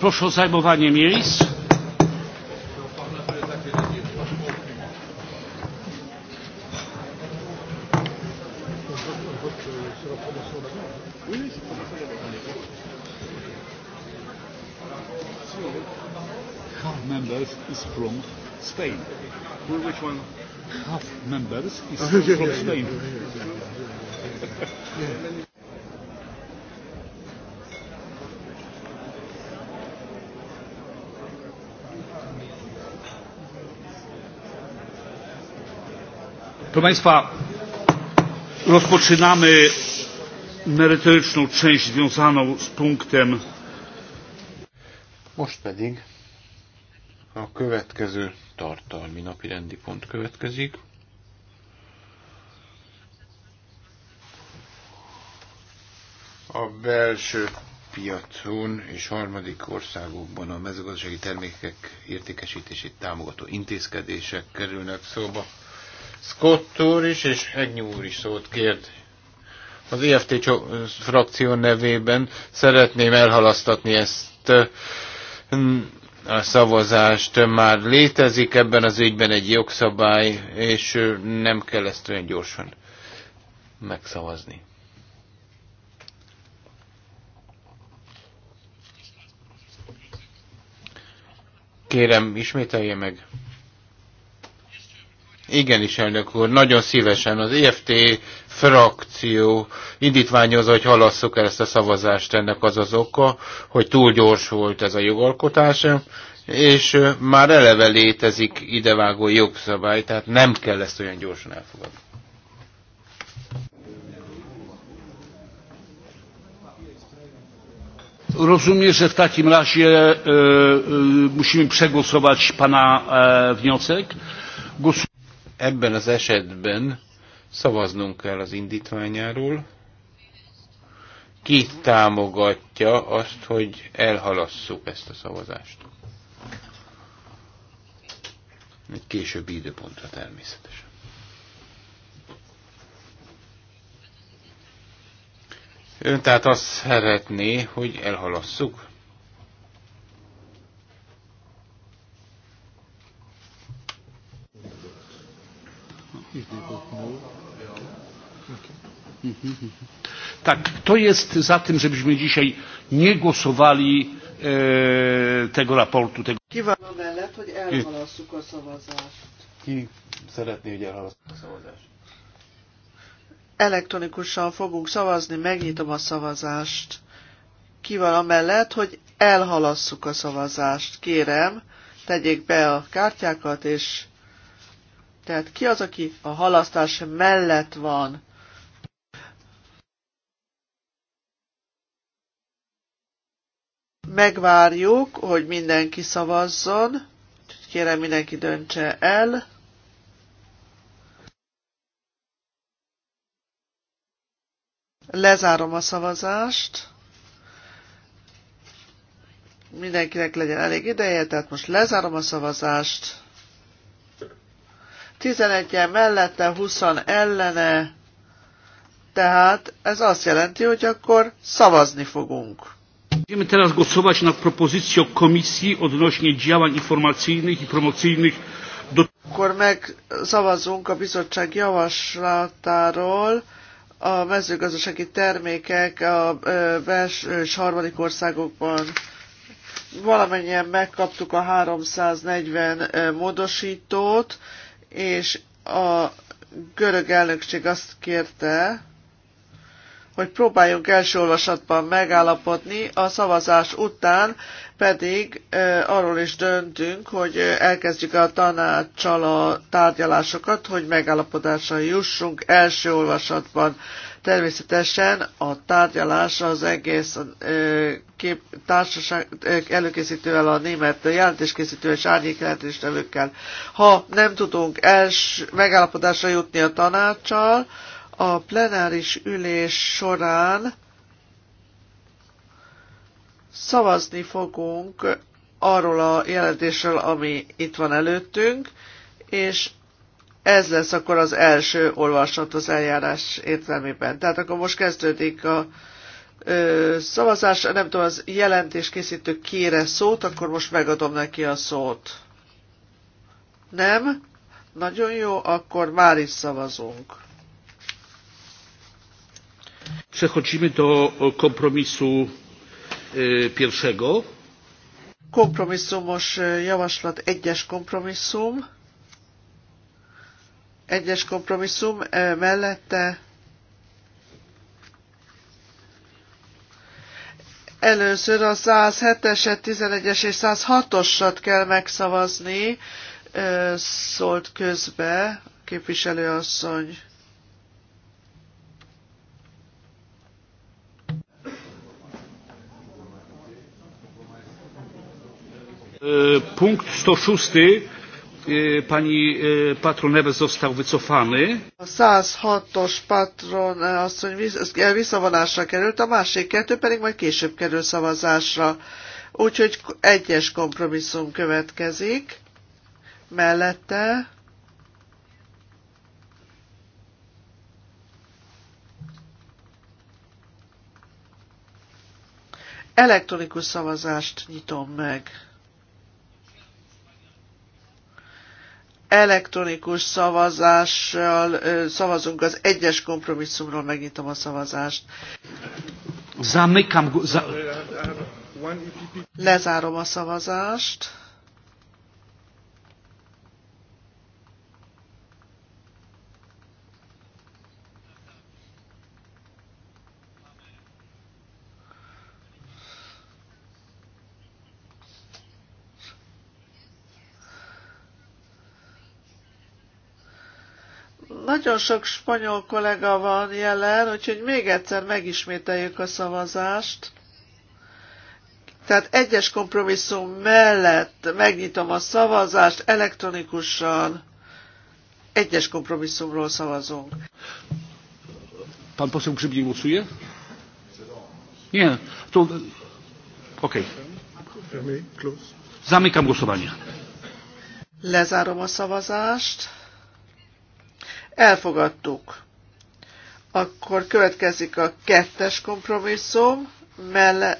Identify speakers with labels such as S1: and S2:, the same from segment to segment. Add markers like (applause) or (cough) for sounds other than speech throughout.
S1: Proszę o zajmowanie miejsc. Half members is from Spain. Which one? Half members is (laughs) from Spain. (laughs) Proszę Państwa, rozpoczynamy merytoryczną część związaną z punktem.
S2: Most pedig a következő tartalmi napi rendi pont következik. A belső piacon és harmadik országokban a mezőgazdasági termékek értékesítését támogató intézkedések kerülnek szóba. Scott úr is, és Hegnyú úr is szót kért. Az EFT frakció nevében szeretném elhalasztatni ezt a szavazást. Már létezik ebben az ügyben egy jogszabály, és nem kell ezt olyan gyorsan megszavazni. Kérem, ismételje meg. Igenis, elnök úr, nagyon szívesen az EFT frakció indítványozza, hogy halasszuk el ezt a szavazást. Ennek az az oka, hogy túl gyors volt ez a jogalkotás, és már eleve létezik idevágó jogszabály, tehát nem kell ezt olyan gyorsan elfogadni.
S1: Rozumiem, że w takim razie e,
S2: e, musimy przegłosować Pana e, wniosek. Głosu Ebben az esetben szavaznunk kell az indítványáról. Ki támogatja azt, hogy elhalasszuk ezt a szavazást? Egy későbbi időpontra természetesen. Ön tehát azt szeretné, hogy elhalasszuk?
S1: Tak, to jest za tym, żebyśmy dzisiaj nie głosowali e, tego raportu? Tego... Ki
S3: mellett, hogy elhalasszuk a szavazást?
S1: Ki
S2: szeretné, hogy elhalasszuk
S3: a szavazást? Elektronikusan fogunk szavazni, megnyitom a szavazást. Ki van a mellett, hogy elhalasszuk a szavazást? Kérem, tegyék be a kártyákat, és tehát ki az, aki a halasztás mellett van? Megvárjuk, hogy mindenki szavazzon. Kérem, mindenki döntse el. Lezárom a szavazást. Mindenkinek legyen elég ideje, tehát most lezárom a szavazást. 11-en mellette, 20 ellene, tehát ez azt jelenti, hogy akkor szavazni fogunk.
S1: Będziemy teraz głosować nad propozycją komisji odnośnie działań informacyjnych i promocyjnych do...
S3: Akkor megszavazunk a bizottság javaslatáról a mezőgazdasági termékek a belső és harmadik országokban. Valamennyien megkaptuk a 340 módosítót, és a görög elnökség azt kérte, hogy próbáljunk első olvasatban megállapodni, a szavazás után pedig arról is döntünk, hogy elkezdjük a tanácssal a tárgyalásokat, hogy megállapodásra jussunk első olvasatban. Természetesen a tárgyalás az egész kép, társaság eh, előkészítővel, a német jelentéskészítő és árnyék jelentéstevőkkel. Ha nem tudunk els, megállapodásra jutni a tanácssal, a plenáris ülés során szavazni fogunk arról a jelentésről, ami itt van előttünk, és ez lesz akkor az első olvasat az eljárás értelmében. Tehát akkor most kezdődik a ö, szavazás, nem tudom, az jelentés készítő kére szót, akkor most megadom neki a szót. Nem? Nagyon jó, akkor már is szavazunk.
S1: Przechodzimy do e, kompromisu e, pierwszego.
S3: Kompromisszumos e, javaslat, egyes kompromisszum. Egyes kompromisszum mellette először a 107-eset, 11-es és 106-osat kell megszavazni, szólt közbe a képviselőasszony.
S1: E, punkt 106 e, pani e, Neves został wycofany.
S3: A 106-os patron asszony visszavonásra került, a másik kettő pedig majd később kerül szavazásra. Úgyhogy egyes kompromisszum következik. Mellette elektronikus szavazást nyitom meg. elektronikus szavazással szavazunk az egyes kompromisszumról, megnyitom a szavazást.
S1: Zamykam, za...
S3: Lezárom a szavazást. Nagyon sok spanyol kollega van jelen, úgyhogy még egyszer megismételjük a szavazást. Tehát egyes kompromisszum mellett megnyitom a szavazást elektronikusan. Egyes kompromisszumról szavazunk.
S1: Pan poseł Grzybiej głosuje? Nie. To... Okej. Okay. Zamykam głosowanie.
S3: Lezárom a szavazást. Elfogadtuk. Akkor következik a kettes kompromisszum. Melle,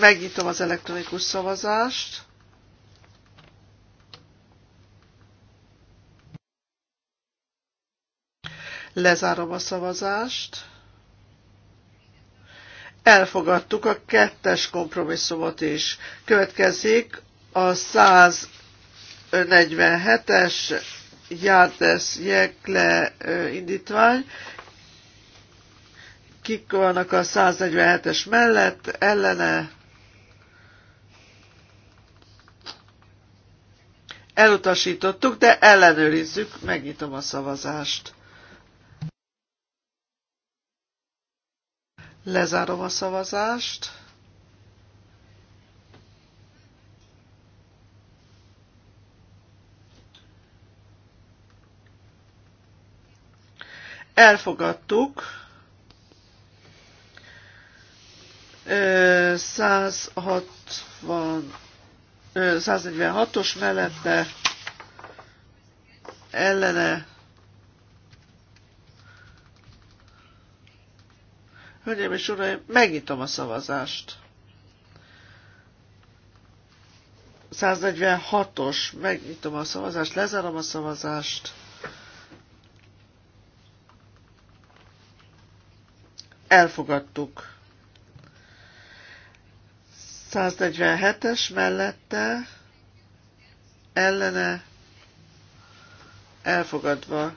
S3: megnyitom az elektronikus szavazást. Lezárom a szavazást. Elfogadtuk a kettes kompromisszumot is. Következik a 147-es Járdes Jekle indítvány. Kik vannak a 147-es mellett, ellene elutasítottuk, de ellenőrizzük, megnyitom a szavazást. Lezárom a szavazást. elfogadtuk. 160, 146-os mellette ellene Hölgyeim és Uraim, megnyitom a szavazást. 146-os, megnyitom a szavazást, lezárom a szavazást. elfogadtuk. 147-es mellette ellene elfogadva.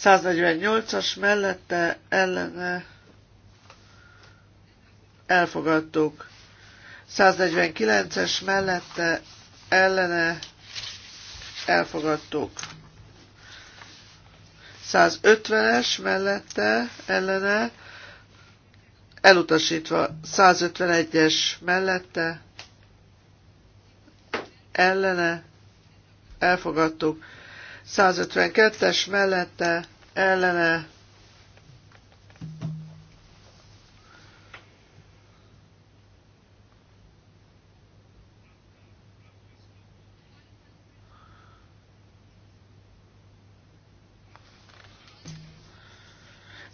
S3: 148-as mellette ellene elfogadtuk. 149-es mellette ellene elfogadtuk. 150-es mellette ellene elutasítva 151-es mellette, ellene, elfogadtuk, 152-es mellette, ellene,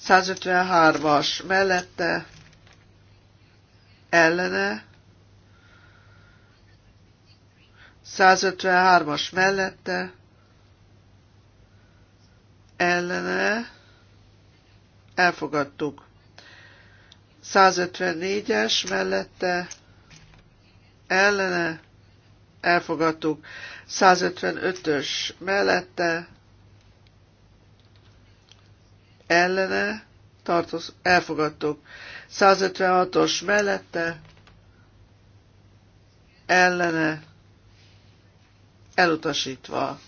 S3: Százötvenhármas mellette ellene, 153-as mellette, ellene, elfogadtuk. 154-es mellette, ellene, elfogadtuk. 155-ös mellette, ellene, tartoz, elfogadtuk. 156-os mellette ellene elutasítva.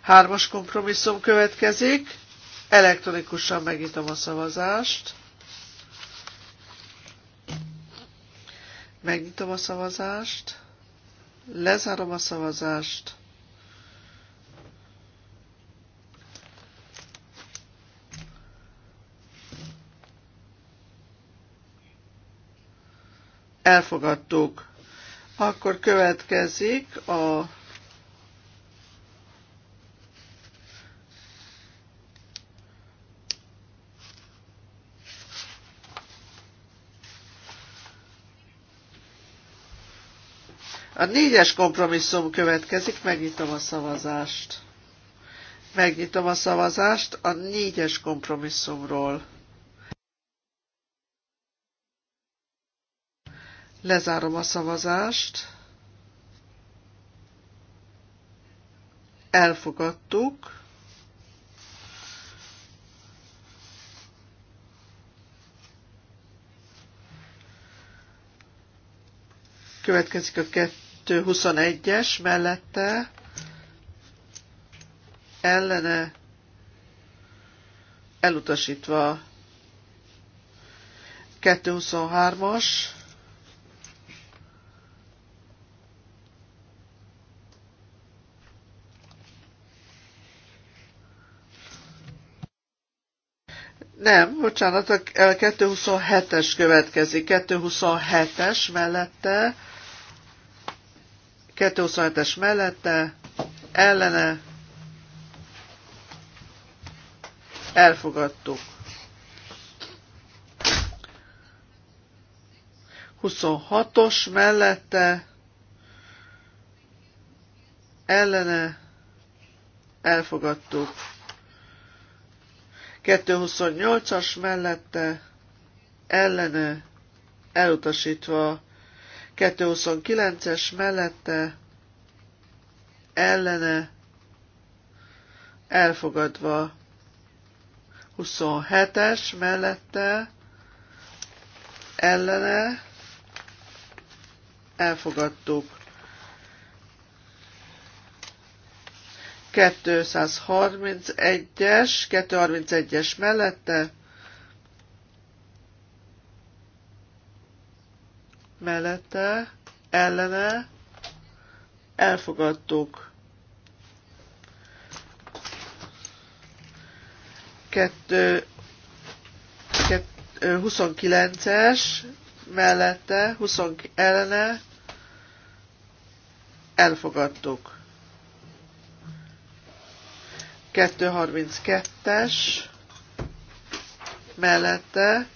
S3: Hármas kompromisszum következik. Elektronikusan megítom a szavazást. Megnyitom a szavazást. Lezárom a szavazást. elfogadtuk. Akkor következik a A négyes kompromisszum következik, megnyitom a szavazást. Megnyitom a szavazást a négyes kompromisszumról. Lezárom a szavazást. Elfogadtuk. Következik a 221-es mellette. Ellene elutasítva 223-as Nem, bocsánat, a 227-es következik. 227-es mellette, 227-es mellette, ellene, elfogadtuk. 26-os mellette, ellene, elfogadtuk. 228-as mellette ellene elutasítva, 229-es mellette ellene elfogadva, 27-es mellette ellene elfogadtuk. 231-es, 231-es mellette, mellette, ellene, elfogadtuk. 29-es, mellette, 20 ellene, elfogadtuk. 232-es mellette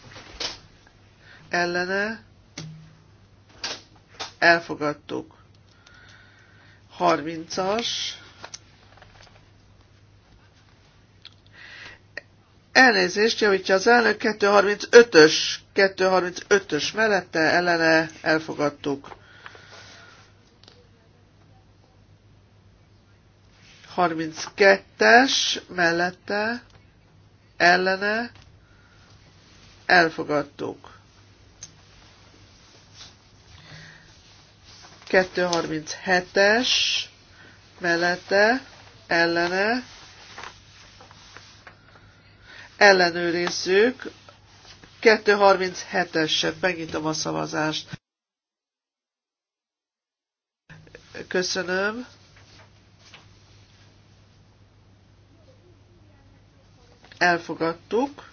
S3: ellene elfogadtuk. 30-as Elnézést javítja az elnök 235-ös, 235-ös mellette ellene elfogadtuk. 32-es mellette ellene elfogadtuk. 237-es mellette ellene ellenőrizzük. 237-eset megnyitom a szavazást. Köszönöm. elfogadtuk.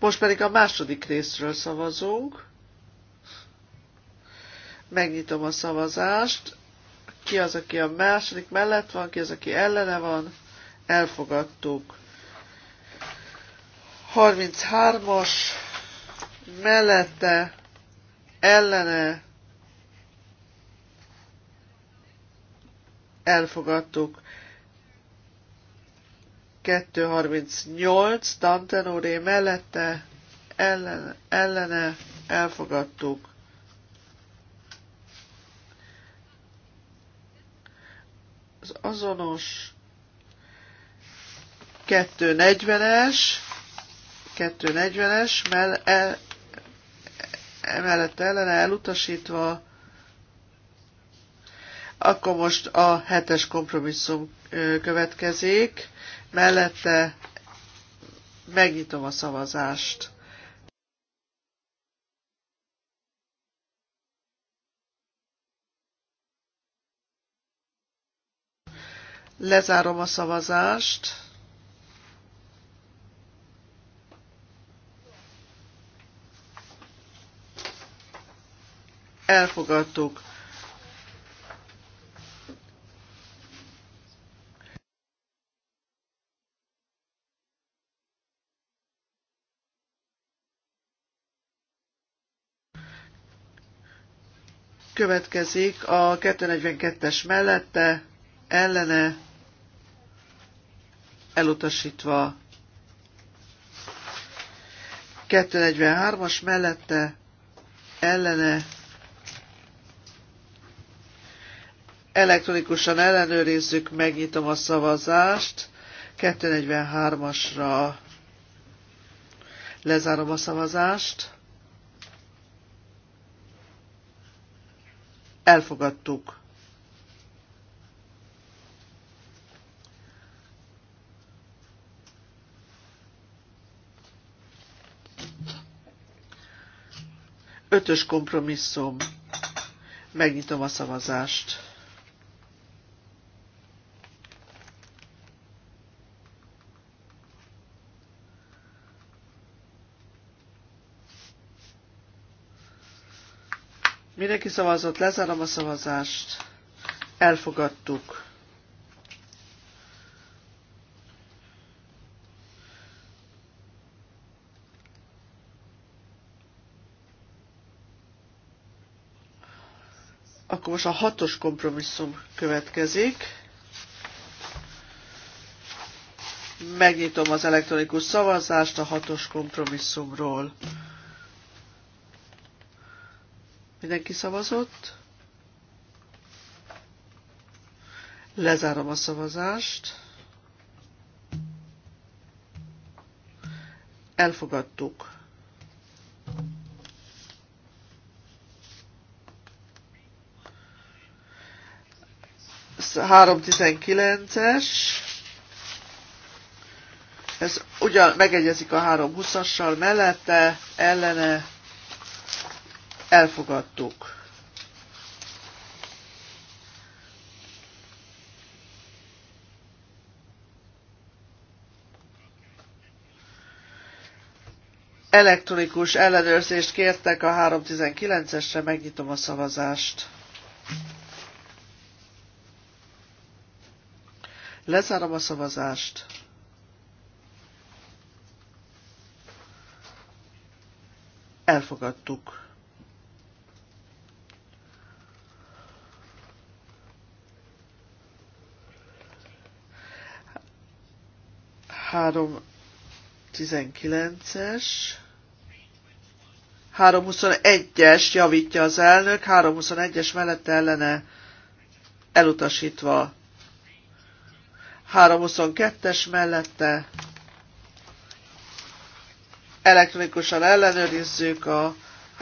S3: Most pedig a második részről szavazunk. Megnyitom a szavazást. Ki az, aki a második mellett van, ki az, aki ellene van. Elfogadtuk. 33-as mellette ellene elfogadtuk. 238 Danten úré mellette ellen, ellene elfogadtuk. Az azonos 240-es 240-es mell, el, mellette ellene elutasítva akkor most a hetes kompromisszum következik. Mellette megnyitom a szavazást. Lezárom a szavazást. Elfogadtuk. Következik a 242-es mellette, ellene, elutasítva. 243-as mellette, ellene, elektronikusan ellenőrizzük, megnyitom a szavazást. 243-asra lezárom a szavazást. elfogadtuk. Ötös kompromisszum. Megnyitom a szavazást. Mindenki szavazott, lezárom a szavazást. Elfogadtuk. Akkor most a hatos kompromisszum következik. Megnyitom az elektronikus szavazást a hatos kompromisszumról. Mindenki szavazott. Lezárom a szavazást. Elfogadtuk. Három tizenkilences. Ez ugyan megegyezik a 320-assal mellette, ellene elfogadtuk. Elektronikus ellenőrzést kértek a 319-esre, megnyitom a szavazást. Lezárom a szavazást. Elfogadtuk. 319-es, 321-es javítja az elnök, 321-es mellette ellene elutasítva. 322-es mellette elektronikusan ellenőrizzük a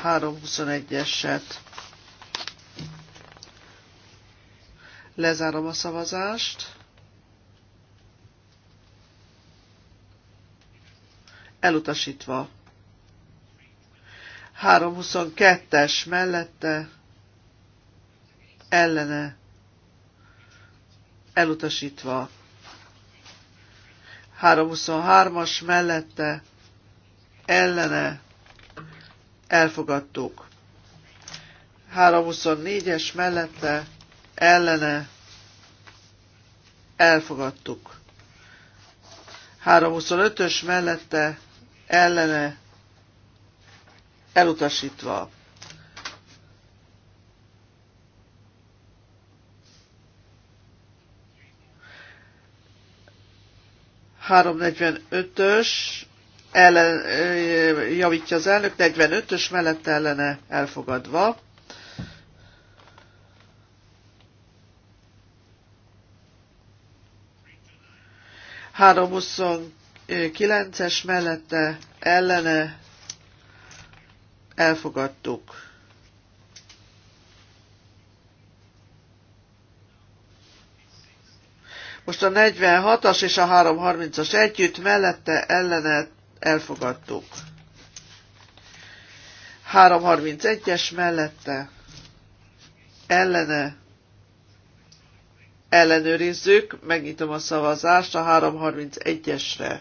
S3: 321-eset. Lezárom a szavazást. elutasítva. 322-es mellette ellene elutasítva. 323-as mellette ellene elfogadtuk. 324-es mellette ellene elfogadtuk. 325-ös mellette ellene elutasítva. ös ellen, javítja az elnök, 45-ös mellett ellene elfogadva. Három 9-es mellette ellene elfogadtuk. Most a 46-as és a 330-as együtt mellette ellene elfogadtuk. 331-es mellette ellene ellenőrizzük, megnyitom a szavazást a 331-esre.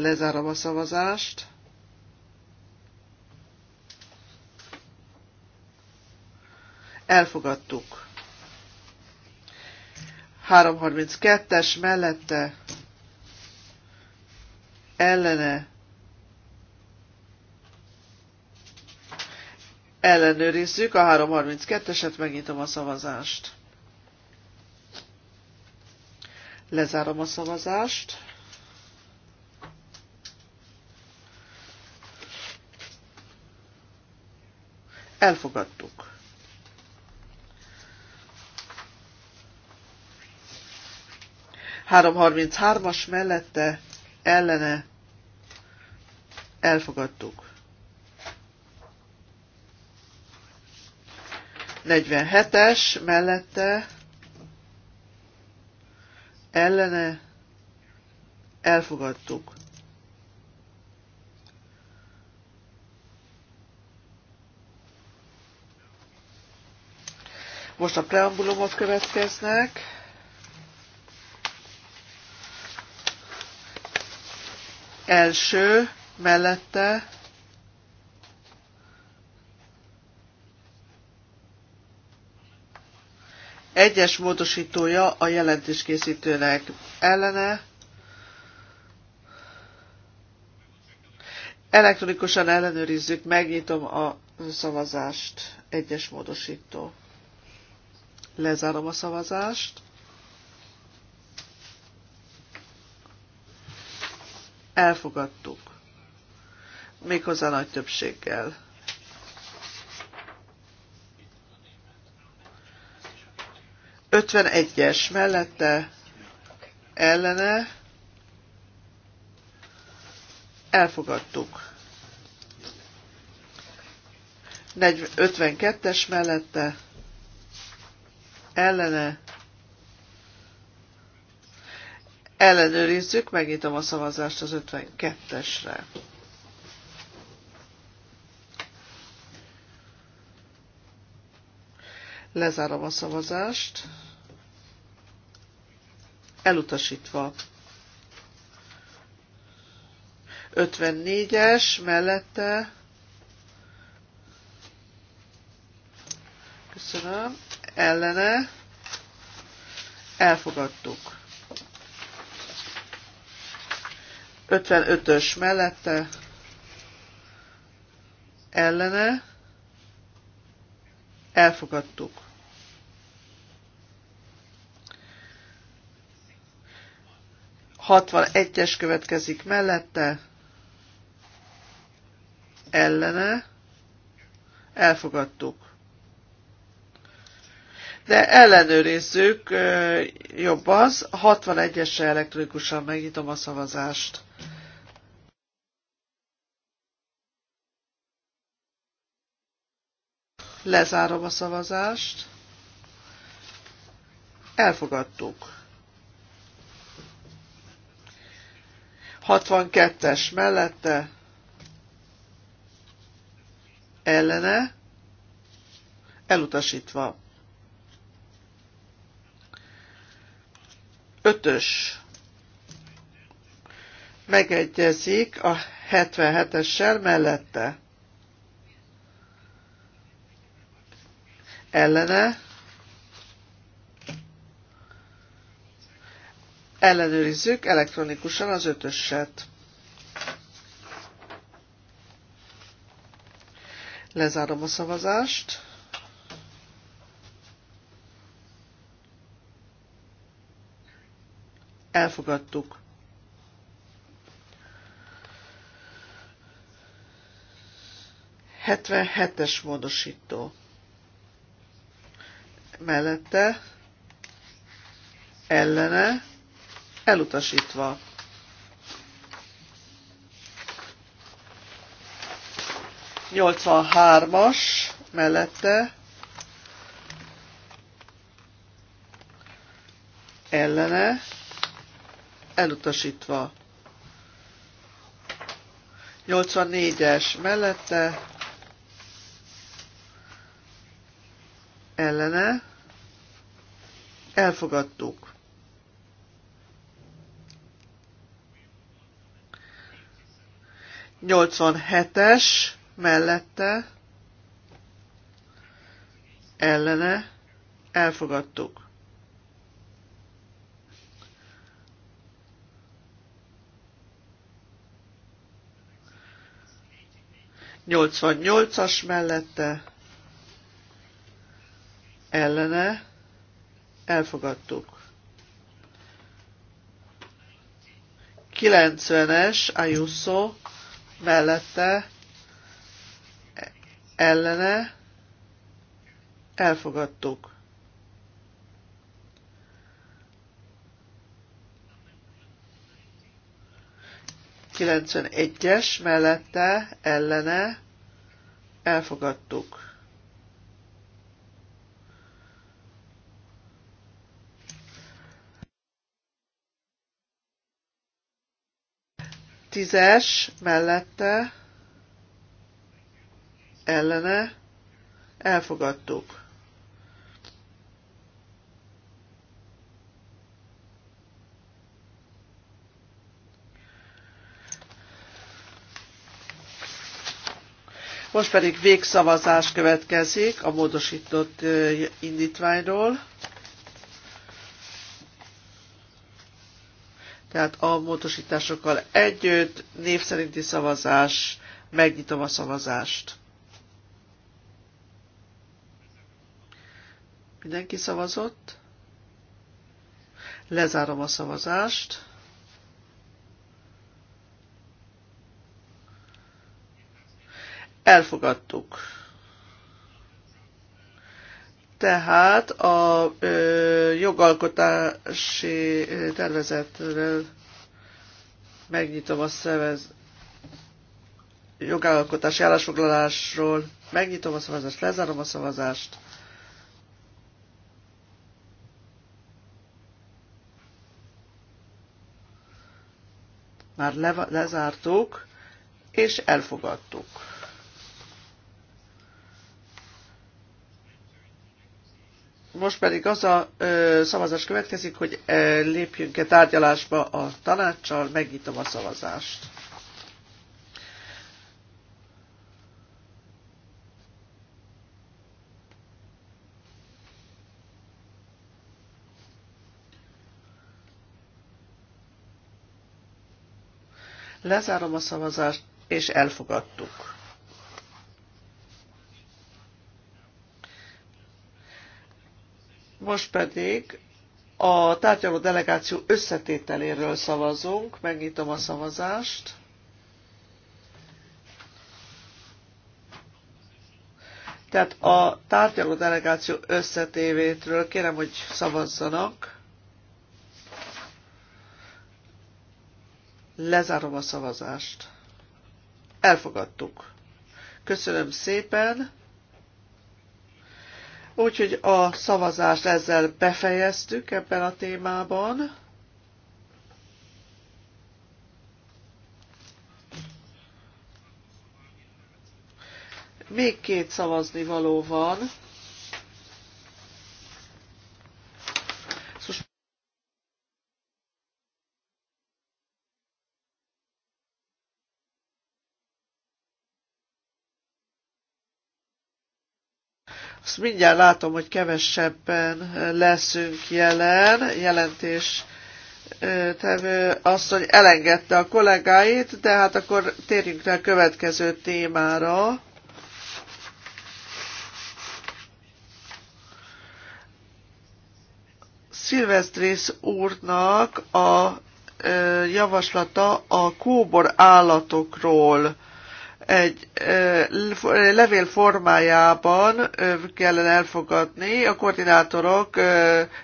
S3: Lezárom a szavazást. Elfogadtuk. 332-es mellette ellene ellenőrizzük a 332-eset, megnyitom a szavazást. Lezárom a szavazást. Elfogadtuk. Három harminc hármas mellette ellene elfogadtuk. 47-es mellette ellene elfogadtuk. Most a preambulumok következnek. Első, mellette, egyes módosítója a jelentéskészítőnek ellene, Elektronikusan ellenőrizzük, megnyitom a szavazást, egyes módosító. Lezárom a szavazást. Elfogadtuk. Méghozzá nagy többséggel. Ötvenegyes mellette ellene elfogadtuk. 52-es mellette ellene ellenőrizzük, megnyitom a szavazást az 52-esre. Lezárom a szavazást. Elutasítva. 54-es mellette. Köszönöm ellene elfogadtuk. 55-ös mellette ellene elfogadtuk. Hatvan egyes következik mellette, ellene, elfogadtuk de ellenőrizzük, jobb az, 61-esre elektronikusan megnyitom a szavazást. Lezárom a szavazást. Elfogadtuk. 62-es mellette ellene elutasítva. Ötös megegyezik a 77-essel mellette. Ellene ellenőrizzük elektronikusan az ötösset. Lezárom a szavazást. elfogadtuk. hetes módosító. Mellette, ellene, elutasítva. Nyolcvanhármas mellette, ellene, elutasítva. 84-es mellette ellene elfogadtuk. hetes mellette ellene elfogadtuk. 88-as mellette ellene elfogadtuk. 90-es Ayuso mellette ellene elfogadtuk. 91-es mellette ellene elfogadtuk. Tízes mellette ellene elfogadtuk. Most pedig végszavazás következik a módosított indítványról. Tehát a módosításokkal együtt név szerinti szavazás, megnyitom a szavazást. Mindenki szavazott? Lezárom a szavazást. Elfogadtuk. Tehát a ö, jogalkotási tervezetről megnyitom a szevez jogalkotási állásfoglalásról. Megnyitom a szavazást, lezárom a szavazást. Már le, lezártuk, és elfogadtuk. Most pedig az a ö, szavazás következik, hogy ö, lépjünk-e tárgyalásba a tanácssal, megnyitom a szavazást. Lezárom a szavazást, és elfogadtuk. Most pedig a tárgyaló delegáció összetételéről szavazunk. Megnyitom a szavazást. Tehát a tárgyaló delegáció összetévétről kérem, hogy szavazzanak. Lezárom a szavazást. Elfogadtuk. Köszönöm szépen. Úgyhogy a szavazást ezzel befejeztük ebben a témában. Még két szavazni való van. mindjárt látom, hogy kevesebben leszünk jelen, jelentés tevő asszony elengedte a kollégáit, de hát akkor térjünk rá a következő témára. Szilvesztrész úrnak a javaslata a kóbor állatokról egy levél formájában kellene elfogadni. A koordinátorok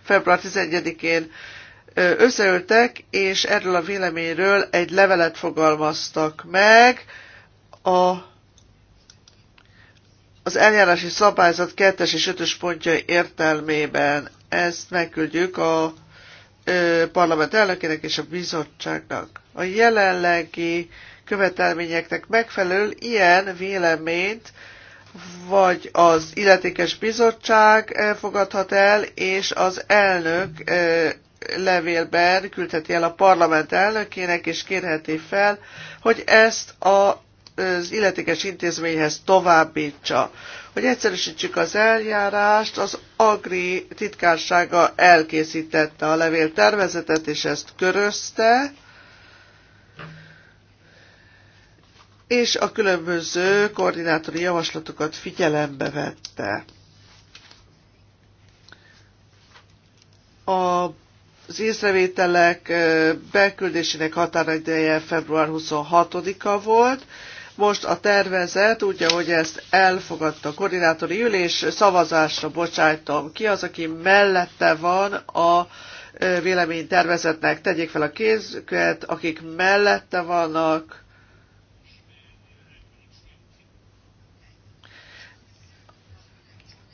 S3: február 11-én összeültek, és erről a véleményről egy levelet fogalmaztak meg a az eljárási szabályzat 2-es és 5-ös pontja értelmében. Ezt megküldjük a parlament elnökének és a bizottságnak. A jelenlegi követelményeknek megfelelő ilyen véleményt vagy az illetékes bizottság fogadhat el, és az elnök levélben küldheti el a parlament elnökének, és kérheti fel, hogy ezt az illetékes intézményhez továbbítsa. Hogy egyszerűsítsük az eljárást, az Agri titkársága elkészítette a levéltervezetet, és ezt körözte, és a különböző koordinátori javaslatokat figyelembe vette. A az észrevételek beküldésének határideje február 26-a volt. Most a tervezet, úgy, ahogy ezt elfogadta a koordinátori ülés, szavazásra bocsájtom ki az, aki mellette van a véleménytervezetnek. Tegyék fel a kézüket, akik mellette vannak,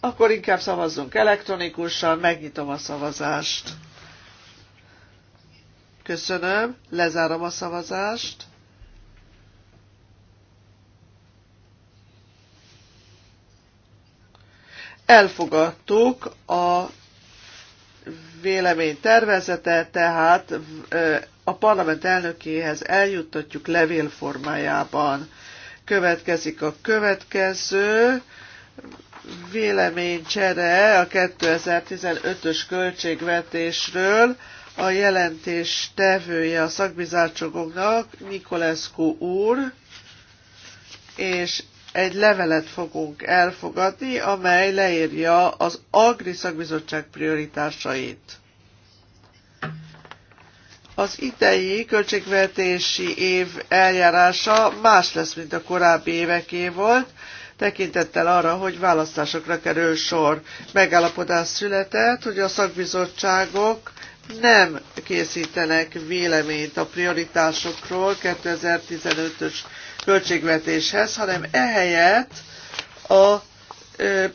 S3: Akkor inkább szavazzunk elektronikusan, megnyitom a szavazást. Köszönöm, lezárom a szavazást. Elfogadtuk a vélemény tervezete, tehát a parlament elnökéhez eljuttatjuk levél formájában. Következik a következő véleménycsere a 2015-ös költségvetésről. A jelentés tevője a szakbizottságunknak Nikolescu úr, és egy levelet fogunk elfogadni, amely leírja az Agri Szakbizottság prioritásait. Az idei költségvetési év eljárása más lesz, mint a korábbi éveké volt, tekintettel arra, hogy választásokra kerül sor. Megállapodás született, hogy a szakbizottságok nem készítenek véleményt a prioritásokról 2015-ös költségvetéshez, hanem ehelyett a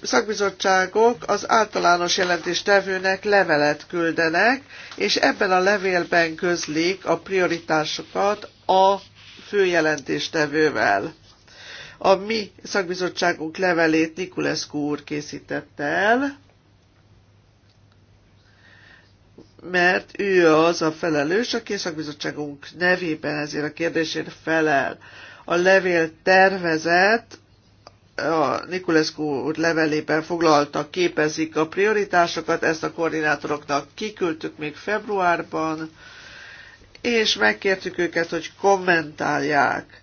S3: szakbizottságok az általános jelentéstevőnek levelet küldenek, és ebben a levélben közlik a prioritásokat a főjelentéstevővel. A mi szakbizottságunk levelét Nikulescu úr készítette el, mert ő az a felelős, aki a szakbizottságunk nevében ezért a kérdésért felel. A levél tervezet a Nikulescu úr levelében foglalta, képezik a prioritásokat, ezt a koordinátoroknak kiküldtük még februárban, és megkértük őket, hogy kommentálják.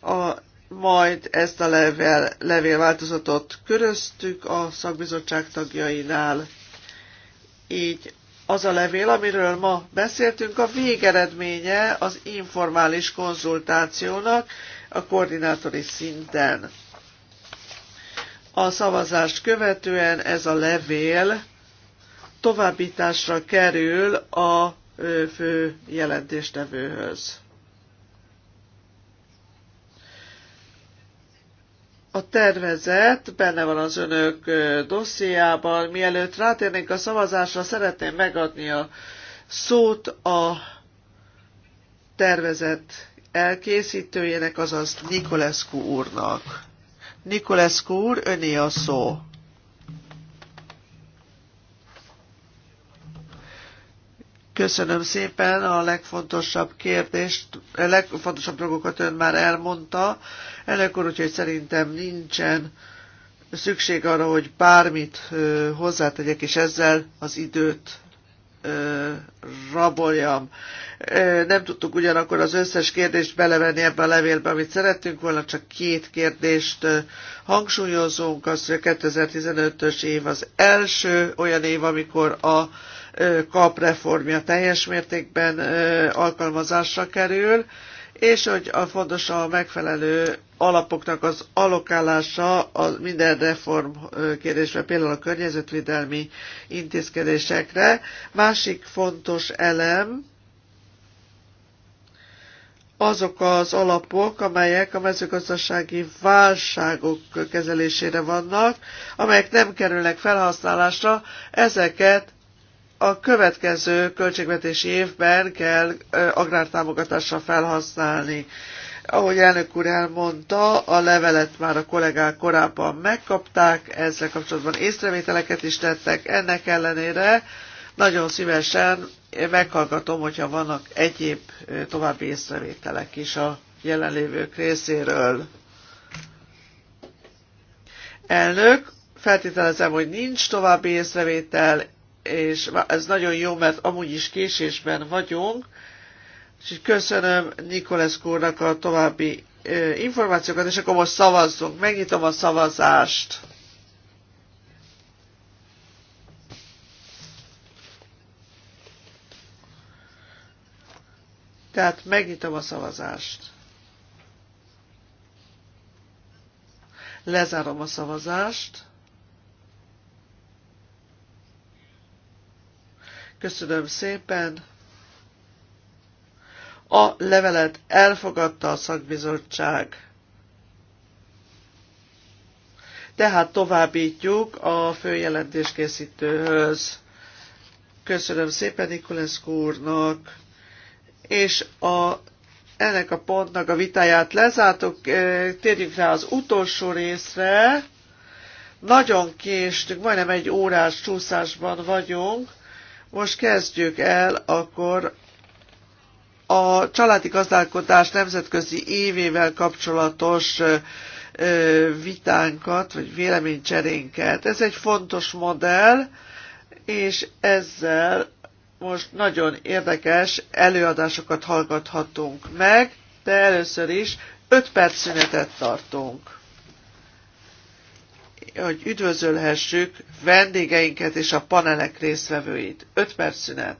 S3: A majd ezt a levél, levélváltozatot köröztük a szakbizottság tagjainál. Így az a levél, amiről ma beszéltünk, a végeredménye az informális konzultációnak a koordinátori szinten. A szavazást követően ez a levél továbbításra kerül a fő jelentéstevőhöz. A tervezet benne van az önök dossziában. Mielőtt rátérnénk a szavazásra, szeretném megadni a szót a tervezet elkészítőjének, azaz Nikolescu úrnak. Nikolescu úr, öné a szó. Köszönöm szépen, a legfontosabb kérdést, a legfontosabb dolgokat ön már elmondta. Elnök úr, úgyhogy szerintem nincsen szükség arra, hogy bármit ö, hozzátegyek, és ezzel az időt ö, raboljam. Ö, nem tudtuk ugyanakkor az összes kérdést belevenni ebbe a levélbe, amit szerettünk volna, csak két kérdést ö, hangsúlyozunk. Az, hogy a 2015-ös év az első olyan év, amikor a kap reformja teljes mértékben alkalmazásra kerül, és hogy a fontos a megfelelő alapoknak az alokálása a minden reform kérdésre, például a környezetvédelmi intézkedésekre. Másik fontos elem azok az alapok, amelyek a mezőgazdasági válságok kezelésére vannak, amelyek nem kerülnek felhasználásra, ezeket a következő költségvetési évben kell agrártámogatásra felhasználni. Ahogy elnök úr elmondta, a levelet már a kollégák korábban megkapták, ezzel kapcsolatban észrevételeket is tettek. Ennek ellenére nagyon szívesen meghallgatom, hogyha vannak egyéb további észrevételek is a jelenlévők részéről. Elnök, feltételezem, hogy nincs további észrevétel, és ez nagyon jó, mert amúgy is késésben vagyunk, és köszönöm Nikoleszkórnak a további információkat, és akkor most szavazzunk. Megnyitom a szavazást. Tehát megnyitom a szavazást. Lezárom a szavazást. Köszönöm szépen. A levelet elfogadta a szakbizottság. Tehát továbbítjuk a főjelentéskészítőhöz. Köszönöm szépen Nikolescu úrnak, és a, ennek a pontnak a vitáját lezártuk. Térjünk rá az utolsó részre. Nagyon késtünk, majdnem egy órás csúszásban vagyunk, most kezdjük el akkor a családi gazdálkodás nemzetközi évével kapcsolatos vitánkat, vagy véleménycserénket. Ez egy fontos modell, és ezzel most nagyon érdekes előadásokat hallgathatunk meg, de először is 5 perc szünetet tartunk hogy üdvözölhessük vendégeinket és a panelek résztvevőit. 5 perc szünet.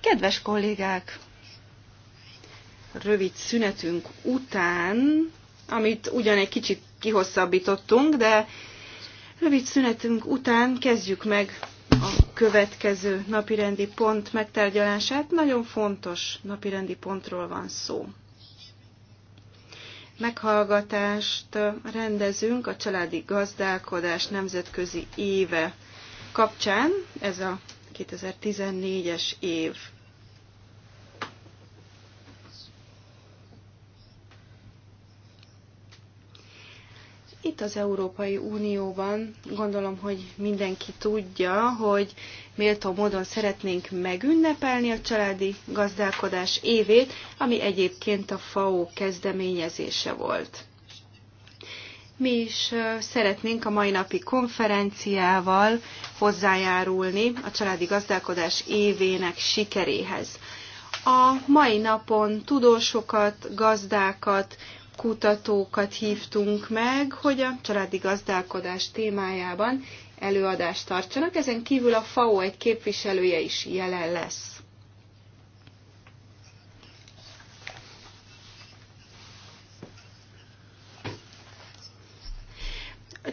S4: Kedves kollégák, rövid szünetünk után, amit ugyan egy kicsit kihosszabbítottunk, de rövid szünetünk után kezdjük meg a következő napirendi pont megtárgyalását. Nagyon fontos napirendi pontról van szó meghallgatást rendezünk a családi gazdálkodás nemzetközi éve kapcsán, ez a 2014-es év. az Európai Unióban gondolom, hogy mindenki tudja, hogy méltó módon szeretnénk megünnepelni a családi gazdálkodás évét, ami egyébként a FAO kezdeményezése volt. Mi is szeretnénk a mai napi konferenciával hozzájárulni a családi gazdálkodás évének sikeréhez. A mai napon tudósokat, gazdákat, kutatókat hívtunk meg, hogy a családi gazdálkodás témájában előadást tartsanak. Ezen kívül a FAO egy képviselője is jelen lesz.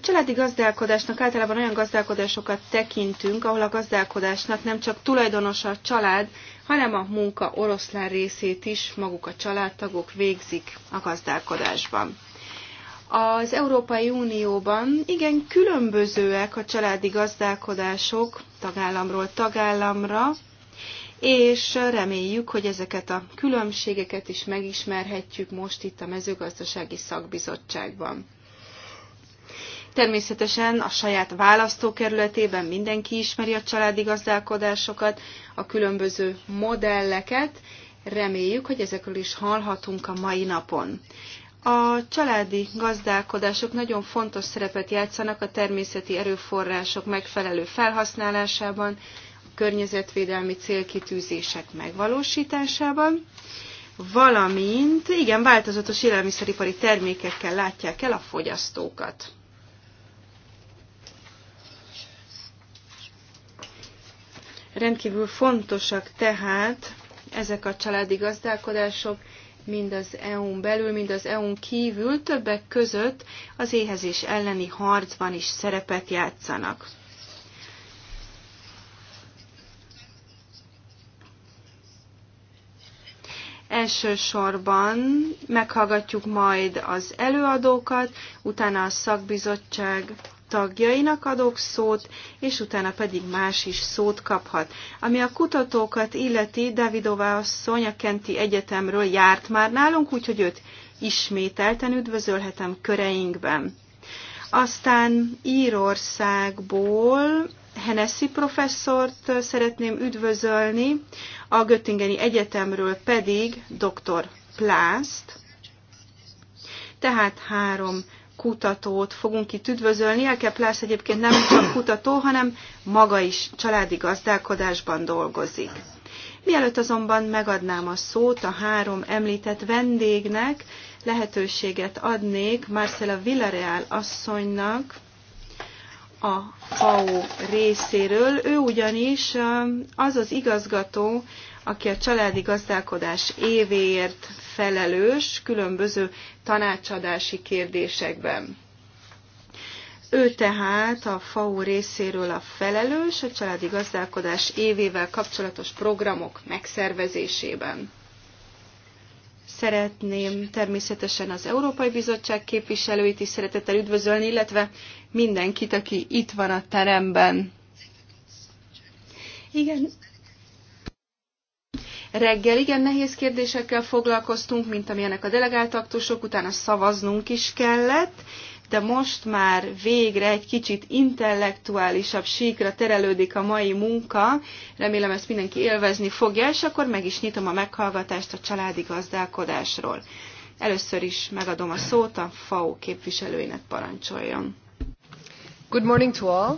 S4: családi gazdálkodásnak általában olyan gazdálkodásokat tekintünk, ahol a gazdálkodásnak nem csak tulajdonosa a család, hanem a munka oroszlán részét is maguk a családtagok végzik a gazdálkodásban. Az Európai Unióban igen különbözőek a családi gazdálkodások tagállamról tagállamra, és reméljük, hogy ezeket a különbségeket is megismerhetjük most itt a mezőgazdasági szakbizottságban. Természetesen a saját választókerületében mindenki ismeri a családi gazdálkodásokat, a különböző modelleket. Reméljük, hogy ezekről is hallhatunk a mai napon. A családi gazdálkodások nagyon fontos szerepet játszanak a természeti erőforrások megfelelő felhasználásában, a környezetvédelmi célkitűzések megvalósításában, valamint igen, változatos élelmiszeripari termékekkel látják el a fogyasztókat. Rendkívül fontosak tehát ezek a családi gazdálkodások, mind az EU-n belül, mind az EU-n kívül, többek között az éhezés elleni harcban is szerepet játszanak. Elsősorban meghallgatjuk majd az előadókat, utána a szakbizottság tagjainak adok szót, és utána pedig más is szót kaphat. Ami a kutatókat illeti, Davidová asszony a Kenti Egyetemről járt már nálunk, úgyhogy őt ismételten üdvözölhetem köreinkben. Aztán Írországból Hennessy professzort szeretném üdvözölni, a Göttingeni Egyetemről pedig dr. Plászt, tehát három kutatót fogunk itt üdvözölni. Elke Plász egyébként nem csak kutató, hanem maga is családi gazdálkodásban dolgozik. Mielőtt azonban megadnám a szót a három említett vendégnek, lehetőséget adnék Marcela Villareal asszonynak a FAO részéről. Ő ugyanis az az igazgató, aki a családi gazdálkodás évéért felelős különböző tanácsadási kérdésekben. Ő tehát a FAO részéről a felelős a családi gazdálkodás évével kapcsolatos programok megszervezésében. Szeretném természetesen az Európai Bizottság képviselőit is szeretettel üdvözölni, illetve mindenkit, aki itt van a teremben. Igen, Reggel igen nehéz kérdésekkel foglalkoztunk, mint amilyenek a delegált aktusok, utána szavaznunk is kellett, de most már végre egy kicsit intellektuálisabb síkra terelődik a mai munka. Remélem ezt mindenki élvezni fogja, és akkor meg is nyitom a meghallgatást a családi gazdálkodásról. Először is megadom a szót a FAO képviselőinek parancsoljon. Good morning to all.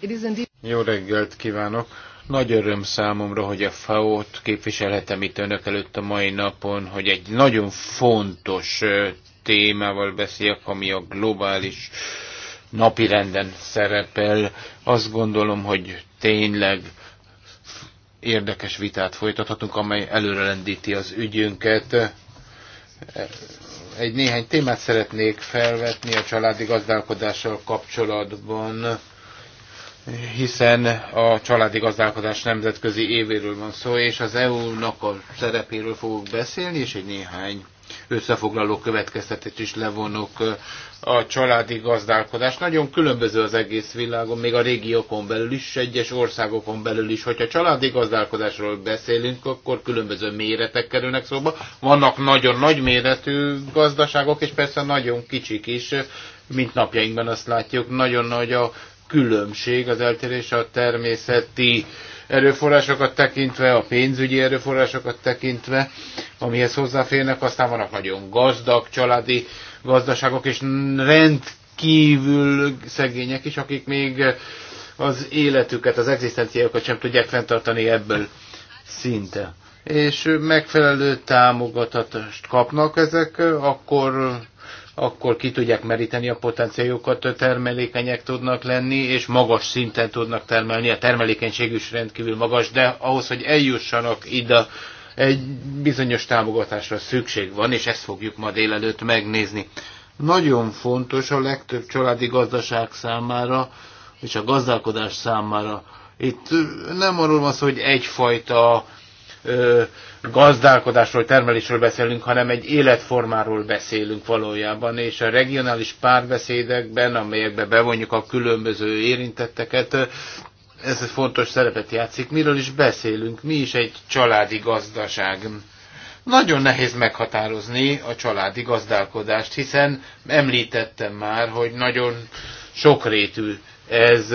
S4: It is indeed...
S2: Jó reggelt kívánok! Nagy öröm számomra, hogy a FAO-t képviselhetem itt önök előtt a mai napon, hogy egy nagyon fontos témával beszéljek, ami a globális napirenden szerepel. Azt gondolom, hogy tényleg érdekes vitát folytathatunk, amely előrelendíti az ügyünket. Egy néhány témát szeretnék felvetni a családi gazdálkodással kapcsolatban hiszen a családi gazdálkodás nemzetközi évéről van szó, és az EU-nak a szerepéről fogok beszélni, és egy néhány összefoglaló következtetést is levonok. A családi gazdálkodás nagyon különböző az egész világon, még a régiókon belül is, egyes országokon belül is. Hogyha családi gazdálkodásról beszélünk, akkor különböző méretek kerülnek szóba. Vannak nagyon nagy méretű gazdaságok, és persze nagyon kicsik is, mint napjainkban azt látjuk, nagyon nagy a különbség, az eltérés a természeti erőforrásokat tekintve, a pénzügyi erőforrásokat tekintve, amihez hozzáférnek, aztán vannak nagyon gazdag családi gazdaságok, és rendkívül szegények is, akik még az életüket, az egzisztenciájukat sem tudják fenntartani ebből szinte. És megfelelő támogatást kapnak ezek, akkor akkor ki tudják meríteni a potenciájukat, termelékenyek tudnak lenni, és magas szinten tudnak termelni. A termelékenység is rendkívül magas, de ahhoz, hogy eljussanak ide, egy bizonyos támogatásra szükség van, és ezt fogjuk ma délelőtt megnézni. Nagyon fontos a legtöbb családi gazdaság számára, és a gazdálkodás számára. Itt nem arról van szó, hogy egyfajta gazdálkodásról, termelésről beszélünk, hanem egy életformáról beszélünk valójában, és a regionális párbeszédekben, amelyekbe bevonjuk a különböző érintetteket, ez egy fontos szerepet játszik. Miről is beszélünk? Mi is egy családi gazdaság? Nagyon nehéz meghatározni a családi gazdálkodást, hiszen említettem már, hogy nagyon sokrétű ez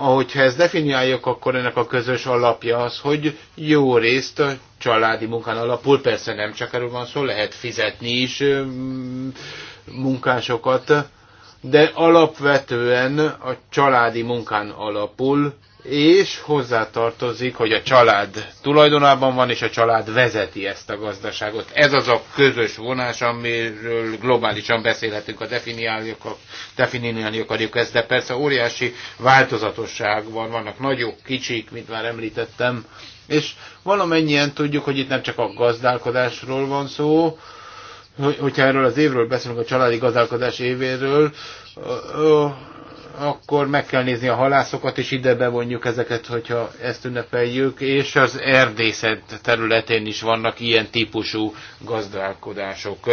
S2: Ahogyha ezt definiáljuk, akkor ennek a közös alapja az, hogy jó részt a családi munkán alapul, persze nem csak erről van szó, lehet fizetni is munkásokat, de alapvetően a családi munkán alapul és hozzátartozik, hogy a család tulajdonában van, és a család vezeti ezt a gazdaságot. Ez az a közös vonás, amiről globálisan beszélhetünk, a definiálni, definiálni akarjuk ezt, de persze óriási változatosság van, vannak nagyok, kicsik, mint már említettem, és valamennyien tudjuk, hogy itt nem csak a gazdálkodásról van szó, hogyha erről az évről beszélünk, a családi gazdálkodás évéről, akkor meg kell nézni a halászokat, és ide bevonjuk ezeket, hogyha ezt ünnepeljük, és az erdészet területén is vannak ilyen típusú gazdálkodások.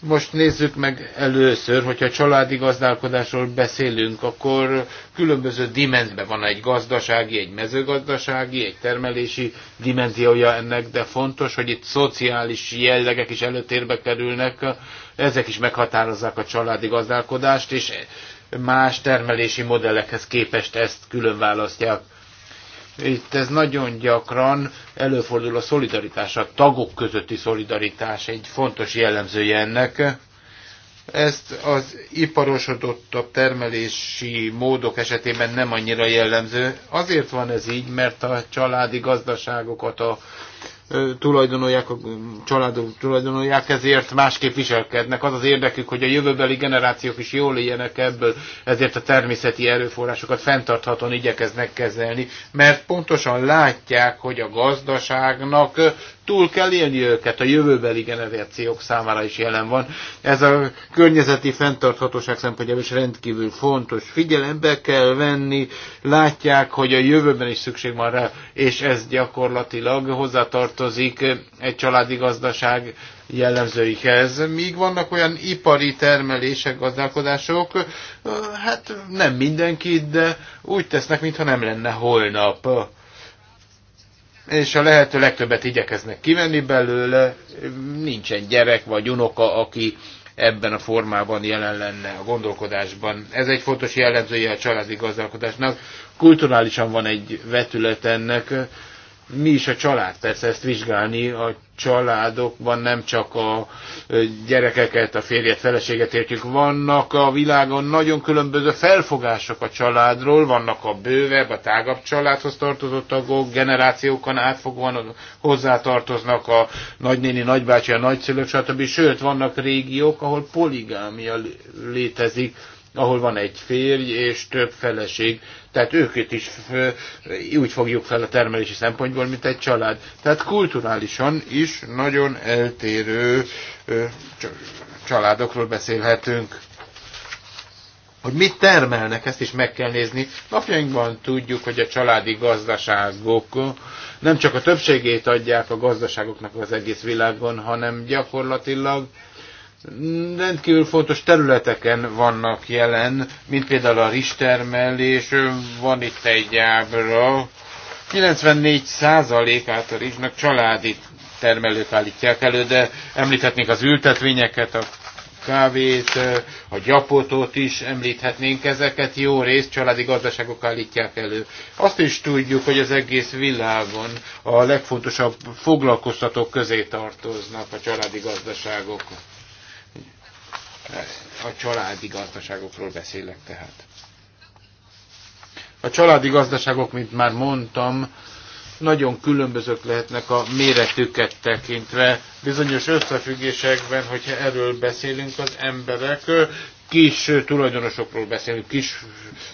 S2: Most nézzük meg először, hogyha családi gazdálkodásról beszélünk, akkor különböző dimenzben van egy gazdasági, egy mezőgazdasági, egy termelési dimenziója ennek, de fontos, hogy itt szociális jellegek is előtérbe kerülnek, ezek is meghatározzák a családi gazdálkodást, és más termelési modellekhez képest ezt külön választják. Itt ez nagyon gyakran előfordul a szolidaritás, a tagok közötti szolidaritás egy fontos jellemzője ennek. Ezt az iparosodottabb termelési módok esetében nem annyira jellemző. Azért van ez így, mert a családi gazdaságokat, a tulajdonolják, a családok tulajdonolják, ezért másképp viselkednek. Az az érdekük, hogy a jövőbeli generációk is jól éljenek ebből, ezért a természeti erőforrásokat fenntarthatóan igyekeznek kezelni, mert pontosan látják, hogy a gazdaságnak túl kell élni őket, a jövőbeli generációk számára is jelen van. Ez a környezeti fenntarthatóság szempontjából is rendkívül fontos. Figyelembe kell venni, látják, hogy a jövőben is szükség van rá, és ez gyakorlatilag hozzátart tartozik egy családi gazdaság jellemzőikhez. Míg vannak olyan ipari termelések, gazdálkodások, hát nem mindenki, de úgy tesznek, mintha nem lenne holnap. És a lehető legtöbbet igyekeznek kivenni belőle, nincsen gyerek vagy unoka, aki ebben a formában jelen lenne a gondolkodásban. Ez egy fontos jellemzője a családi gazdálkodásnak. Kulturálisan van egy vetület ennek, mi is a család, persze ezt vizsgálni a családokban nem csak a gyerekeket, a férjet, feleséget értjük. Vannak a világon nagyon különböző felfogások a családról, vannak a bővebb, a tágabb családhoz tartozó tagok, generációkon átfogóan hozzátartoznak a nagynéni, nagybácsi, a nagyszülők, stb. Sőt, vannak régiók, ahol poligámia létezik ahol van egy férj és több feleség, tehát őket is úgy fogjuk fel a termelési szempontból, mint egy család. Tehát kulturálisan is nagyon eltérő családokról beszélhetünk. Hogy mit termelnek, ezt is meg kell nézni. Napjainkban tudjuk, hogy a családi gazdaságok nem csak a többségét adják a gazdaságoknak az egész világon, hanem gyakorlatilag rendkívül fontos területeken vannak jelen, mint például a rizstermelés, van itt egy ábra, 94%-át a rizsnak családi termelők állítják elő, de említhetnénk az ültetvényeket, a kávét, a gyapotot is említhetnénk, ezeket jó részt családi gazdaságok állítják elő. Azt is tudjuk, hogy az egész világon a legfontosabb foglalkoztatók közé tartoznak a családi gazdaságok. A családi gazdaságokról beszélek tehát. A családi gazdaságok, mint már mondtam, nagyon különbözők lehetnek a méretüket tekintve. Bizonyos összefüggésekben, hogyha erről beszélünk, az emberek kis tulajdonosokról beszélünk, kis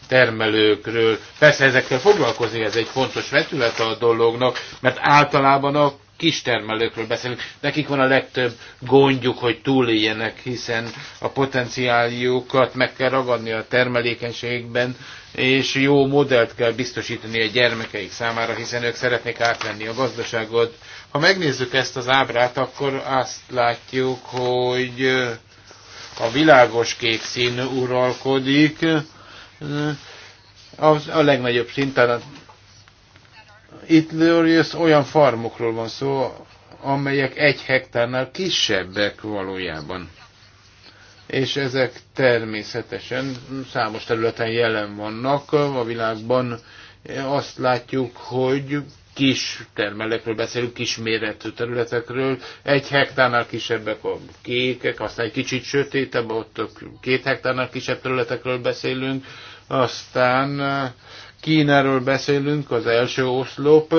S2: termelőkről. Persze ezekkel foglalkozni, ez egy fontos vetület a dolognak, mert általában a kistermelőkről beszélünk, nekik van a legtöbb gondjuk, hogy túléljenek, hiszen a potenciáljukat meg kell ragadni a termelékenységben, és jó modellt kell biztosítani a gyermekeik számára, hiszen ők szeretnék átvenni a gazdaságot. Ha megnézzük ezt az ábrát, akkor azt látjuk, hogy a világos kék szín uralkodik, a legnagyobb szinten a itt olyan farmokról van szó, amelyek egy hektárnál kisebbek valójában. És ezek természetesen számos területen jelen vannak a világban. Azt látjuk, hogy kis termelekről beszélünk, kis méretű területekről. Egy hektárnál kisebbek a kékek, aztán egy kicsit sötétebb, ott két hektárnál kisebb területekről beszélünk, aztán Kínáról beszélünk, az első oszlop,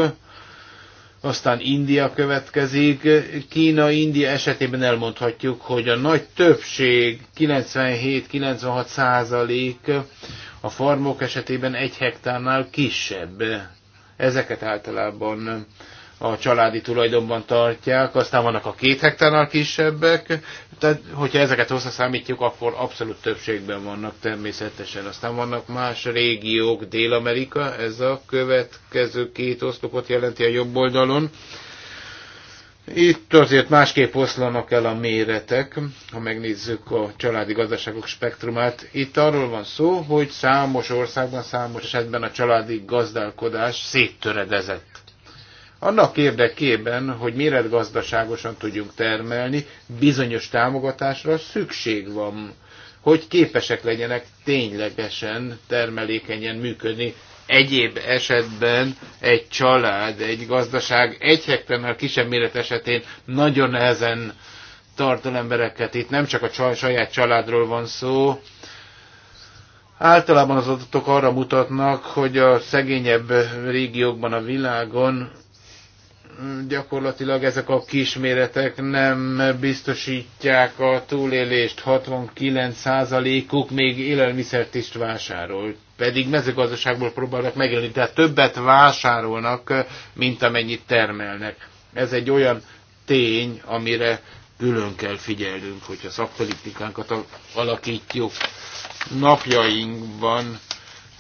S2: aztán India következik. Kína-India esetében elmondhatjuk, hogy a nagy többség, 97-96 százalék a farmok esetében egy hektárnál kisebb. Ezeket általában a családi tulajdonban tartják, aztán vannak a két hektárnál kisebbek, tehát, hogyha ezeket hozzászámítjuk, akkor abszolút többségben vannak természetesen. Aztán vannak más régiók, Dél-Amerika, ez a következő két oszlopot jelenti a jobb oldalon. Itt azért másképp oszlanak el a méretek, ha megnézzük a családi gazdaságok spektrumát. Itt arról van szó, hogy számos országban, számos esetben a családi gazdálkodás széttöredezett. Annak érdekében, hogy méretgazdaságosan tudjunk termelni, bizonyos támogatásra szükség van, hogy képesek legyenek ténylegesen, termelékenyen működni. Egyéb esetben egy család, egy gazdaság egy hektárnál kisebb méret esetén nagyon nehezen tart el embereket. Itt nem csak a saját családról van szó, Általában az adatok arra mutatnak, hogy a szegényebb régiókban a világon gyakorlatilag ezek a kisméretek nem biztosítják a túlélést. 69%-uk még élelmiszert is vásárol, pedig mezőgazdaságból próbálnak megélni, tehát többet vásárolnak, mint amennyit termelnek. Ez egy olyan tény, amire külön kell figyelnünk, hogyha szakpolitikánkat alakítjuk. Napjainkban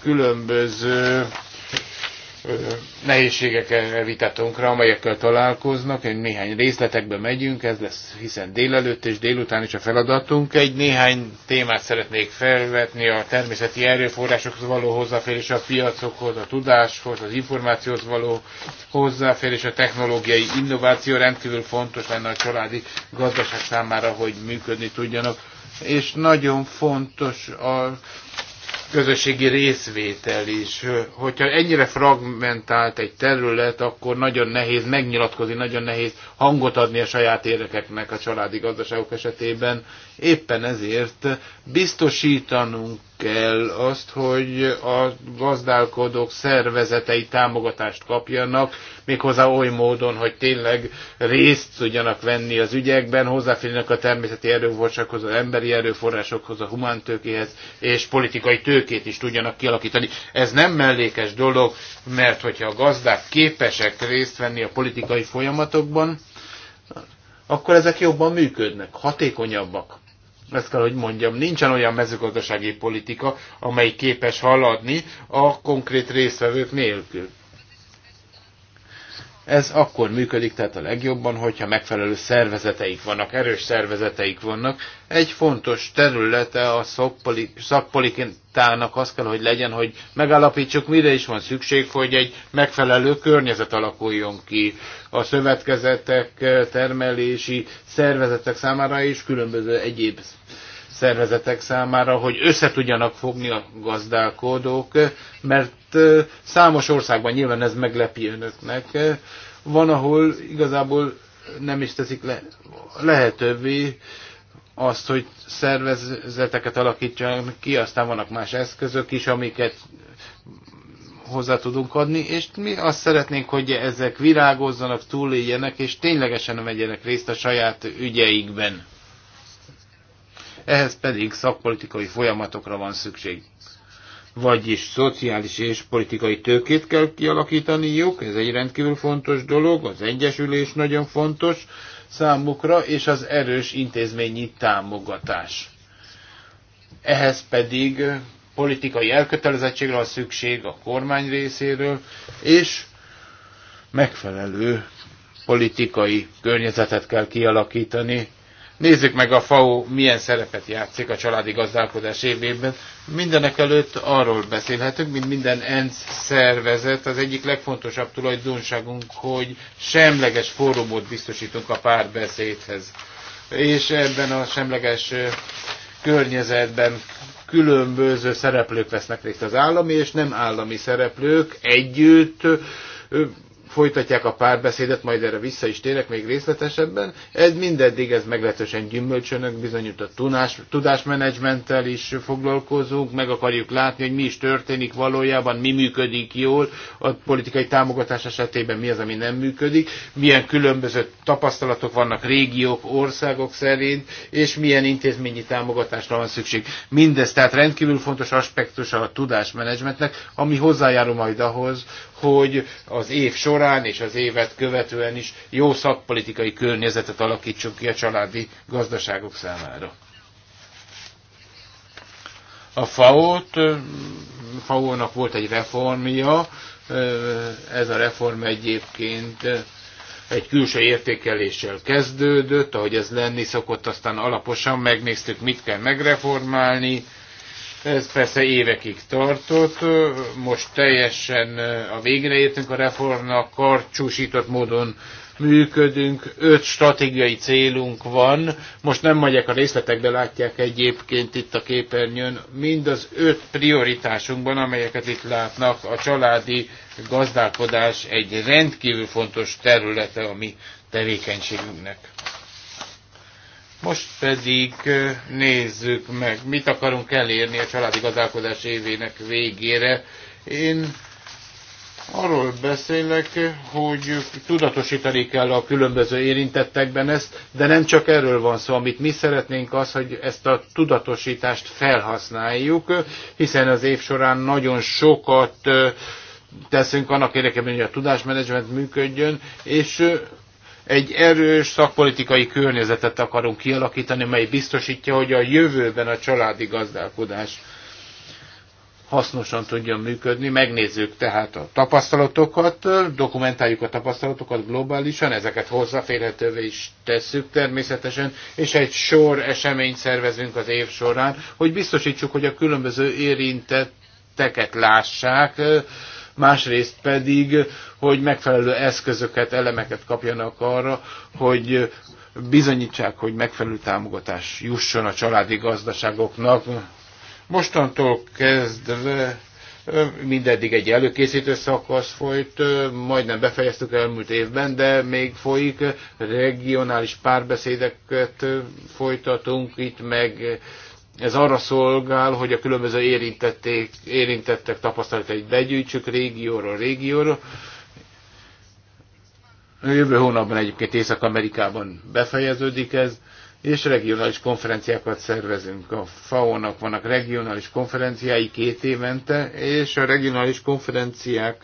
S2: különböző nehézségekkel vitatunkra, amelyekkel találkoznak, én néhány részletekbe megyünk, ez lesz hiszen délelőtt és délután is a feladatunk. Egy néhány témát szeretnék felvetni a természeti erőforrásokhoz való hozzáférés, a piacokhoz, a tudáshoz, az információhoz való hozzáférés, a technológiai innováció rendkívül fontos lenne a családi gazdaság számára, hogy működni tudjanak. És nagyon fontos a közösségi részvétel is. Hogyha ennyire fragmentált egy terület, akkor nagyon nehéz megnyilatkozni, nagyon nehéz hangot adni a saját érdekeknek a családi gazdaságok esetében. Éppen ezért biztosítanunk kell azt, hogy a gazdálkodók szervezetei támogatást kapjanak, méghozzá oly módon, hogy tényleg részt tudjanak venni az ügyekben, hozzáférjenek a természeti erőforrásokhoz, az emberi erőforrásokhoz, a humántőkéhez és politikai tőkéhez tőkét is tudjanak kialakítani. Ez nem mellékes dolog, mert hogyha a gazdák képesek részt venni a politikai folyamatokban, akkor ezek jobban működnek, hatékonyabbak. Ezt kell, hogy mondjam, nincsen olyan mezőgazdasági politika, amely képes haladni a konkrét résztvevők nélkül. Ez akkor működik, tehát a legjobban, hogyha megfelelő szervezeteik vannak, erős szervezeteik vannak. Egy fontos területe a szakpolitának az kell, hogy legyen, hogy megállapítsuk, mire is van szükség, hogy egy megfelelő környezet alakuljon ki a szövetkezetek, termelési szervezetek számára és különböző egyéb szervezetek számára, hogy össze tudjanak fogni a gazdálkodók, mert Hát, számos országban nyilván ez meglepi önöknek. Van, ahol igazából nem is teszik le, lehetővé azt, hogy szervezeteket alakítsanak ki, aztán vannak más eszközök is, amiket hozzá tudunk adni, és mi azt szeretnénk, hogy ezek virágozzanak, túléljenek, és ténylegesen vegyenek részt a saját ügyeikben. Ehhez pedig szakpolitikai folyamatokra van szükség vagyis szociális és politikai tőkét kell kialakítaniuk, ez egy rendkívül fontos dolog, az egyesülés nagyon fontos számukra, és az erős intézményi támogatás. Ehhez pedig politikai elkötelezettségre a szükség a kormány részéről, és megfelelő politikai környezetet kell kialakítani, Nézzük meg a FAO milyen szerepet játszik a családi gazdálkodás évében. Mindenek előtt arról beszélhetünk, mint minden ENSZ szervezet, az egyik legfontosabb tulajdonságunk, hogy semleges fórumot biztosítunk a párbeszédhez. És ebben a semleges környezetben különböző szereplők vesznek részt az állami és nem állami szereplők együtt folytatják a párbeszédet, majd erre vissza is térek még részletesebben. Ez mindeddig ez meglehetősen gyümölcsönök, bizonyult a tunás, tudásmenedzsmenttel is foglalkozunk, meg akarjuk látni, hogy mi is történik valójában, mi működik jól, a politikai támogatás esetében mi az, ami nem működik, milyen különböző tapasztalatok vannak régiók, országok szerint, és milyen intézményi támogatásra van szükség. Mindez tehát rendkívül fontos aspektus a tudásmenedzsmentnek, ami hozzájárul majd ahhoz, hogy az év során és az évet követően is jó szakpolitikai környezetet alakítsunk ki a családi gazdaságok számára. A FAO-t, FAO-nak volt egy reformja, ez a reform egyébként egy külső értékeléssel kezdődött, ahogy ez lenni szokott, aztán alaposan megnéztük, mit kell megreformálni, ez persze évekig tartott, most teljesen a végre értünk a reformnak, karcsúsított módon működünk, öt stratégiai célunk van, most nem megyek a részletekbe, látják egyébként itt a képernyőn, mind az öt prioritásunkban, amelyeket itt látnak, a családi gazdálkodás egy rendkívül fontos területe a mi tevékenységünknek. Most pedig nézzük meg, mit akarunk elérni a családi gazdálkodás évének végére. Én arról beszélek, hogy tudatosítani kell a különböző érintettekben ezt, de nem csak erről van szó, amit mi szeretnénk az, hogy ezt a tudatosítást felhasználjuk, hiszen az év során nagyon sokat teszünk annak érdekében, hogy a tudásmenedzsment működjön, és egy erős szakpolitikai környezetet akarunk kialakítani, mely biztosítja, hogy a jövőben a családi gazdálkodás hasznosan tudjon működni. Megnézzük tehát a tapasztalatokat, dokumentáljuk a tapasztalatokat globálisan, ezeket hozzáférhetővé is tesszük természetesen, és egy sor eseményt szervezünk az év során, hogy biztosítsuk, hogy a különböző érintetteket lássák, másrészt pedig, hogy megfelelő eszközöket, elemeket kapjanak arra, hogy bizonyítsák, hogy megfelelő támogatás jusson a családi gazdaságoknak. Mostantól kezdve mindeddig egy előkészítő szakasz folyt, majdnem befejeztük elmúlt évben, de még folyik, regionális párbeszédeket folytatunk itt, meg ez arra szolgál, hogy a különböző érintették, érintettek egy begyűjtsük régióról régióról. Jövő hónapban egyébként Észak-Amerikában befejeződik ez, és regionális konferenciákat szervezünk. A FAO-nak vannak regionális konferenciái két évente, és a regionális konferenciák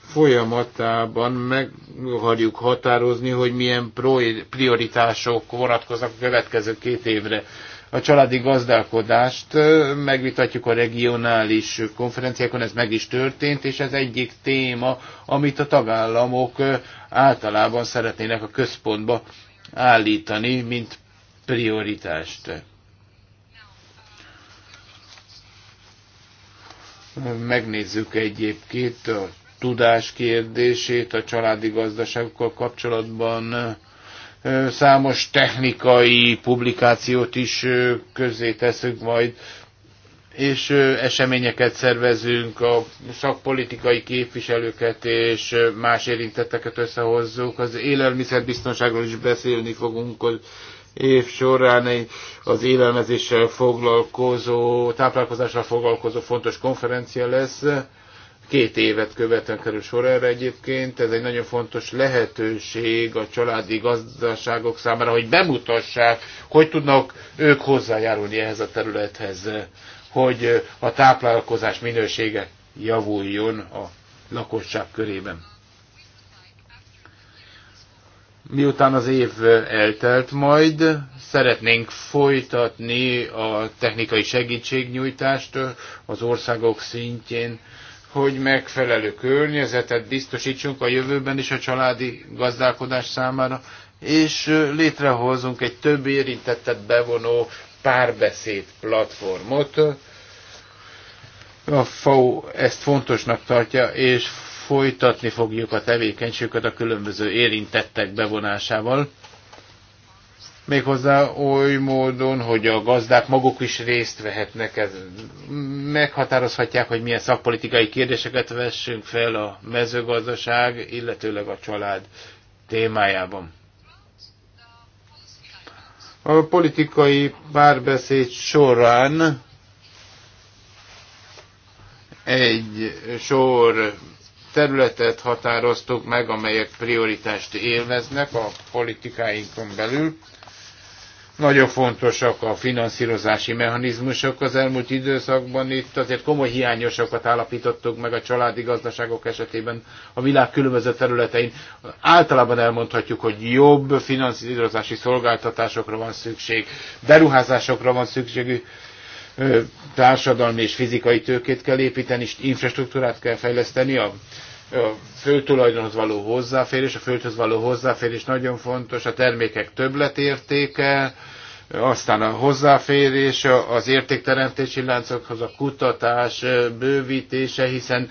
S2: folyamatában meg akarjuk határozni, hogy milyen prioritások vonatkoznak a következő két évre a családi gazdálkodást, megvitatjuk a regionális konferenciákon, ez meg is történt, és ez egyik téma, amit a tagállamok általában szeretnének a központba állítani, mint prioritást. Megnézzük egyébként a tudás kérdését a családi gazdaságokkal kapcsolatban Számos technikai publikációt is közzé teszünk majd, és eseményeket szervezünk, a szakpolitikai képviselőket és más érintetteket összehozzuk. Az élelmiszerbiztonságról is beszélni fogunk az év során az élelmezéssel foglalkozó, táplálkozással foglalkozó fontos konferencia lesz. Két évet követően kerül sor erre egyébként. Ez egy nagyon fontos lehetőség a családi gazdaságok számára, hogy bemutassák, hogy tudnak ők hozzájárulni ehhez a területhez, hogy a táplálkozás minősége javuljon a lakosság körében. Miután az év eltelt majd, szeretnénk folytatni a technikai segítségnyújtást az országok szintjén, hogy megfelelő környezetet biztosítsunk a jövőben is a családi gazdálkodás számára, és létrehozunk egy több érintettet bevonó párbeszéd platformot. A FAO ezt fontosnak tartja, és folytatni fogjuk a tevékenységet a különböző érintettek bevonásával méghozzá oly módon, hogy a gazdák maguk is részt vehetnek, ez, meghatározhatják, hogy milyen szakpolitikai kérdéseket vessünk fel a mezőgazdaság, illetőleg a család témájában. A politikai párbeszéd során egy sor területet határoztuk meg, amelyek prioritást élveznek a politikáinkon belül nagyon fontosak a finanszírozási mechanizmusok az elmúlt időszakban. Itt azért komoly hiányosokat állapítottuk meg a családi gazdaságok esetében a világ különböző területein. Általában elmondhatjuk, hogy jobb finanszírozási szolgáltatásokra van szükség, beruházásokra van szükségű társadalmi és fizikai tőkét kell építeni, és infrastruktúrát kell fejleszteni, a föltulajdonhoz való hozzáférés, a földhöz való hozzáférés nagyon fontos, a termékek többletértéke, aztán a hozzáférés, az értékteremtési láncokhoz a kutatás bővítése, hiszen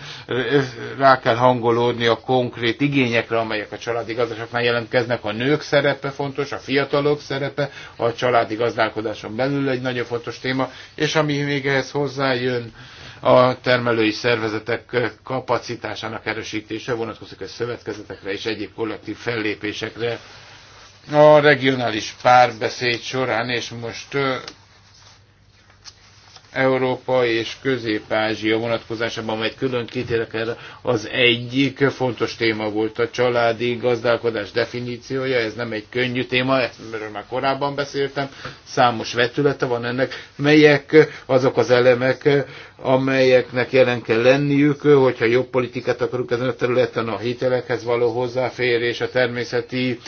S2: rá kell hangolódni a konkrét igényekre, amelyek a családi gazdaságnál jelentkeznek. A nők szerepe fontos, a fiatalok szerepe, a családi gazdálkodáson belül egy nagyon fontos téma, és ami még ehhez hozzájön, a termelői szervezetek kapacitásának erősítése vonatkozik a szövetkezetekre és egyéb kollektív fellépésekre a regionális párbeszéd során, és most Európa és Közép-Ázsia vonatkozásában, amely külön kitérek erre, az egyik fontos téma volt a családi gazdálkodás definíciója, ez nem egy könnyű téma, erről már korábban beszéltem, számos vetülete van ennek, melyek azok az elemek, amelyeknek jelen kell lenniük, hogyha jobb politikát akarunk ezen a területen, a hitelekhez való hozzáférés, a természeti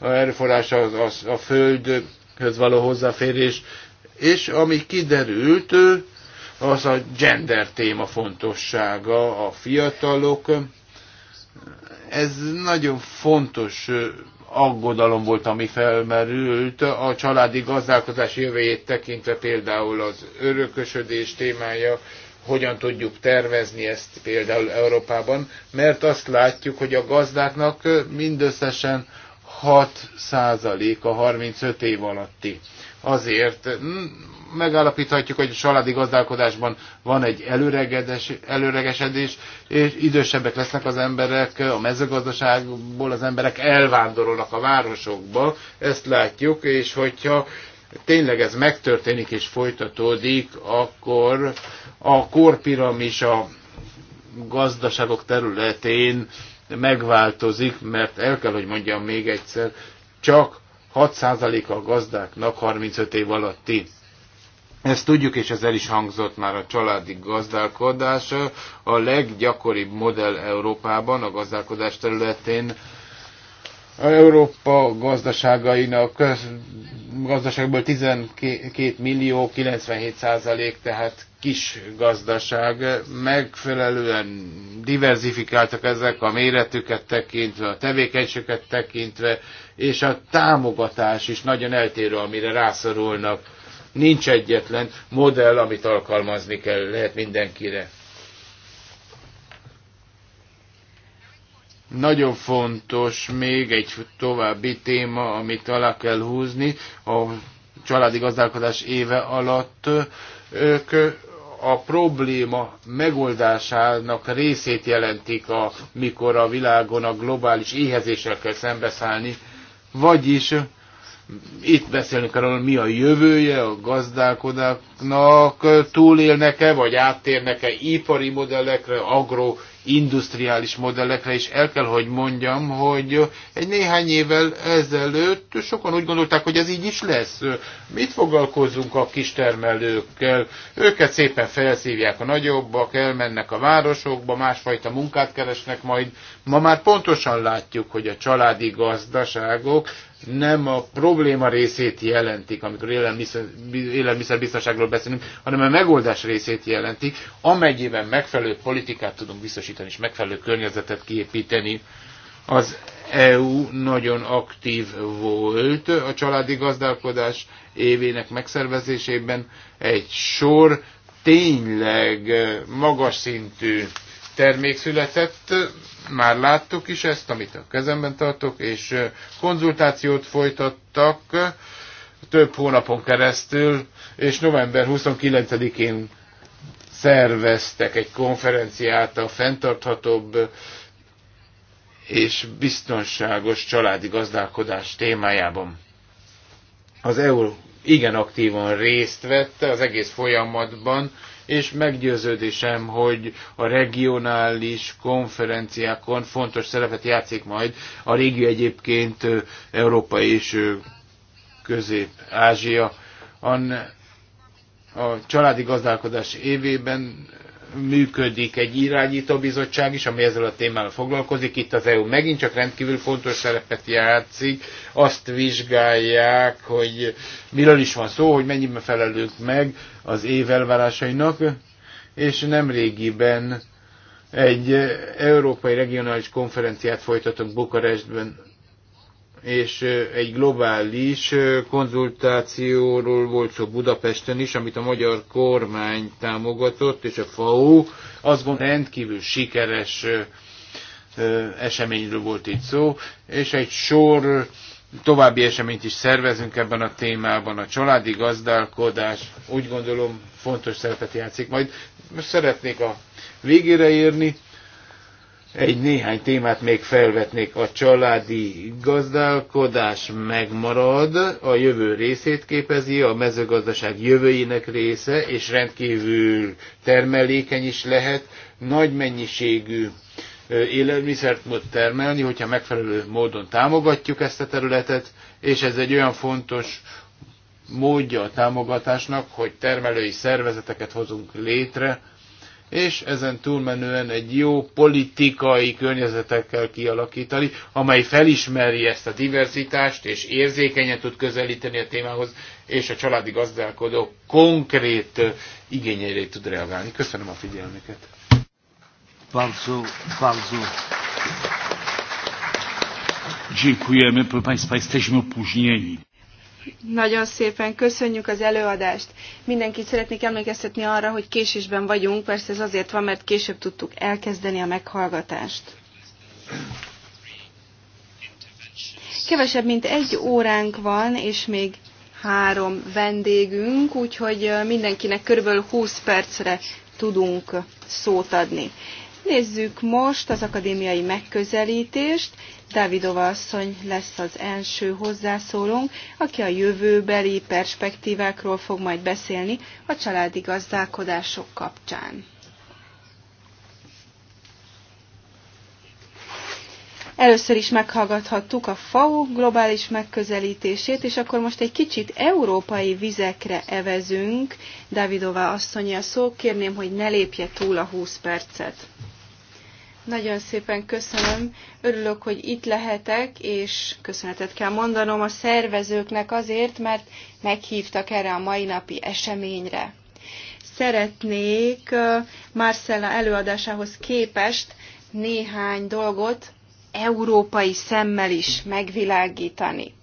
S2: erőforrás, a, a, a földhöz való hozzáférés, és ami kiderült, az a gender téma fontossága, a fiatalok. Ez nagyon fontos aggodalom volt, ami felmerült a családi gazdálkodás jövőjét tekintve például az örökösödés témája, hogyan tudjuk tervezni ezt például Európában, mert azt látjuk, hogy a gazdáknak mindösszesen 6% a 35 év alatti azért mm, megállapíthatjuk, hogy a családi gazdálkodásban van egy előregedes, előregesedés, és idősebbek lesznek az emberek, a mezőgazdaságból az emberek elvándorolnak a városokba, ezt látjuk, és hogyha tényleg ez megtörténik és folytatódik, akkor a korpiramis a gazdaságok területén megváltozik, mert el kell, hogy mondjam még egyszer, csak 6% a gazdáknak 35 év alatti. Ezt tudjuk, és ez el is hangzott már a családi gazdálkodás. A leggyakoribb modell Európában a gazdálkodás területén a Európa gazdaságainak gazdaságból 12 millió, 97 százalék, tehát kis gazdaság, megfelelően diversifikáltak ezek a méretüket tekintve, a tevékenységet tekintve, és a támogatás is nagyon eltérő, amire rászorulnak. Nincs egyetlen modell, amit alkalmazni kell, lehet mindenkire. Nagyon fontos még egy további téma, amit alá kell húzni, a családi gazdálkodás éve alatt ők a probléma megoldásának részét jelentik, amikor a világon a globális éhezéssel kell szembeszállni, vagyis itt beszélünk arról, mi a jövője a gazdálkodóknak, túlélnek-e, vagy áttérnek-e ipari modellekre, agro industriális modellekre, és el kell, hogy mondjam, hogy egy néhány évvel ezelőtt sokan úgy gondolták, hogy ez így is lesz. Mit foglalkozunk a kistermelőkkel? Őket szépen felszívják a nagyobbak, elmennek a városokba, másfajta munkát keresnek majd, Ma már pontosan látjuk, hogy a családi gazdaságok nem a probléma részét jelentik, amikor élelmiszerbiztonságról beszélünk, hanem a megoldás részét jelentik, amennyiben megfelelő politikát tudunk biztosítani, és megfelelő környezetet kiépíteni. Az EU nagyon aktív volt a családi gazdálkodás évének megszervezésében. Egy sor tényleg magas szintű termék született, már láttuk is ezt, amit a kezemben tartok, és konzultációt folytattak több hónapon keresztül, és november 29-én szerveztek egy konferenciát a fenntarthatóbb és biztonságos családi gazdálkodás témájában. Az EU igen aktívan részt vette az egész folyamatban, és meggyőződésem, hogy a regionális konferenciákon fontos szerepet játszik majd a régió egyébként Európa és Közép-Ázsia. A családi gazdálkodás évében működik egy irányító bizottság is, ami ezzel a témával foglalkozik. Itt az EU megint csak rendkívül fontos szerepet játszik. Azt vizsgálják, hogy miről is van szó, hogy mennyiben felelünk meg az év elvárásainak, és nem régiben egy európai regionális konferenciát folytatunk Bukarestben és egy globális konzultációról volt szó Budapesten is, amit a magyar kormány támogatott, és a FAO azt gondolom rendkívül sikeres eseményről volt itt szó, és egy sor további eseményt is szervezünk ebben a témában. A családi gazdálkodás úgy gondolom fontos szerepet játszik. Majd szeretnék a végére érni egy néhány témát még felvetnék. A családi gazdálkodás megmarad, a jövő részét képezi, a mezőgazdaság jövőjének része, és rendkívül termelékeny is lehet, nagy mennyiségű élelmiszert tud termelni, hogyha megfelelő módon támogatjuk ezt a területet, és ez egy olyan fontos módja a támogatásnak, hogy termelői szervezeteket hozunk létre, és ezen túlmenően egy jó politikai környezetet kell kialakítani, amely felismeri ezt a diversitást, és érzékenyen tud közelíteni a témához, és a családi gazdálkodó konkrét igényeire tud reagálni. Köszönöm a figyelmüket. Bardzo, bardzo.
S1: Dziękujemy, proszę Państwa, jesteśmy opóźnieni.
S4: Nagyon szépen köszönjük az előadást. Mindenkit szeretnék emlékeztetni arra, hogy késésben vagyunk, persze ez azért van, mert később tudtuk elkezdeni a meghallgatást. Kevesebb, mint egy óránk van, és még három vendégünk, úgyhogy mindenkinek körülbelül 20 percre tudunk szót adni. Nézzük most az akadémiai megközelítést. Dávidova asszony lesz az első hozzászólónk, aki a jövőbeli perspektívákról fog majd beszélni a családi gazdálkodások kapcsán. Először is meghallgathattuk a FAO globális megközelítését, és akkor most egy kicsit európai vizekre evezünk. Davidová asszony szó, kérném, hogy ne lépje túl a 20 percet. Nagyon szépen köszönöm, örülök, hogy itt lehetek, és köszönetet kell mondanom a szervezőknek azért, mert meghívtak erre a mai napi eseményre. Szeretnék Marcella előadásához képest néhány dolgot európai szemmel is megvilágítani.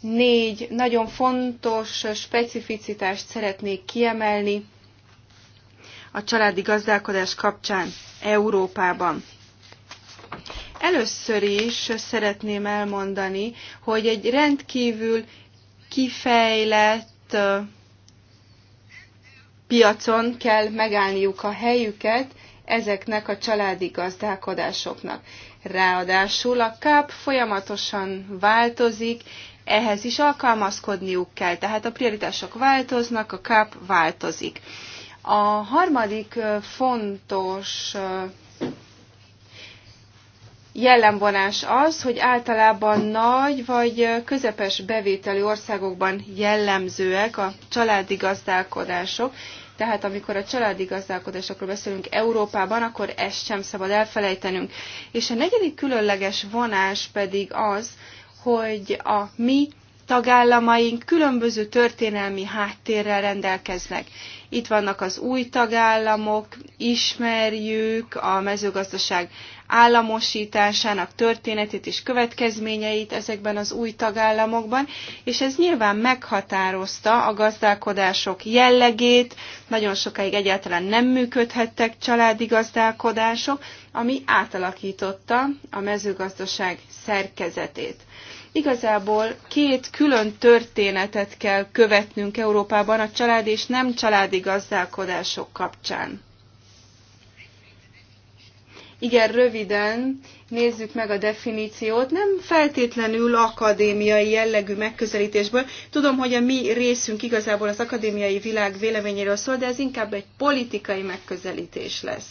S4: Négy nagyon fontos specificitást szeretnék kiemelni a családi gazdálkodás kapcsán Európában. Először is szeretném elmondani, hogy egy rendkívül kifejlett piacon kell megállniuk a helyüket ezeknek a családi gazdálkodásoknak. Ráadásul a káp folyamatosan változik, ehhez is alkalmazkodniuk kell, tehát a prioritások változnak, a káp változik. A harmadik fontos jellemvonás az, hogy általában nagy vagy közepes bevételi országokban jellemzőek a családi gazdálkodások, tehát amikor a családi gazdálkodásokról beszélünk Európában, akkor ezt sem szabad elfelejtenünk. És a negyedik különleges vonás pedig az, hogy a mi tagállamaink különböző történelmi háttérrel rendelkeznek. Itt vannak az új tagállamok, ismerjük a mezőgazdaság államosításának történetét és következményeit ezekben az új tagállamokban, és ez nyilván meghatározta a gazdálkodások jellegét, nagyon sokáig egyáltalán nem működhettek családi gazdálkodások, ami átalakította a mezőgazdaság szerkezetét igazából két külön történetet kell követnünk Európában a család és nem családi gazdálkodások kapcsán igen röviden nézzük meg a definíciót, nem feltétlenül akadémiai jellegű megközelítésből. Tudom, hogy a mi részünk igazából az akadémiai világ véleményéről szól, de ez inkább egy politikai megközelítés lesz.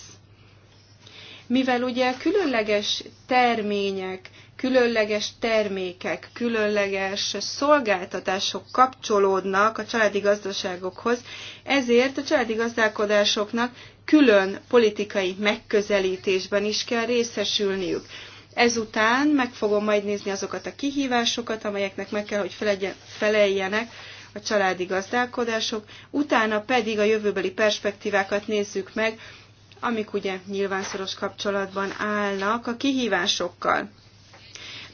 S4: Mivel ugye különleges termények, különleges termékek, különleges szolgáltatások kapcsolódnak a családi gazdaságokhoz, ezért a családi gazdálkodásoknak külön politikai megközelítésben is kell részesülniük. Ezután meg fogom majd nézni azokat a kihívásokat, amelyeknek meg kell, hogy feleljenek a családi gazdálkodások, utána pedig a jövőbeli perspektívákat nézzük meg, amik ugye nyilvánszoros kapcsolatban állnak a kihívásokkal.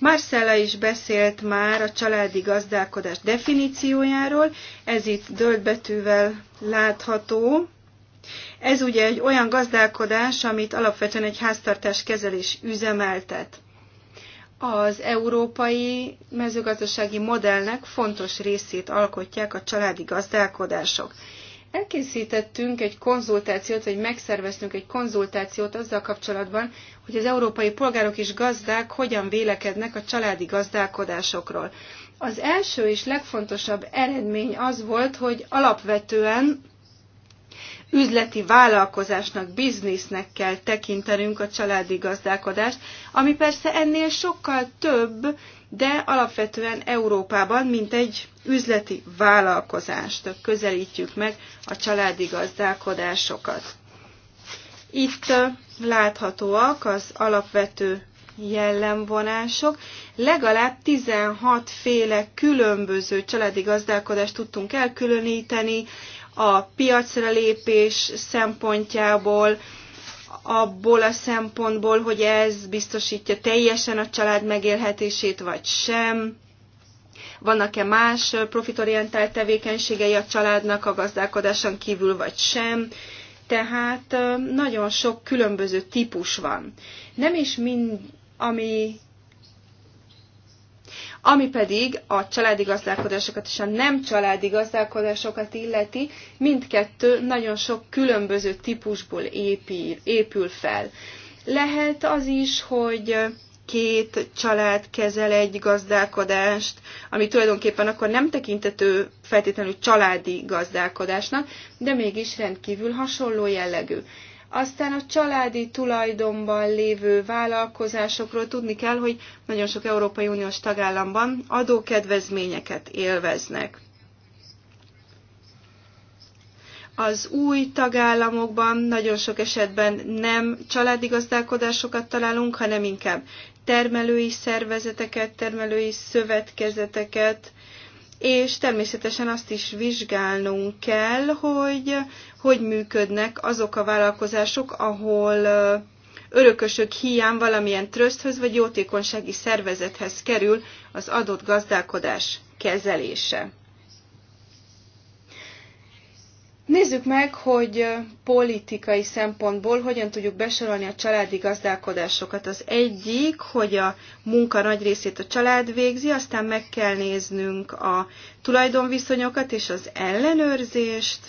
S4: Marcella is beszélt már a családi gazdálkodás definíciójáról, ez itt dölt betűvel látható. Ez ugye egy olyan gazdálkodás, amit alapvetően egy háztartás kezelés üzemeltet. Az európai mezőgazdasági modellnek fontos részét alkotják a családi gazdálkodások elkészítettünk egy konzultációt, vagy megszerveztünk egy konzultációt azzal kapcsolatban, hogy az európai polgárok és gazdák hogyan vélekednek a családi gazdálkodásokról. Az első és legfontosabb eredmény az volt, hogy alapvetően üzleti vállalkozásnak, biznisznek kell tekintenünk a családi gazdálkodást, ami persze ennél sokkal több, de alapvetően Európában, mint egy üzleti vállalkozást közelítjük meg a családi gazdálkodásokat. Itt láthatóak az alapvető jellemvonások. Legalább 16 féle különböző családi gazdálkodást tudtunk elkülöníteni a piacra lépés szempontjából, abból a szempontból, hogy ez biztosítja teljesen a család megélhetését, vagy sem. Vannak-e más profitorientált tevékenységei a családnak a gazdálkodáson kívül, vagy sem. Tehát nagyon sok különböző típus van. Nem is mind, ami ami pedig a családi gazdálkodásokat és a nem családi gazdálkodásokat illeti, mindkettő nagyon sok különböző típusból épül, épül fel. Lehet az is, hogy két család kezel egy gazdálkodást, ami tulajdonképpen akkor nem tekintető feltétlenül családi gazdálkodásnak, de mégis rendkívül hasonló jellegű. Aztán a családi tulajdonban lévő vállalkozásokról tudni kell, hogy nagyon sok Európai Uniós tagállamban adókedvezményeket élveznek. Az új tagállamokban nagyon sok esetben nem családi gazdálkodásokat találunk, hanem inkább termelői szervezeteket, termelői szövetkezeteket, és természetesen azt is vizsgálnunk kell, hogy hogy működnek azok a vállalkozások, ahol örökösök hiány valamilyen trösthöz vagy jótékonysági szervezethez kerül az adott gazdálkodás kezelése. Nézzük meg, hogy politikai szempontból hogyan tudjuk besorolni a családi gazdálkodásokat. Az egyik, hogy a munka nagy részét a család végzi, aztán meg kell néznünk a tulajdonviszonyokat és az ellenőrzést.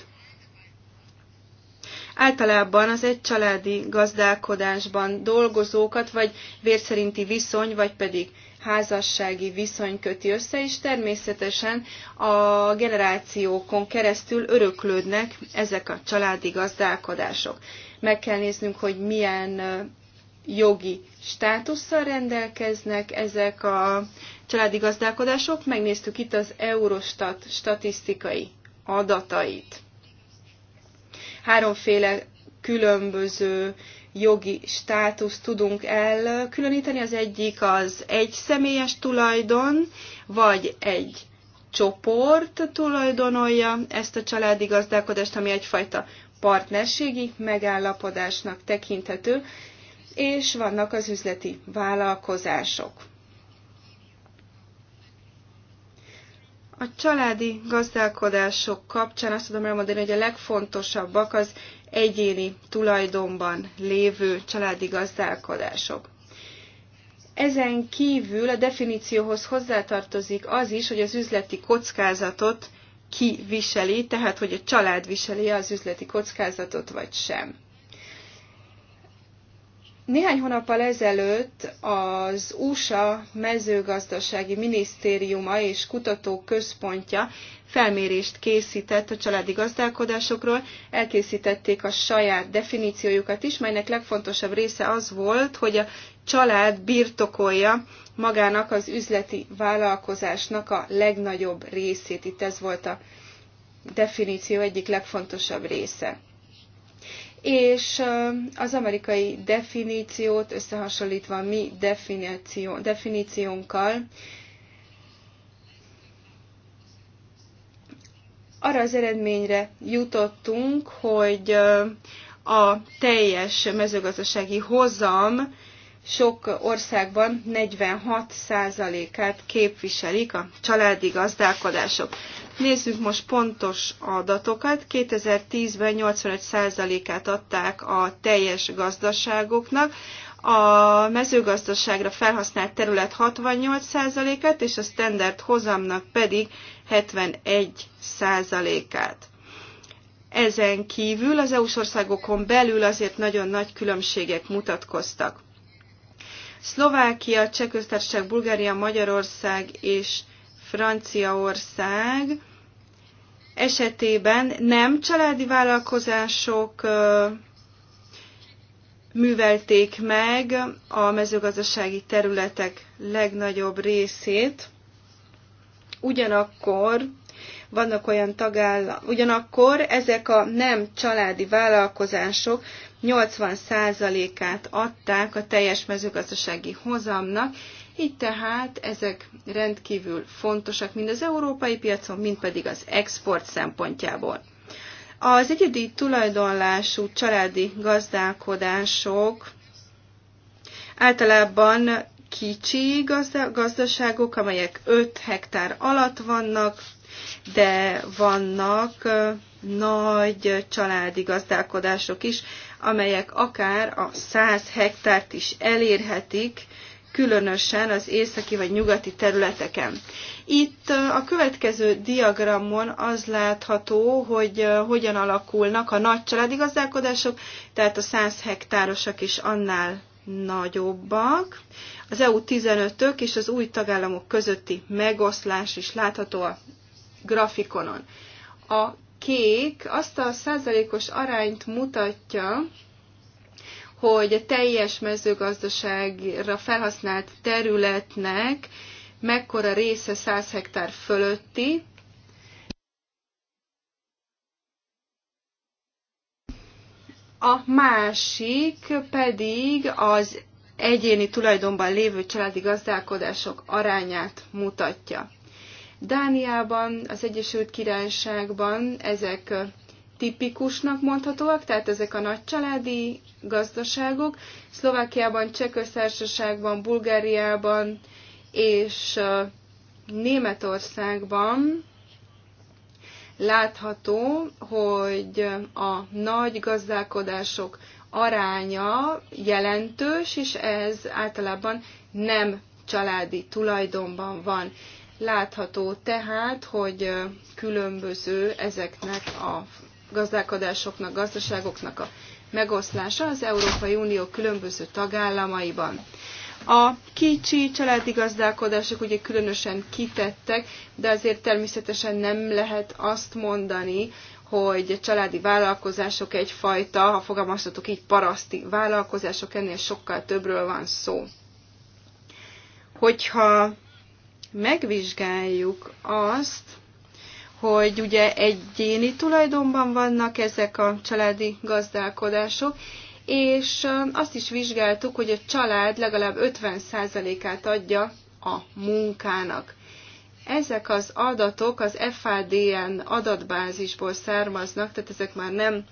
S4: Általában az egy családi gazdálkodásban dolgozókat, vagy vérszerinti viszony, vagy pedig házassági viszony köti össze, és természetesen a generációkon keresztül öröklődnek ezek a családi gazdálkodások. Meg kell néznünk, hogy milyen jogi státusszal rendelkeznek ezek a családi gazdálkodások. Megnéztük itt az Eurostat statisztikai adatait. Háromféle különböző jogi státuszt tudunk elkülöníteni. Az egyik az egy személyes tulajdon, vagy egy csoport tulajdonolja ezt a családi gazdálkodást, ami egyfajta partnerségi megállapodásnak tekinthető, és vannak az üzleti vállalkozások. A családi gazdálkodások kapcsán azt tudom elmondani, hogy a legfontosabbak az egyéni tulajdonban lévő családi gazdálkodások. Ezen kívül a definícióhoz hozzátartozik az is, hogy az üzleti kockázatot ki viseli, tehát hogy a család viseli az üzleti kockázatot vagy sem. Néhány hónappal ezelőtt az USA mezőgazdasági minisztériuma és kutatóközpontja felmérést készített a családi gazdálkodásokról, elkészítették a saját definíciójukat is, melynek legfontosabb része az volt, hogy a család birtokolja magának az üzleti vállalkozásnak a legnagyobb részét. Itt ez volt a definíció egyik legfontosabb része és az amerikai definíciót összehasonlítva a mi definíció, definíciónkkal, arra az eredményre jutottunk, hogy a teljes mezőgazdasági hozam sok országban 46%-át képviselik a családi gazdálkodások. Nézzük most pontos adatokat. 2010-ben 85%-át adták a teljes gazdaságoknak, a mezőgazdaságra felhasznált terület 68%-át, és a standard hozamnak pedig 71%-át. Ezen kívül az EU-s országokon belül azért nagyon nagy különbségek mutatkoztak. Szlovákia, Csehköztársaság, Bulgária, Magyarország és Franciaország esetében nem családi vállalkozások művelték meg a mezőgazdasági területek legnagyobb részét. Ugyanakkor vannak olyan tagállam, ugyanakkor ezek a nem családi vállalkozások 80%-át adták a teljes mezőgazdasági hozamnak, így tehát ezek rendkívül fontosak mind az európai piacon, mind pedig az export szempontjából. Az egyedi tulajdonlású családi gazdálkodások általában kicsi gazda- gazdaságok, amelyek 5 hektár alatt vannak, de vannak nagy családi gazdálkodások is, amelyek akár a 100 hektárt is elérhetik, különösen az északi vagy nyugati területeken. Itt a következő diagramon az látható, hogy hogyan alakulnak a nagy családi gazdálkodások, tehát a 100 hektárosak is annál nagyobbak. Az EU 15-ök és az új tagállamok közötti megoszlás is látható a grafikonon. A kék azt a százalékos arányt mutatja, hogy a teljes mezőgazdaságra felhasznált területnek mekkora része 100 hektár fölötti, a másik pedig az egyéni tulajdonban lévő családi gazdálkodások arányát mutatja. Dániában, az Egyesült Királyságban ezek tipikusnak mondhatóak, tehát ezek a nagycsaládi gazdaságok. Szlovákiában, Csehköztársaságban, Bulgáriában és Németországban látható, hogy a nagy gazdálkodások aránya jelentős, és ez általában nem családi tulajdonban van. Látható tehát, hogy különböző ezeknek a gazdálkodásoknak, gazdaságoknak a megoszlása az Európai Unió különböző tagállamaiban. A kicsi családi gazdálkodások ugye különösen kitettek, de azért természetesen nem lehet azt mondani, hogy családi vállalkozások egyfajta, ha fogalmazhatok így, paraszti vállalkozások, ennél sokkal többről van szó. Hogyha megvizsgáljuk azt, hogy ugye egyéni tulajdonban vannak ezek a családi gazdálkodások, és azt is vizsgáltuk, hogy a család legalább 50%-át adja a munkának. Ezek az adatok az FADN adatbázisból származnak, tehát ezek már nem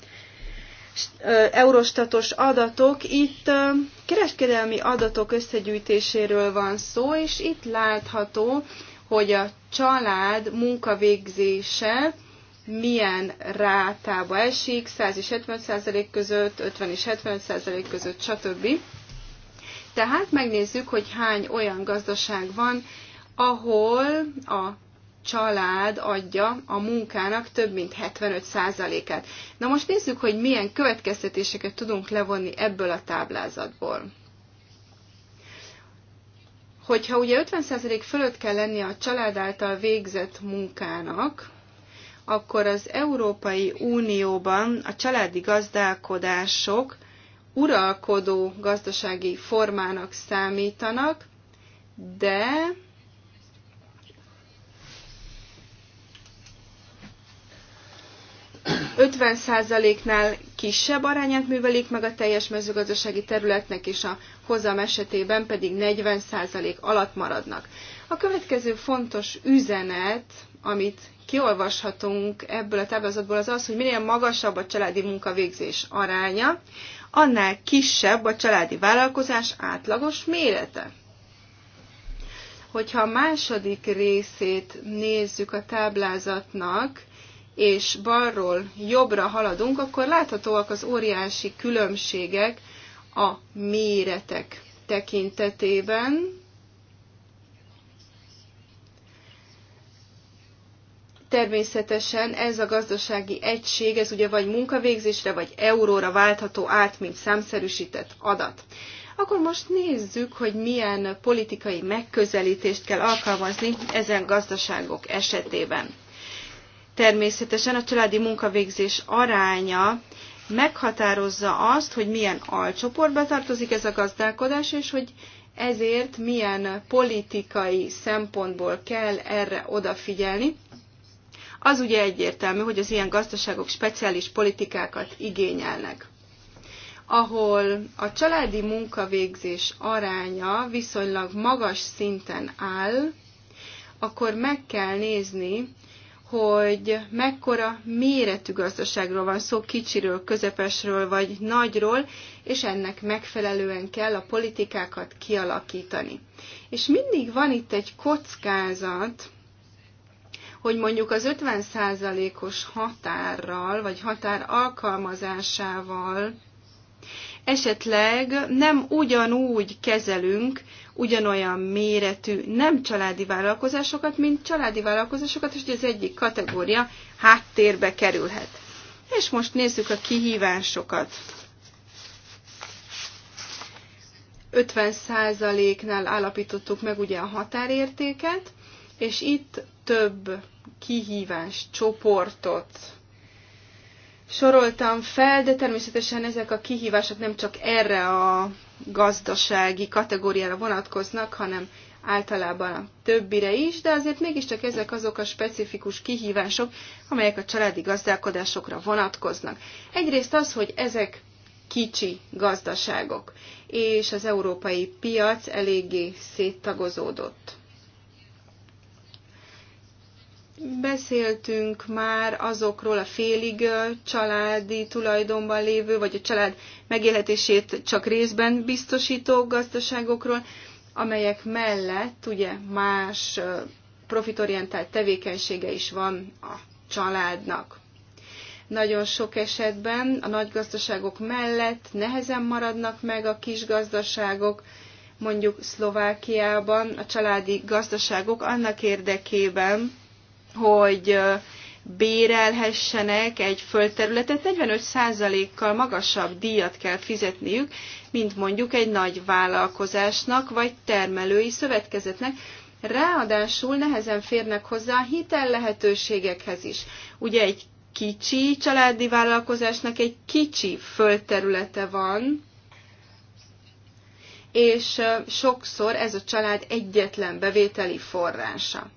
S4: eurostatos adatok. Itt kereskedelmi adatok összegyűjtéséről van szó, és itt látható, hogy a család munkavégzése milyen rátába esik, 100 és 70 között, 50 és 75 között, stb. Tehát megnézzük, hogy hány olyan gazdaság van, ahol a család adja a munkának több mint 75%-át. Na most nézzük, hogy milyen következtetéseket tudunk levonni ebből a táblázatból hogyha ugye 50% fölött kell lennie a család által végzett munkának, akkor az Európai Unióban a családi gazdálkodások uralkodó gazdasági formának számítanak, de 50%-nál kisebb arányát művelik meg a teljes mezőgazdasági területnek, és a hozam esetében pedig 40% alatt maradnak. A következő fontos üzenet, amit kiolvashatunk ebből a táblázatból, az az, hogy minél magasabb a családi munkavégzés aránya, annál kisebb a családi vállalkozás átlagos mérete. Hogyha a második részét nézzük a táblázatnak, és balról jobbra haladunk, akkor láthatóak az óriási különbségek a méretek tekintetében. Természetesen ez a gazdasági egység, ez ugye vagy munkavégzésre, vagy euróra váltható át, mint számszerűsített adat. Akkor most nézzük, hogy milyen politikai megközelítést kell alkalmazni ezen gazdaságok esetében. Természetesen a családi munkavégzés aránya meghatározza azt, hogy milyen alcsoportba tartozik ez a gazdálkodás, és hogy ezért milyen politikai szempontból kell erre odafigyelni. Az ugye egyértelmű, hogy az ilyen gazdaságok speciális politikákat igényelnek ahol a családi munkavégzés aránya viszonylag magas szinten áll, akkor meg kell nézni, hogy mekkora méretű gazdaságról van szó, kicsiről, közepesről vagy nagyról, és ennek megfelelően kell a politikákat kialakítani. És mindig van itt egy kockázat, hogy mondjuk az 50%-os határral, vagy határ alkalmazásával esetleg nem ugyanúgy kezelünk ugyanolyan méretű nem családi vállalkozásokat, mint családi vállalkozásokat, és az egyik kategória háttérbe kerülhet. És most nézzük a kihívásokat. 50%-nál állapítottuk meg ugye a határértéket, és itt több kihívás csoportot soroltam fel, de természetesen ezek a kihívások nem csak erre a gazdasági kategóriára vonatkoznak, hanem általában a többire is, de azért mégiscsak ezek azok a specifikus kihívások, amelyek a családi gazdálkodásokra vonatkoznak. Egyrészt az, hogy ezek kicsi gazdaságok, és az európai piac eléggé széttagozódott. Beszéltünk már azokról a félig családi tulajdonban lévő, vagy a család megélhetését csak részben biztosító gazdaságokról, amelyek mellett ugye más profitorientált tevékenysége is van a családnak. Nagyon sok esetben a nagy gazdaságok mellett nehezen maradnak meg a kis gazdaságok, mondjuk Szlovákiában a családi gazdaságok annak érdekében, hogy bérelhessenek egy földterületet, 45%-kal magasabb díjat kell fizetniük, mint mondjuk egy nagy vállalkozásnak vagy termelői szövetkezetnek. Ráadásul nehezen férnek hozzá a hitel lehetőségekhez is. Ugye egy kicsi családi vállalkozásnak egy kicsi földterülete van, és sokszor ez a család egyetlen bevételi forrása.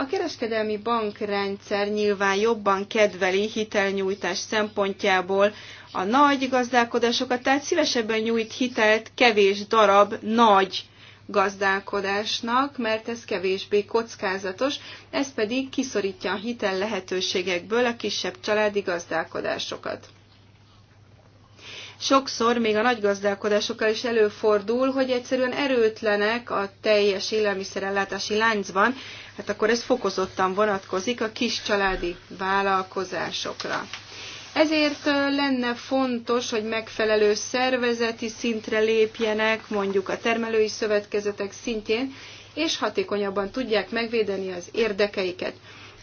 S4: A kereskedelmi bankrendszer nyilván jobban kedveli hitelnyújtás szempontjából a nagy gazdálkodásokat, tehát szívesebben nyújt hitelt kevés darab nagy gazdálkodásnak, mert ez kevésbé kockázatos, ez pedig kiszorítja a hitel lehetőségekből a kisebb családi gazdálkodásokat. Sokszor még a nagy gazdálkodásokkal is előfordul, hogy egyszerűen erőtlenek a teljes élelmiszerellátási láncban, hát akkor ez fokozottan vonatkozik a kis családi vállalkozásokra. Ezért lenne fontos, hogy megfelelő szervezeti szintre lépjenek, mondjuk a termelői szövetkezetek szintjén, és hatékonyabban tudják megvédeni az érdekeiket.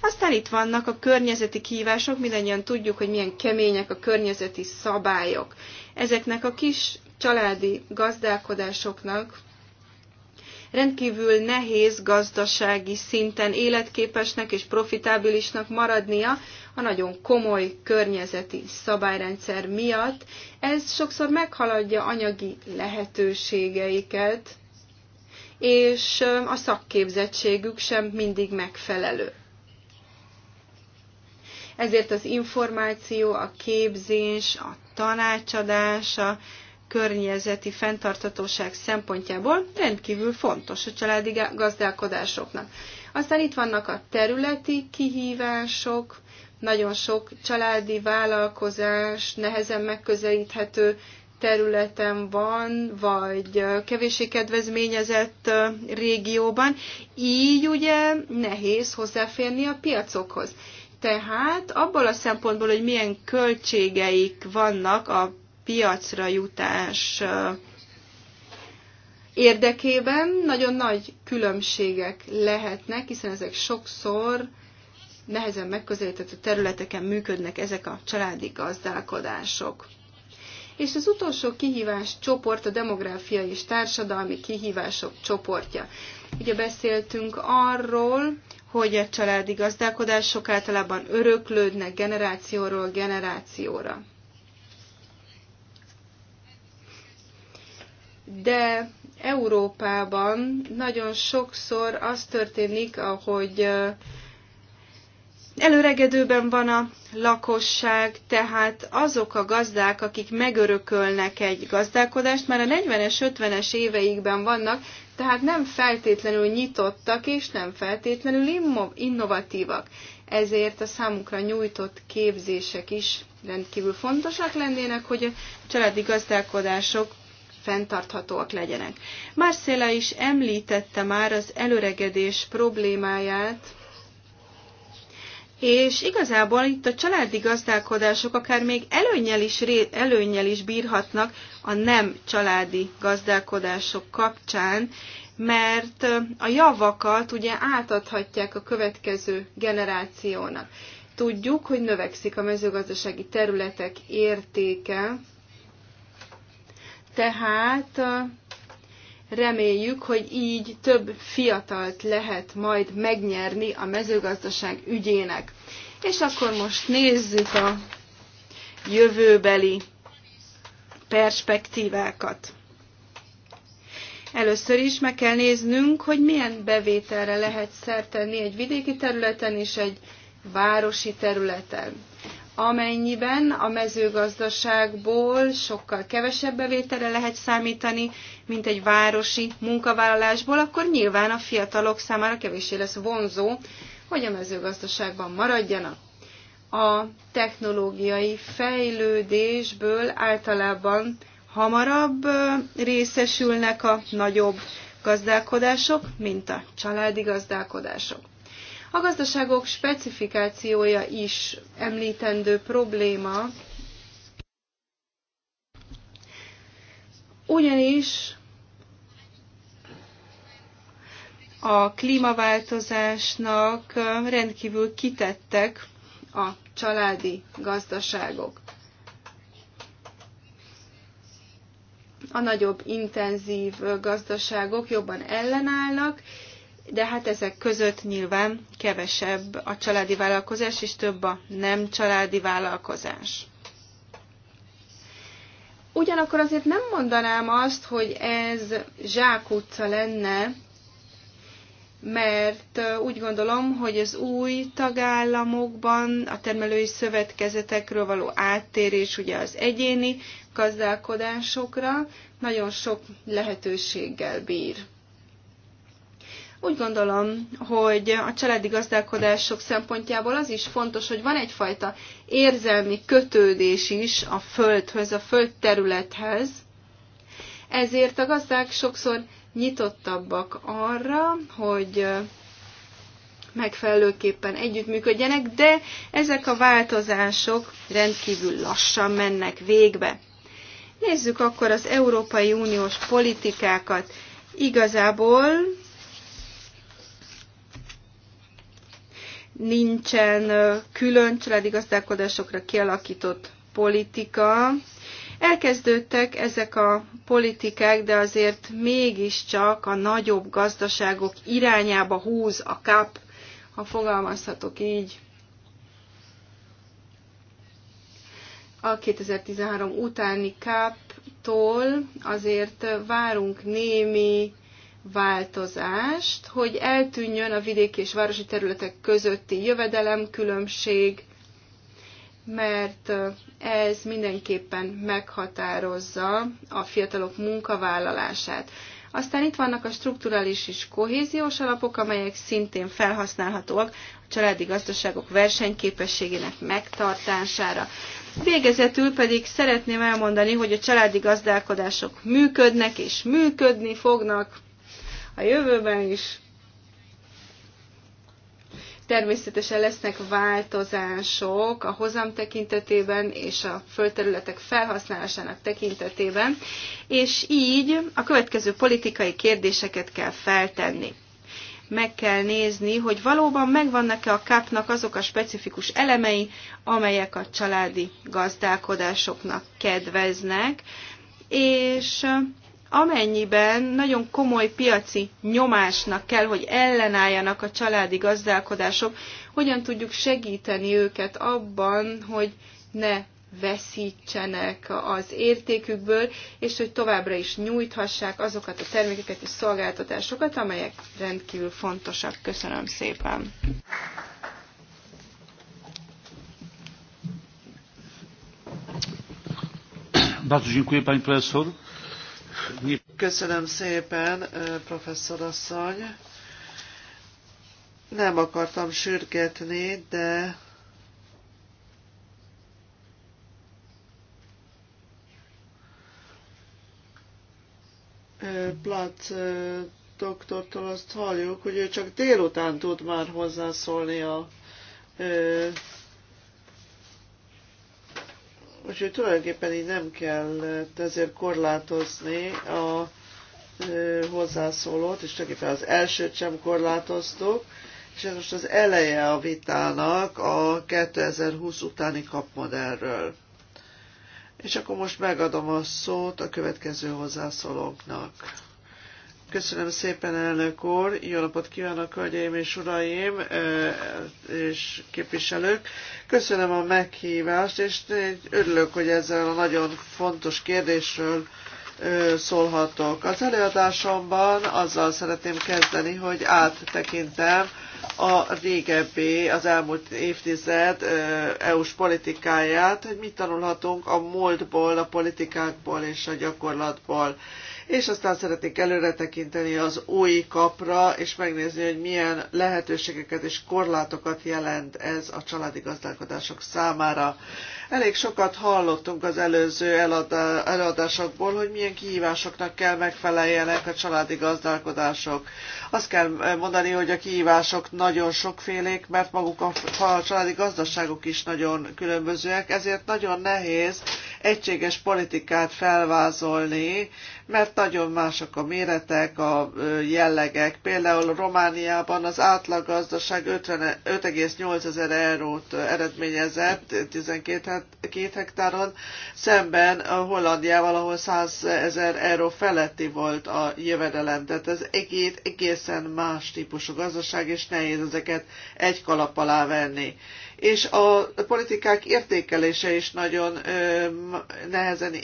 S4: Aztán itt vannak a környezeti kihívások, mindannyian tudjuk, hogy milyen kemények a környezeti szabályok. Ezeknek a kis családi gazdálkodásoknak rendkívül nehéz gazdasági szinten életképesnek és profitábilisnak maradnia a nagyon komoly környezeti szabályrendszer miatt. Ez sokszor meghaladja anyagi lehetőségeiket, és a szakképzettségük sem mindig megfelelő. Ezért az információ, a képzés, a tanácsadás, a környezeti fenntartatóság szempontjából rendkívül fontos a családi gazdálkodásoknak. Aztán itt vannak a területi kihívások, nagyon sok családi vállalkozás nehezen megközelíthető területen van, vagy kevéssé kedvezményezett régióban, így ugye nehéz hozzáférni a piacokhoz. Tehát abból a szempontból, hogy milyen költségeik vannak a piacra jutás érdekében nagyon nagy különbségek lehetnek, hiszen ezek sokszor nehezen megközelíthető területeken működnek ezek a családi gazdálkodások. És az utolsó kihívás csoport a demográfiai és társadalmi kihívások csoportja. Ugye beszéltünk arról, hogy a családi gazdálkodások általában öröklődnek generációról generációra. de Európában nagyon sokszor az történik, ahogy előregedőben van a lakosság, tehát azok a gazdák, akik megörökölnek egy gazdálkodást, már a 40-es, 50-es éveikben vannak, tehát nem feltétlenül nyitottak és nem feltétlenül innovatívak. Ezért a számukra nyújtott képzések is rendkívül fontosak lennének, hogy a családi gazdálkodások fenntarthatóak legyenek. Marcella is említette már az előregedés problémáját, és igazából itt a családi gazdálkodások akár még előnyel is, előnyel is bírhatnak a nem családi gazdálkodások kapcsán, mert a javakat ugye átadhatják a következő generációnak. Tudjuk, hogy növekszik a mezőgazdasági területek értéke, tehát reméljük, hogy így több fiatalt lehet majd megnyerni a mezőgazdaság ügyének. És akkor most nézzük a jövőbeli perspektívákat. Először is meg kell néznünk, hogy milyen bevételre lehet szertenni egy vidéki területen és egy városi területen amennyiben a mezőgazdaságból sokkal kevesebb bevételre lehet számítani, mint egy városi munkavállalásból, akkor nyilván a fiatalok számára kevésé lesz vonzó, hogy a mezőgazdaságban maradjanak. A technológiai fejlődésből általában hamarabb részesülnek a nagyobb gazdálkodások, mint a családi gazdálkodások. A gazdaságok specifikációja is említendő probléma, ugyanis a klímaváltozásnak rendkívül kitettek a családi gazdaságok. A nagyobb intenzív gazdaságok jobban ellenállnak, de hát ezek között nyilván kevesebb a családi vállalkozás, és több a nem családi vállalkozás. Ugyanakkor azért nem mondanám azt, hogy ez zsákutca lenne, mert úgy gondolom, hogy az új tagállamokban a termelői szövetkezetekről való áttérés ugye az egyéni gazdálkodásokra nagyon sok lehetőséggel bír. Úgy gondolom, hogy a családi gazdálkodások szempontjából az is fontos, hogy van egyfajta érzelmi kötődés is a földhöz, a földterülethez, ezért a gazdák sokszor nyitottabbak arra, hogy megfelelőképpen együttműködjenek, de ezek a változások rendkívül lassan mennek végbe. Nézzük akkor az Európai Uniós politikákat. Igazából nincsen külön családgazdálkodásokra kialakított politika. Elkezdődtek ezek a politikák, de azért mégiscsak a nagyobb gazdaságok irányába húz a kap, ha fogalmazhatok így. A 2013 utáni káptól azért várunk némi változást, hogy eltűnjön a vidéki és városi területek közötti jövedelemkülönbség, mert ez mindenképpen meghatározza a fiatalok munkavállalását. Aztán itt vannak a strukturális és kohéziós alapok, amelyek szintén felhasználhatóak a családi gazdaságok versenyképességének megtartására. Végezetül pedig szeretném elmondani, hogy a családi gazdálkodások működnek és működni fognak a jövőben is. Természetesen lesznek változások a hozam tekintetében és a földterületek felhasználásának tekintetében, és így a következő politikai kérdéseket kell feltenni meg kell nézni, hogy valóban megvannak-e a kápnak azok a specifikus elemei, amelyek a családi gazdálkodásoknak kedveznek, és amennyiben nagyon komoly piaci nyomásnak kell, hogy ellenálljanak a családi gazdálkodások, hogyan tudjuk segíteni őket abban, hogy ne veszítsenek az értékükből, és hogy továbbra is nyújthassák azokat a termékeket és szolgáltatásokat, amelyek rendkívül fontosak. Köszönöm szépen!
S1: Bardzo dziękuję pani profesor.
S3: Köszönöm szépen, professzor asszony. Nem akartam sürgetni, de Plac doktortól azt halljuk, hogy ő csak délután tud már hozzászólni a Úgyhogy tulajdonképpen így nem kell ezért korlátozni a hozzászólót, és tulajdonképpen az elsőt sem korlátoztuk, és ez most az eleje a vitának a 2020 utáni kapmodellről. És akkor most megadom a szót a következő hozzászólóknak. Köszönöm szépen, elnök úr! Jó napot kívánok, hölgyeim és uraim és képviselők! Köszönöm a meghívást, és örülök, hogy ezzel a nagyon fontos kérdésről szólhatok. Az előadásomban azzal szeretném kezdeni, hogy áttekintem a régebbi, az elmúlt évtized EU-s politikáját, hogy mit tanulhatunk a múltból, a politikákból és a gyakorlatból és aztán szeretnék előre tekinteni az új kapra, és megnézni, hogy milyen lehetőségeket és korlátokat jelent ez a családi gazdálkodások számára. Elég sokat hallottunk az előző előadásokból, hogy milyen kihívásoknak kell megfeleljenek a családi gazdálkodások. Azt kell mondani, hogy a kihívások nagyon sokfélék, mert maguk a, a családi gazdaságok is nagyon különbözőek, ezért nagyon nehéz egységes politikát felvázolni, mert nagyon mások a méretek, a jellegek. Például Romániában az átlag gazdaság 5,8 ezer eurót eredményezett 12 két hektáron, szemben a Hollandiával, ahol 100 ezer euró feletti volt a jövedelem. Tehát ez egész, egészen más típusú gazdaság, és nehéz ezeket egy kalap alá venni. És a politikák értékelése is nagyon ö, nehezen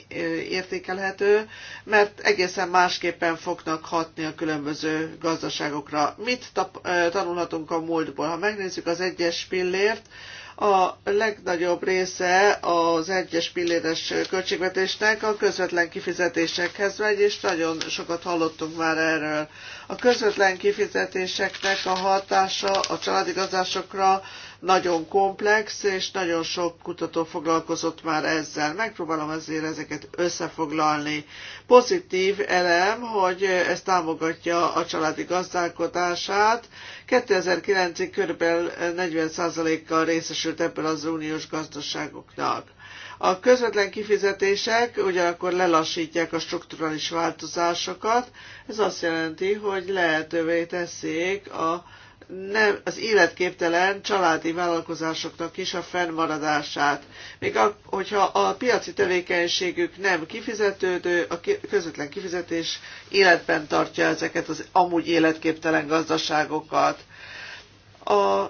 S3: értékelhető, mert egészen másképpen fognak hatni a különböző gazdaságokra. Mit tap, ö, tanulhatunk a múltból? Ha megnézzük az egyes pillért, a legnagyobb része az egyes pilléres költségvetésnek a közvetlen kifizetésekhez megy, és nagyon sokat hallottunk már erről. A közvetlen kifizetéseknek a hatása a családigazásokra nagyon komplex, és nagyon sok kutató foglalkozott már ezzel. Megpróbálom azért ezeket összefoglalni. Pozitív elem, hogy ez támogatja a családi gazdálkodását. 2009-ig kb. 40%-kal részesült ebből az uniós gazdaságoknak. A közvetlen kifizetések ugyanakkor lelassítják a strukturális változásokat. Ez azt jelenti, hogy lehetővé teszik a nem, az életképtelen családi vállalkozásoknak is a fennmaradását, még a, hogyha a piaci tevékenységük nem kifizetődő, a közvetlen kifizetés életben tartja ezeket az amúgy életképtelen gazdaságokat. A,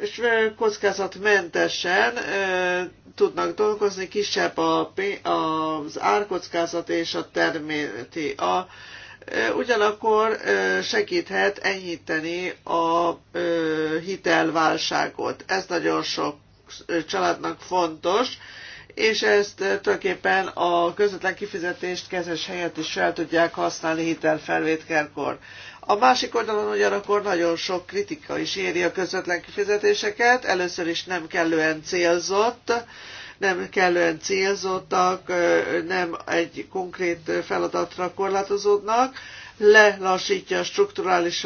S3: és kockázatmentesen e, tudnak dolgozni, kisebb a, az árkockázat és a terméti. A, ugyanakkor segíthet enyhíteni a hitelválságot. Ez nagyon sok családnak fontos, és ezt tulajdonképpen a közvetlen kifizetést kezes helyett is fel tudják használni hitelfelvételkor. A másik oldalon ugyanakkor nagyon sok kritika is éri a közvetlen kifizetéseket, először is nem kellően célzott, nem kellően célzottak, nem egy konkrét feladatra korlátozódnak, lelassítja a strukturális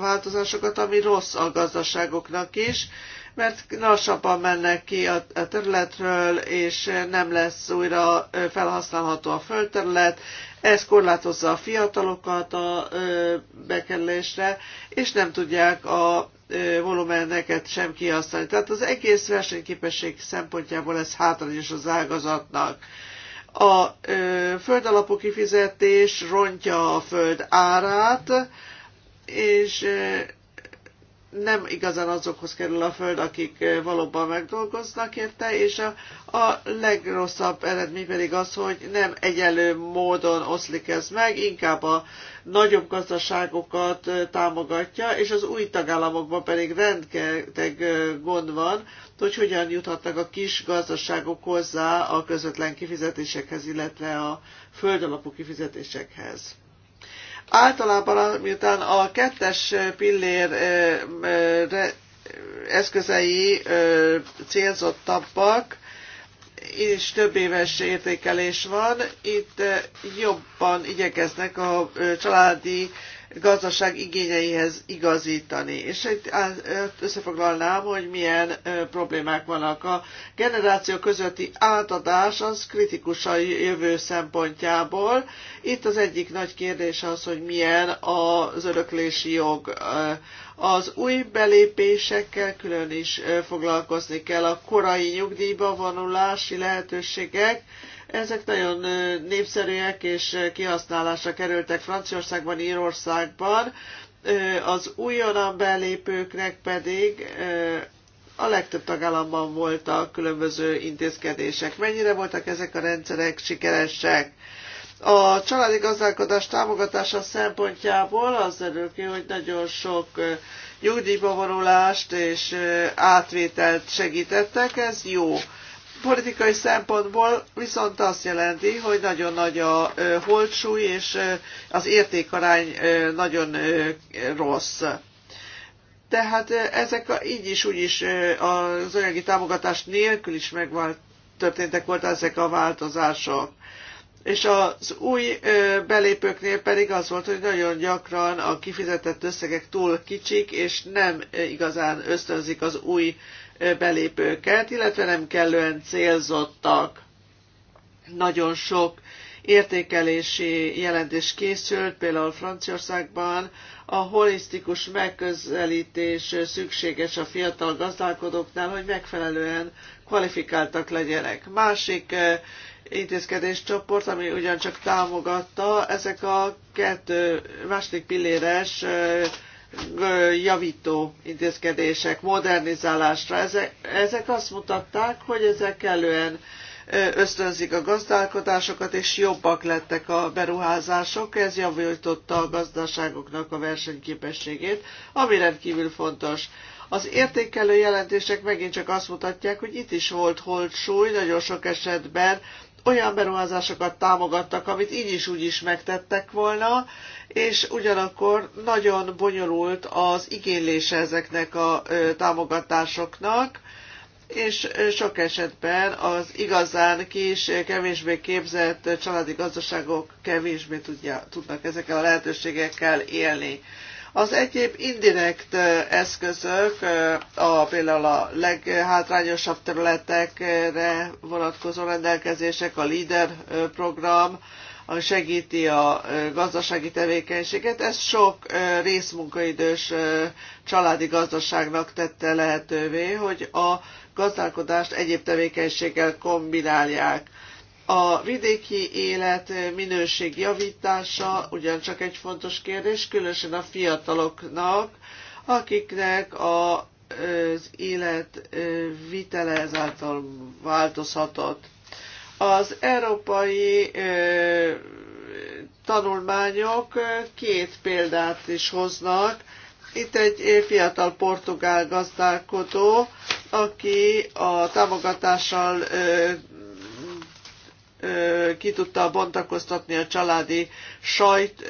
S3: változásokat, ami rossz a gazdaságoknak is, mert lassabban mennek ki a, területről, és nem lesz újra felhasználható a földterület, ez korlátozza a fiatalokat a bekerülésre, és nem tudják a volumeneket sem kihasználni. Tehát az egész versenyképesség szempontjából ez hátrányos az ágazatnak. A ö, földalapú kifizetés rontja a föld árát, és nem igazán azokhoz kerül a föld, akik valóban megdolgoznak érte, és a, a legrosszabb eredmény pedig az, hogy nem egyelő módon oszlik ez meg, inkább a nagyobb gazdaságokat támogatja, és az új tagállamokban pedig rendketeg gond van, hogy hogyan juthatnak a kis gazdaságok hozzá a közvetlen kifizetésekhez, illetve a földalapú kifizetésekhez. Általában, miután a kettes pillér eszközei célzottabbak, és több éves értékelés van. Itt eh, jobban igyekeznek a eh, családi gazdaság igényeihez igazítani. És itt eh, hát összefoglalnám, hogy milyen problémák vannak. A generáció közötti átadás az kritikus a jövő szempontjából. Itt az egyik nagy kérdés az, hogy milyen az öröklési jog az új belépésekkel külön is foglalkozni kell, a korai nyugdíjba vonulási lehetőségek, ezek nagyon népszerűek és kihasználásra kerültek Franciaországban, Írországban, az újonnan belépőknek pedig a legtöbb tagállamban voltak különböző intézkedések. Mennyire voltak ezek a rendszerek sikeresek? A családi gazdálkodás támogatása szempontjából az derül ki, hogy nagyon sok nyugdíjba vonulást és átvételt segítettek, ez jó. Politikai szempontból viszont azt jelenti, hogy nagyon nagy a holtsúly, és az értékarány nagyon rossz. Tehát ezek a, így is, úgy is az anyagi támogatás nélkül is megvált, történtek volt ezek a változások és az új belépőknél pedig az volt, hogy nagyon gyakran a kifizetett összegek túl kicsik, és nem igazán ösztönzik az új belépőket, illetve nem kellően célzottak. Nagyon sok értékelési jelentés készült, például Franciaországban, a holisztikus megközelítés szükséges a fiatal gazdálkodóknál, hogy megfelelően kvalifikáltak legyenek. Másik intézkedéscsoport, ami ugyancsak támogatta, ezek a kettő második pilléres javító intézkedések, modernizálásra. Ezek, ezek azt mutatták, hogy ezek kellően ösztönzik a gazdálkodásokat, és jobbak lettek a beruházások, ez javította a gazdaságoknak a versenyképességét, ami rendkívül fontos. Az értékelő jelentések megint csak azt mutatják, hogy itt is volt holt súly, nagyon sok esetben olyan beruházásokat támogattak, amit így is úgy is megtettek volna, és ugyanakkor nagyon bonyolult az igénylése ezeknek a támogatásoknak, és sok esetben az igazán kis, kevésbé képzett családi gazdaságok kevésbé tudja, tudnak ezekkel a lehetőségekkel élni. Az egyéb indirekt eszközök, a, például a leghátrányosabb területekre vonatkozó rendelkezések, a LEADER program, ami segíti a gazdasági tevékenységet. Ez sok részmunkaidős családi gazdaságnak tette lehetővé, hogy a gazdálkodást egyéb tevékenységgel kombinálják. A vidéki élet minőség javítása ugyancsak egy fontos kérdés, különösen a fiataloknak, akiknek az élet vitele ezáltal változhatott. Az európai tanulmányok két példát is hoznak. Itt egy fiatal portugál gazdálkodó, aki a támogatással ki tudta bontakoztatni a családi sajt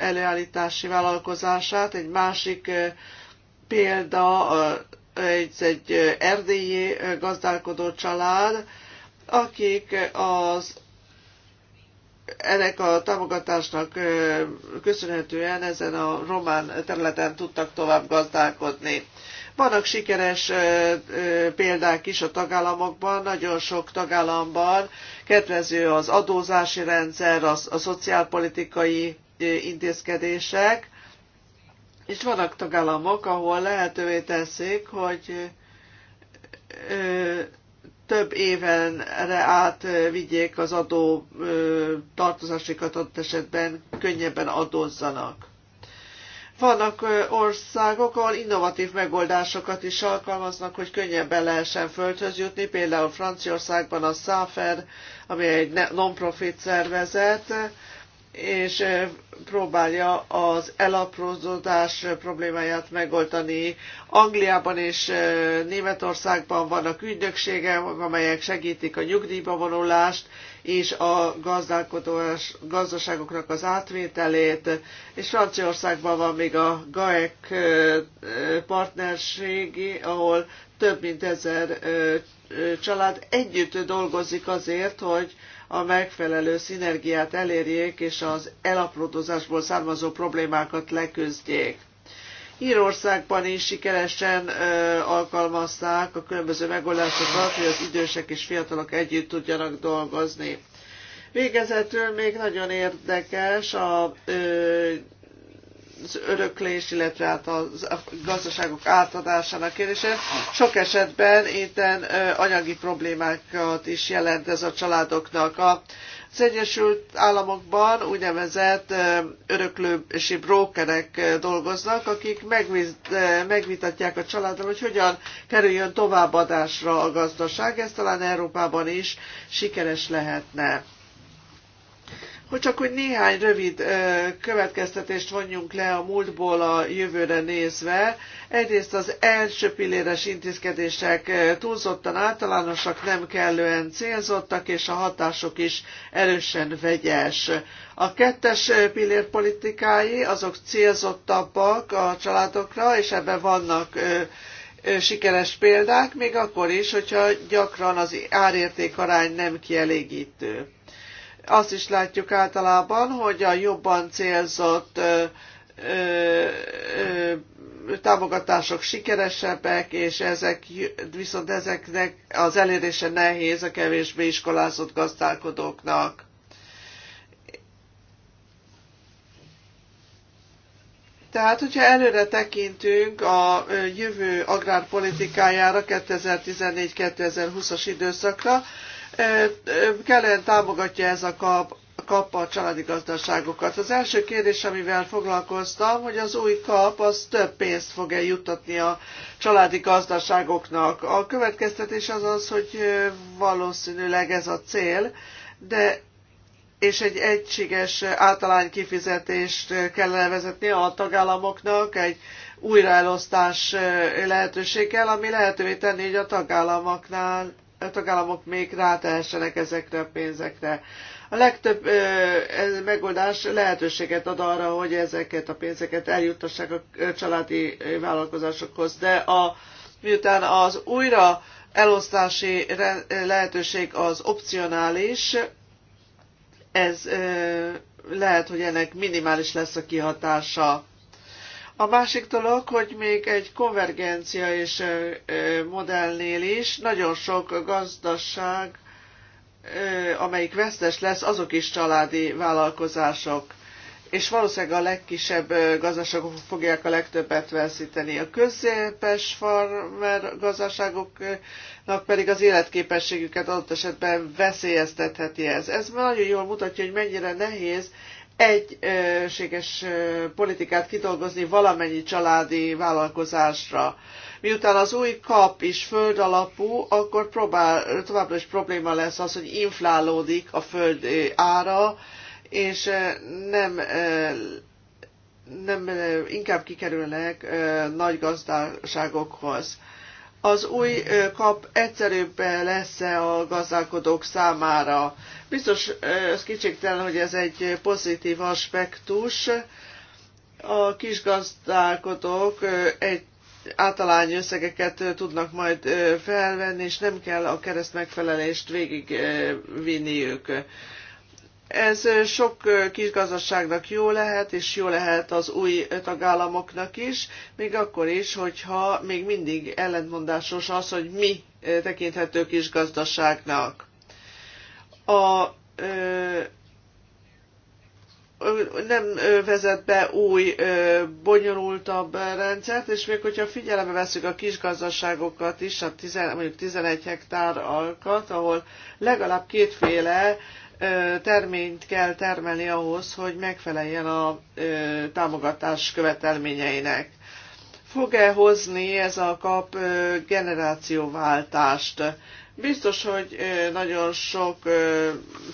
S3: előállítási vállalkozását. Egy másik példa egy, egy erdélyi gazdálkodó család, akik az ennek a támogatásnak köszönhetően ezen a román területen tudtak tovább gazdálkodni. Vannak sikeres példák is a tagállamokban, nagyon sok tagállamban kedvező az adózási rendszer, a, a szociálpolitikai intézkedések, és vannak tagállamok, ahol lehetővé teszik, hogy több évenre át vigyék az adó tartozásikat adott esetben, könnyebben adózzanak. Vannak országok, ahol innovatív megoldásokat is alkalmaznak, hogy könnyebben lehessen földhöz jutni, például Franciaországban a SAFER, ami egy non-profit szervezet, és próbálja az elaprózódás problémáját megoldani. Angliában és Németországban vannak ügynökségek, amelyek segítik a nyugdíjba vonulást, és a gazdaságoknak az átvételét, és Franciaországban van még a GAEC partnerségi, ahol több mint ezer család együtt dolgozik azért, hogy a megfelelő szinergiát elérjék, és az elapródozásból származó problémákat leküzdjék. Írországban is sikeresen alkalmazták a különböző megoldásokat, hogy az idősek és fiatalok együtt tudjanak dolgozni. Végezetül még nagyon érdekes a az öröklés, illetve hát a gazdaságok átadásának kérdése. Sok esetben éten anyagi problémákat is jelent ez a családoknak. A az Egyesült Államokban úgynevezett öröklősi brókerek dolgoznak, akik megvitatják a családdal, hogy hogyan kerüljön továbbadásra a gazdaság. Ez talán Európában is sikeres lehetne hogy csak úgy néhány rövid következtetést vonjunk le a múltból a jövőre nézve. Egyrészt az első pilléres intézkedések túlzottan általánosak, nem kellően célzottak, és a hatások is erősen vegyes. A kettes pillér politikái azok célzottabbak a családokra, és ebben vannak sikeres példák, még akkor is, hogyha gyakran az arány nem kielégítő azt is látjuk általában, hogy a jobban célzott ö, ö, ö, támogatások sikeresebbek, és ezek, viszont ezeknek az elérése nehéz a kevésbé iskolázott gazdálkodóknak. Tehát, hogyha előre tekintünk a jövő agrárpolitikájára 2014-2020-as időszakra, kellően támogatja ez a kap, kap a családi gazdaságokat. Az első kérdés, amivel foglalkoztam, hogy az új kap az több pénzt fog-e juttatni a családi gazdaságoknak. A következtetés az az, hogy valószínűleg ez a cél, de és egy egységes általány kifizetést kellene vezetni a tagállamoknak, egy újraelosztás lehetőséggel, ami lehetővé tenni, hogy a tagállamoknál tagállamok még rátehessenek ezekre a pénzekre. A legtöbb ö, megoldás lehetőséget ad arra, hogy ezeket a pénzeket eljuttassák a családi vállalkozásokhoz, de a, miután az újra elosztási lehetőség az opcionális, ez ö, lehet, hogy ennek minimális lesz a kihatása. A másik dolog, hogy még egy konvergencia és modellnél is nagyon sok gazdaság, amelyik vesztes lesz, azok is családi vállalkozások és valószínűleg a legkisebb gazdaságok fogják a legtöbbet veszíteni. A középes farmer gazdaságoknak pedig az életképességüket adott esetben veszélyeztetheti ez. Ez nagyon jól mutatja, hogy mennyire nehéz egységes politikát kidolgozni valamennyi családi vállalkozásra. Miután az új kap is földalapú, akkor próbál, továbbra is probléma lesz az, hogy inflálódik a föld ára, és nem, nem inkább kikerülnek nagy gazdaságokhoz az új kap egyszerűbb lesz-e a gazdálkodók számára. Biztos ez kicsiktelen, hogy ez egy pozitív aspektus. A gazdálkodók egy általány összegeket tudnak majd felvenni, és nem kell a kereszt megfelelést végigvinniük. Ez sok kisgazdaságnak jó lehet, és jó lehet az új tagállamoknak is, még akkor is, hogyha még mindig ellentmondásos az, hogy mi tekinthető kisgazdaságnak. A nem vezet be új, bonyolultabb rendszert, és még hogyha figyelembe veszük a kisgazdaságokat is, a mondjuk 11 hektár alkat, ahol legalább kétféle terményt kell termelni ahhoz, hogy megfeleljen a támogatás követelményeinek. Fog-e hozni ez a kap generációváltást? Biztos, hogy nagyon sok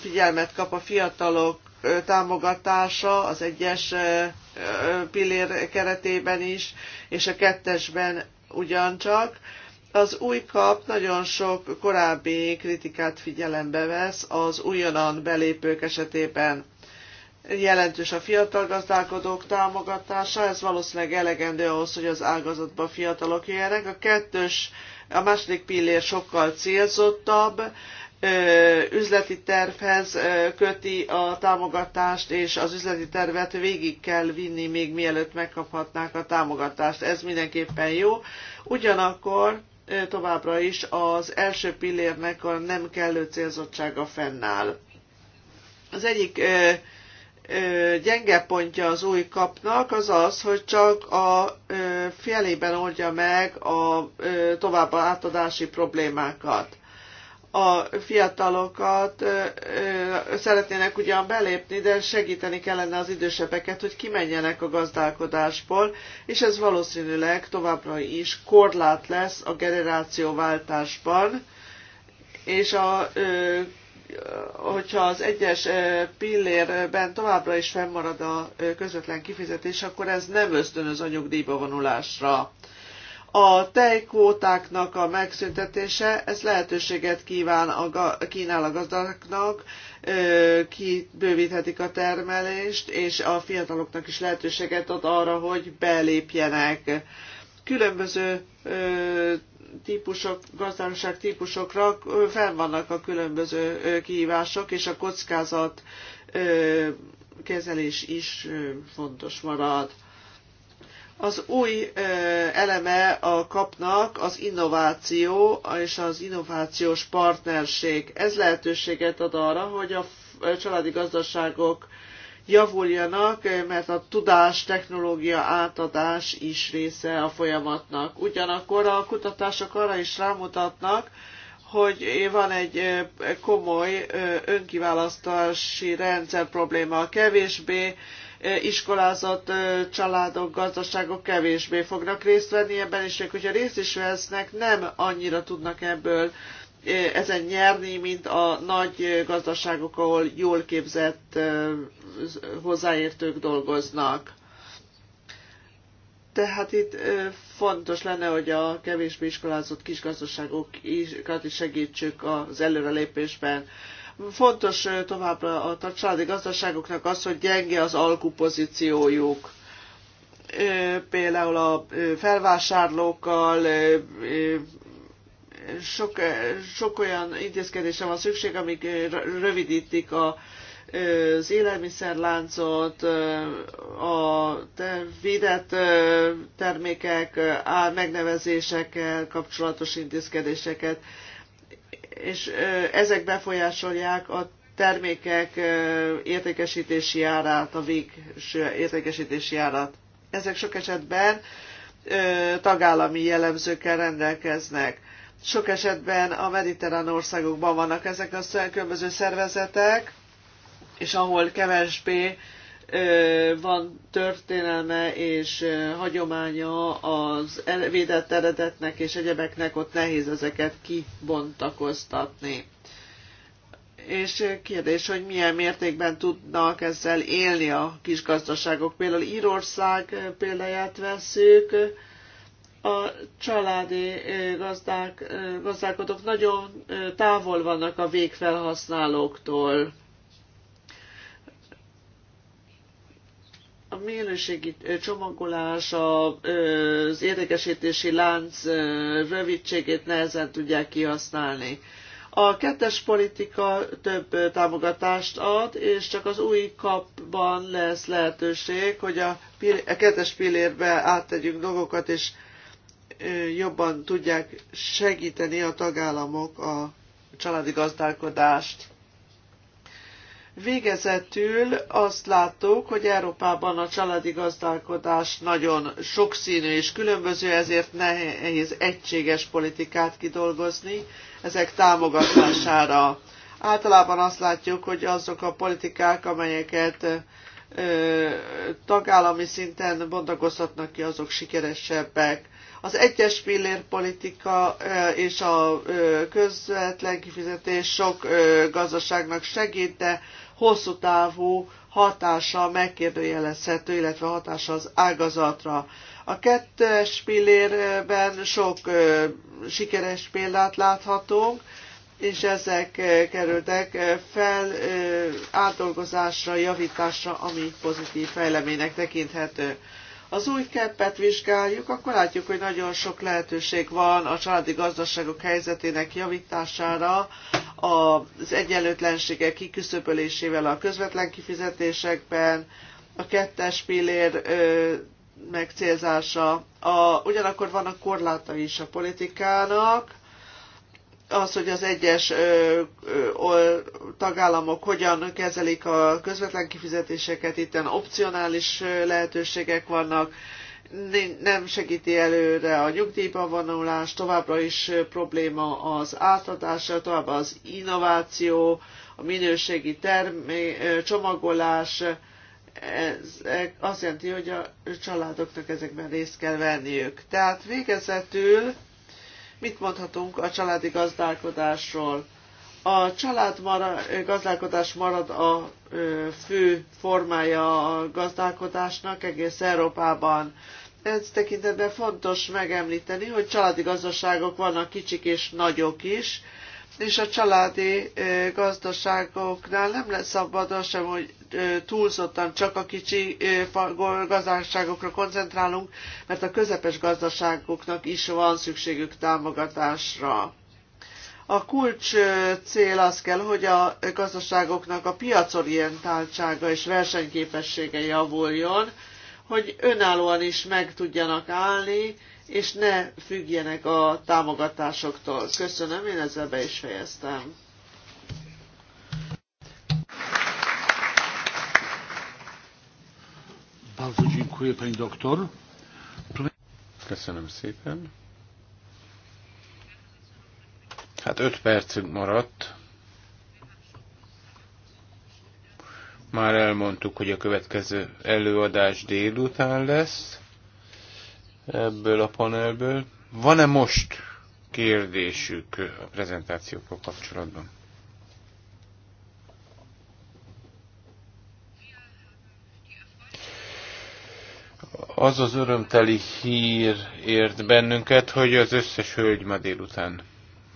S3: figyelmet kap a fiatalok támogatása az egyes pillér keretében is, és a kettesben ugyancsak az új kap nagyon sok korábbi kritikát figyelembe vesz az újonnan belépők esetében. Jelentős a fiatal gazdálkodók támogatása, ez valószínűleg elegendő ahhoz, hogy az ágazatba fiatalok jöjjenek. A kettős, a második pillér sokkal célzottabb, üzleti tervhez köti a támogatást, és az üzleti tervet végig kell vinni, még mielőtt megkaphatnák a támogatást. Ez mindenképpen jó. Ugyanakkor továbbra is az első pillérnek a nem kellő célzottsága fennáll. Az egyik gyenge pontja az új kapnak az az, hogy csak a félében oldja meg a további átadási problémákat a fiatalokat szeretnének ugyan belépni, de segíteni kellene az idősebbeket, hogy kimenjenek a gazdálkodásból, és ez valószínűleg továbbra is korlát lesz a generációváltásban, és a, hogyha az egyes pillérben továbbra is fennmarad a közvetlen kifizetés, akkor ez nem ösztönöz a nyugdíjba vonulásra a tejkvótáknak a megszüntetése, ez lehetőséget kíván a, kínál a gazdáknak, kibővíthetik a termelést, és a fiataloknak is lehetőséget ad arra, hogy belépjenek. Különböző típusok, gazdaság típusokra fenn vannak a különböző kihívások, és a kockázat kezelés is fontos marad. Az új eleme a kapnak az innováció és az innovációs partnerség. Ez lehetőséget ad arra, hogy a családi gazdaságok javuljanak, mert a tudás, technológia átadás is része a folyamatnak. Ugyanakkor a kutatások arra is rámutatnak, hogy van egy komoly önkiválasztási rendszer probléma. Kevésbé iskolázott családok, gazdaságok kevésbé fognak részt venni ebben, és még hogyha részt is vesznek, nem annyira tudnak ebből ezen nyerni, mint a nagy gazdaságok, ahol jól képzett hozzáértők dolgoznak. Tehát itt fontos lenne, hogy a kevésbé iskolázott kisgazdaságokat is segítsük az előrelépésben. Fontos továbbra a családi gazdaságoknak az, hogy gyenge az alkupozíciójuk. Például a felvásárlókkal, sok, sok olyan intézkedésre van szükség, amik rövidítik a, az élelmiszerláncot, a védett termékek, ármegnevezésekkel kapcsolatos intézkedéseket és ezek befolyásolják a termékek értékesítési árát, a végső értékesítési árát. Ezek sok esetben tagállami jellemzőkkel rendelkeznek. Sok esetben a mediterrán országokban vannak ezek a különböző szervezetek, és ahol kevésbé van történelme és hagyománya az védett eredetnek és egyebeknek, ott nehéz ezeket kibontakoztatni. És kérdés, hogy milyen mértékben tudnak ezzel élni a kis gazdaságok. Például Írország példáját veszük, a családi gazdák, gazdálkodók nagyon távol vannak a végfelhasználóktól minőségi csomagolás, az érdekesítési lánc rövidségét nehezen tudják kihasználni. A kettes politika több támogatást ad, és csak az új kapban lesz lehetőség, hogy a, a kettes pillérbe áttegyünk dolgokat, és jobban tudják segíteni a tagállamok a családi gazdálkodást. Végezetül azt láttuk, hogy Európában a családi gazdálkodás nagyon sokszínű és különböző, ezért nehéz egységes politikát kidolgozni ezek támogatására. Általában azt látjuk, hogy azok a politikák, amelyeket ö, tagállami szinten bontakozhatnak ki, azok sikeresebbek. Az egyes pillér politika és a közvetlen kifizetés sok gazdaságnak segít, de hosszú távú hatása megkérdőjelezhető, illetve hatása az ágazatra. A kettes pillérben sok sikeres példát láthatunk, és ezek kerültek fel átdolgozásra, javításra, ami pozitív fejleménynek tekinthető az új keppet vizsgáljuk, akkor látjuk, hogy nagyon sok lehetőség van a családi gazdaságok helyzetének javítására, az egyenlőtlenségek kiküszöbölésével a közvetlen kifizetésekben, a kettes pillér ö, megcélzása. A, ugyanakkor vannak korlátai is a politikának, az, hogy az egyes ö, ö, tagállamok hogyan kezelik a közvetlen kifizetéseket, itt opcionális lehetőségek vannak, nem segíti előre a nyugdíjba vonulás, továbbra is probléma az átadása, tovább az innováció, a minőségi termé, csomagolás, ez e, azt jelenti, hogy a családoknak ezekben részt kell venniük. Tehát végezetül Mit mondhatunk a családi gazdálkodásról? A család mara, gazdálkodás marad a fő formája a gazdálkodásnak egész Európában. Ez tekintetben fontos megemlíteni, hogy családi gazdaságok vannak kicsik és nagyok is, és a családi gazdaságoknál nem lesz szabad az sem, hogy túlzottan csak a kicsi gazdaságokra koncentrálunk, mert a közepes gazdaságoknak is van szükségük támogatásra. A kulcs cél az kell, hogy a gazdaságoknak a piacorientáltsága és versenyképessége javuljon, hogy önállóan is meg tudjanak állni, és ne függjenek a támogatásoktól. Köszönöm, én ezzel be is fejeztem.
S1: Bardzo dziękuję, pani
S2: doktor. Köszönöm szépen. Hát öt percünk maradt. Már elmondtuk, hogy a következő előadás délután lesz ebből a panelből. Van-e most kérdésük a prezentációkkal kapcsolatban? az az örömteli hír ért bennünket, hogy az összes hölgy ma délután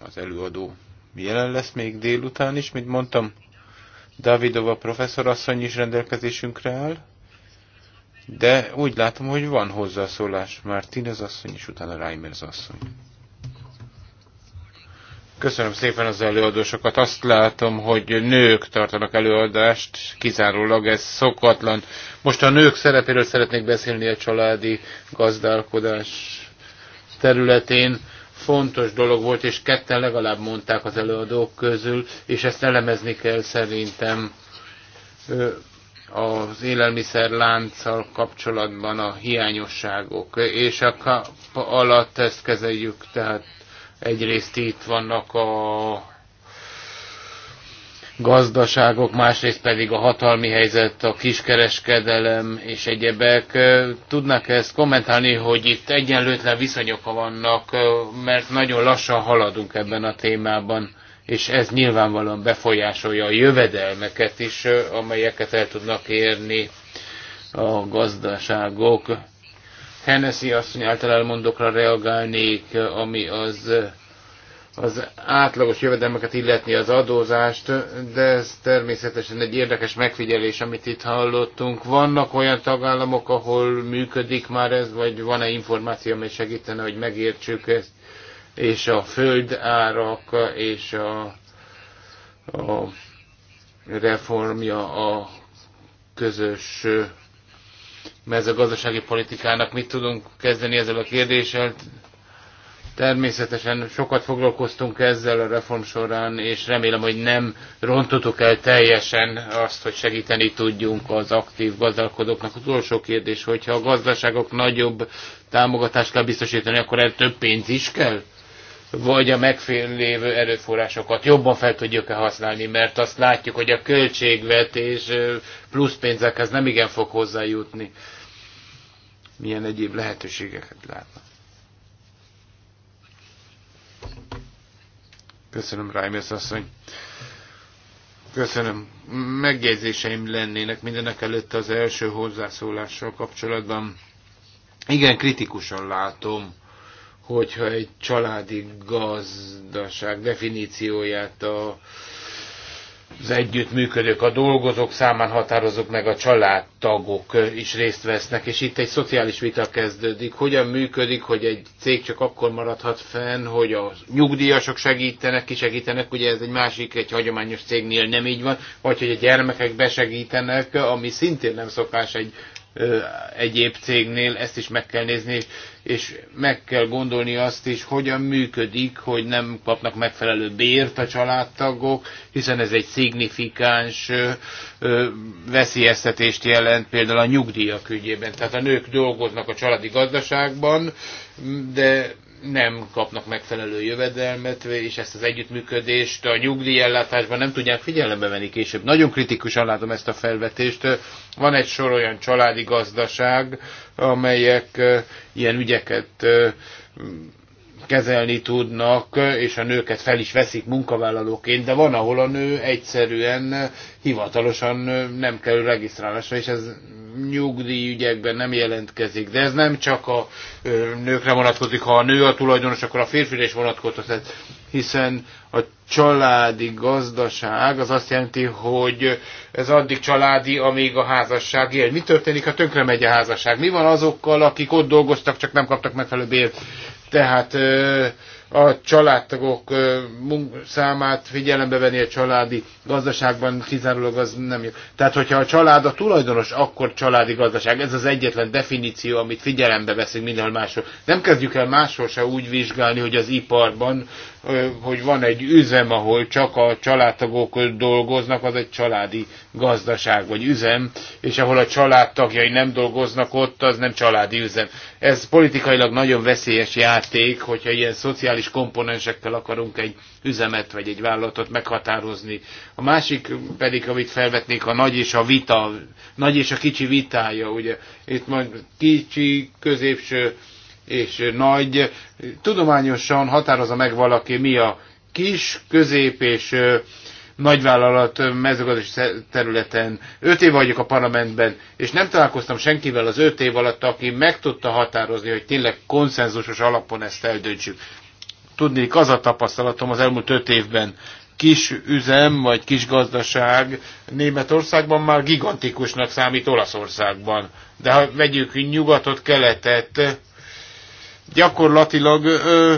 S2: az előadó jelen lesz még délután is, mint mondtam, Davidova professzorasszony is rendelkezésünkre áll, de úgy látom, hogy van hozzászólás, már Tinez asszony és utána Reimers asszony. Köszönöm szépen az előadósokat. Azt látom, hogy nők tartanak előadást, kizárólag ez szokatlan. Most a nők szerepéről szeretnék beszélni a családi gazdálkodás területén. Fontos dolog volt, és ketten legalább mondták az előadók közül, és ezt elemezni kell szerintem az élelmiszer lánccal kapcsolatban a hiányosságok, és a kap alatt ezt kezeljük, tehát Egyrészt itt vannak a gazdaságok, másrészt pedig a hatalmi helyzet, a kiskereskedelem és egyebek. Tudnak -e ezt kommentálni, hogy itt egyenlőtlen viszonyok vannak, mert nagyon lassan haladunk ebben a témában, és ez nyilvánvalóan befolyásolja a jövedelmeket is, amelyeket el tudnak érni a gazdaságok Hennessy asszony által elmondokra reagálnék, ami az, az átlagos jövedelmeket illetni az adózást, de ez természetesen egy érdekes megfigyelés, amit itt hallottunk. Vannak olyan tagállamok, ahol működik már ez, vagy van-e információ, ami segítene, hogy megértsük ezt, és a földárak, és a, a reformja a közös mezőgazdasági politikának. Mit tudunk kezdeni ezzel a kérdéssel? Természetesen sokat foglalkoztunk ezzel a reform során, és remélem, hogy nem rontottuk el teljesen azt, hogy segíteni tudjunk az aktív gazdálkodóknak. Utolsó kérdés, hogyha a gazdaságok nagyobb támogatást kell biztosítani, akkor erre több pénz is kell? Vagy a megfélévő erőforrásokat jobban fel tudjuk-e használni, mert azt látjuk, hogy a költségvetés plusz pénzekhez nem igen fog hozzájutni milyen egyéb lehetőségeket látnak. Köszönöm, Rájmész asszony. Köszönöm. Megjegyzéseim lennének mindenek előtt az első hozzászólással kapcsolatban. Igen, kritikusan látom, hogyha egy családi gazdaság definícióját a az együttműködők, a dolgozók számán határozók meg, a családtagok is részt vesznek, és itt egy szociális vita kezdődik. Hogyan működik, hogy egy cég csak akkor maradhat fenn, hogy a nyugdíjasok segítenek, kisegítenek, ugye ez egy másik, egy hagyományos cégnél nem így van, vagy hogy a gyermekek besegítenek, ami szintén nem szokás egy egyéb cégnél, ezt is meg kell nézni, és meg kell gondolni azt is, hogyan működik, hogy nem kapnak megfelelő bért a családtagok, hiszen ez egy szignifikáns veszélyeztetést jelent például a nyugdíjak ügyében. Tehát a nők dolgoznak a családi gazdaságban, de nem kapnak megfelelő jövedelmet, és ezt az együttműködést a nyugdíjellátásban nem tudják figyelembe venni később. Nagyon kritikusan látom ezt a felvetést. Van egy sor olyan családi gazdaság, amelyek ilyen ügyeket kezelni tudnak, és a nőket fel is veszik munkavállalóként, de van, ahol a nő egyszerűen hivatalosan nem kerül regisztrálásra, és ez nyugdíjügyekben nem jelentkezik. De ez nem csak a nőkre vonatkozik, ha a nő a tulajdonos, akkor a férfire is vonatkozhat, hiszen a családi gazdaság az azt jelenti, hogy ez addig családi, amíg a házasság él. Mi történik, ha tönkre megy a házasság? Mi van azokkal, akik ott dolgoztak, csak nem kaptak megfelelő bért? Tehát a családtagok számát figyelembe venni a családi gazdaságban kizárólag az nem jó. Tehát, hogyha a család a tulajdonos, akkor családi gazdaság. Ez az egyetlen definíció, amit figyelembe veszünk mindenhol máshol. Nem kezdjük el máshol se úgy vizsgálni, hogy az iparban hogy van egy üzem, ahol csak a családtagok dolgoznak, az egy családi gazdaság vagy üzem, és ahol a családtagjai nem dolgoznak ott, az nem családi üzem. Ez politikailag nagyon veszélyes játék, hogyha ilyen szociális komponensekkel akarunk egy üzemet vagy egy vállalatot meghatározni. A másik pedig, amit felvetnék, a nagy és a vita, nagy és a kicsi vitája, ugye itt majd kicsi, középső és nagy, tudományosan határozza meg valaki, mi a kis, közép és nagyvállalat mezőgazdasági területen. Öt év vagyok a parlamentben, és nem találkoztam senkivel az öt év alatt, aki meg tudta határozni, hogy tényleg konszenzusos alapon ezt eldöntsük. Tudnék, az a tapasztalatom az elmúlt öt évben, kis üzem vagy kis gazdaság Németországban már gigantikusnak számít Olaszországban. De ha vegyük nyugatot, keletet, gyakorlatilag ö,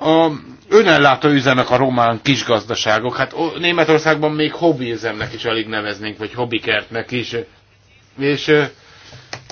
S2: a önellátó üzemek a román kisgazdaságok. Hát Németországban még hobbi üzemnek is alig neveznénk, vagy hobbikertnek is. És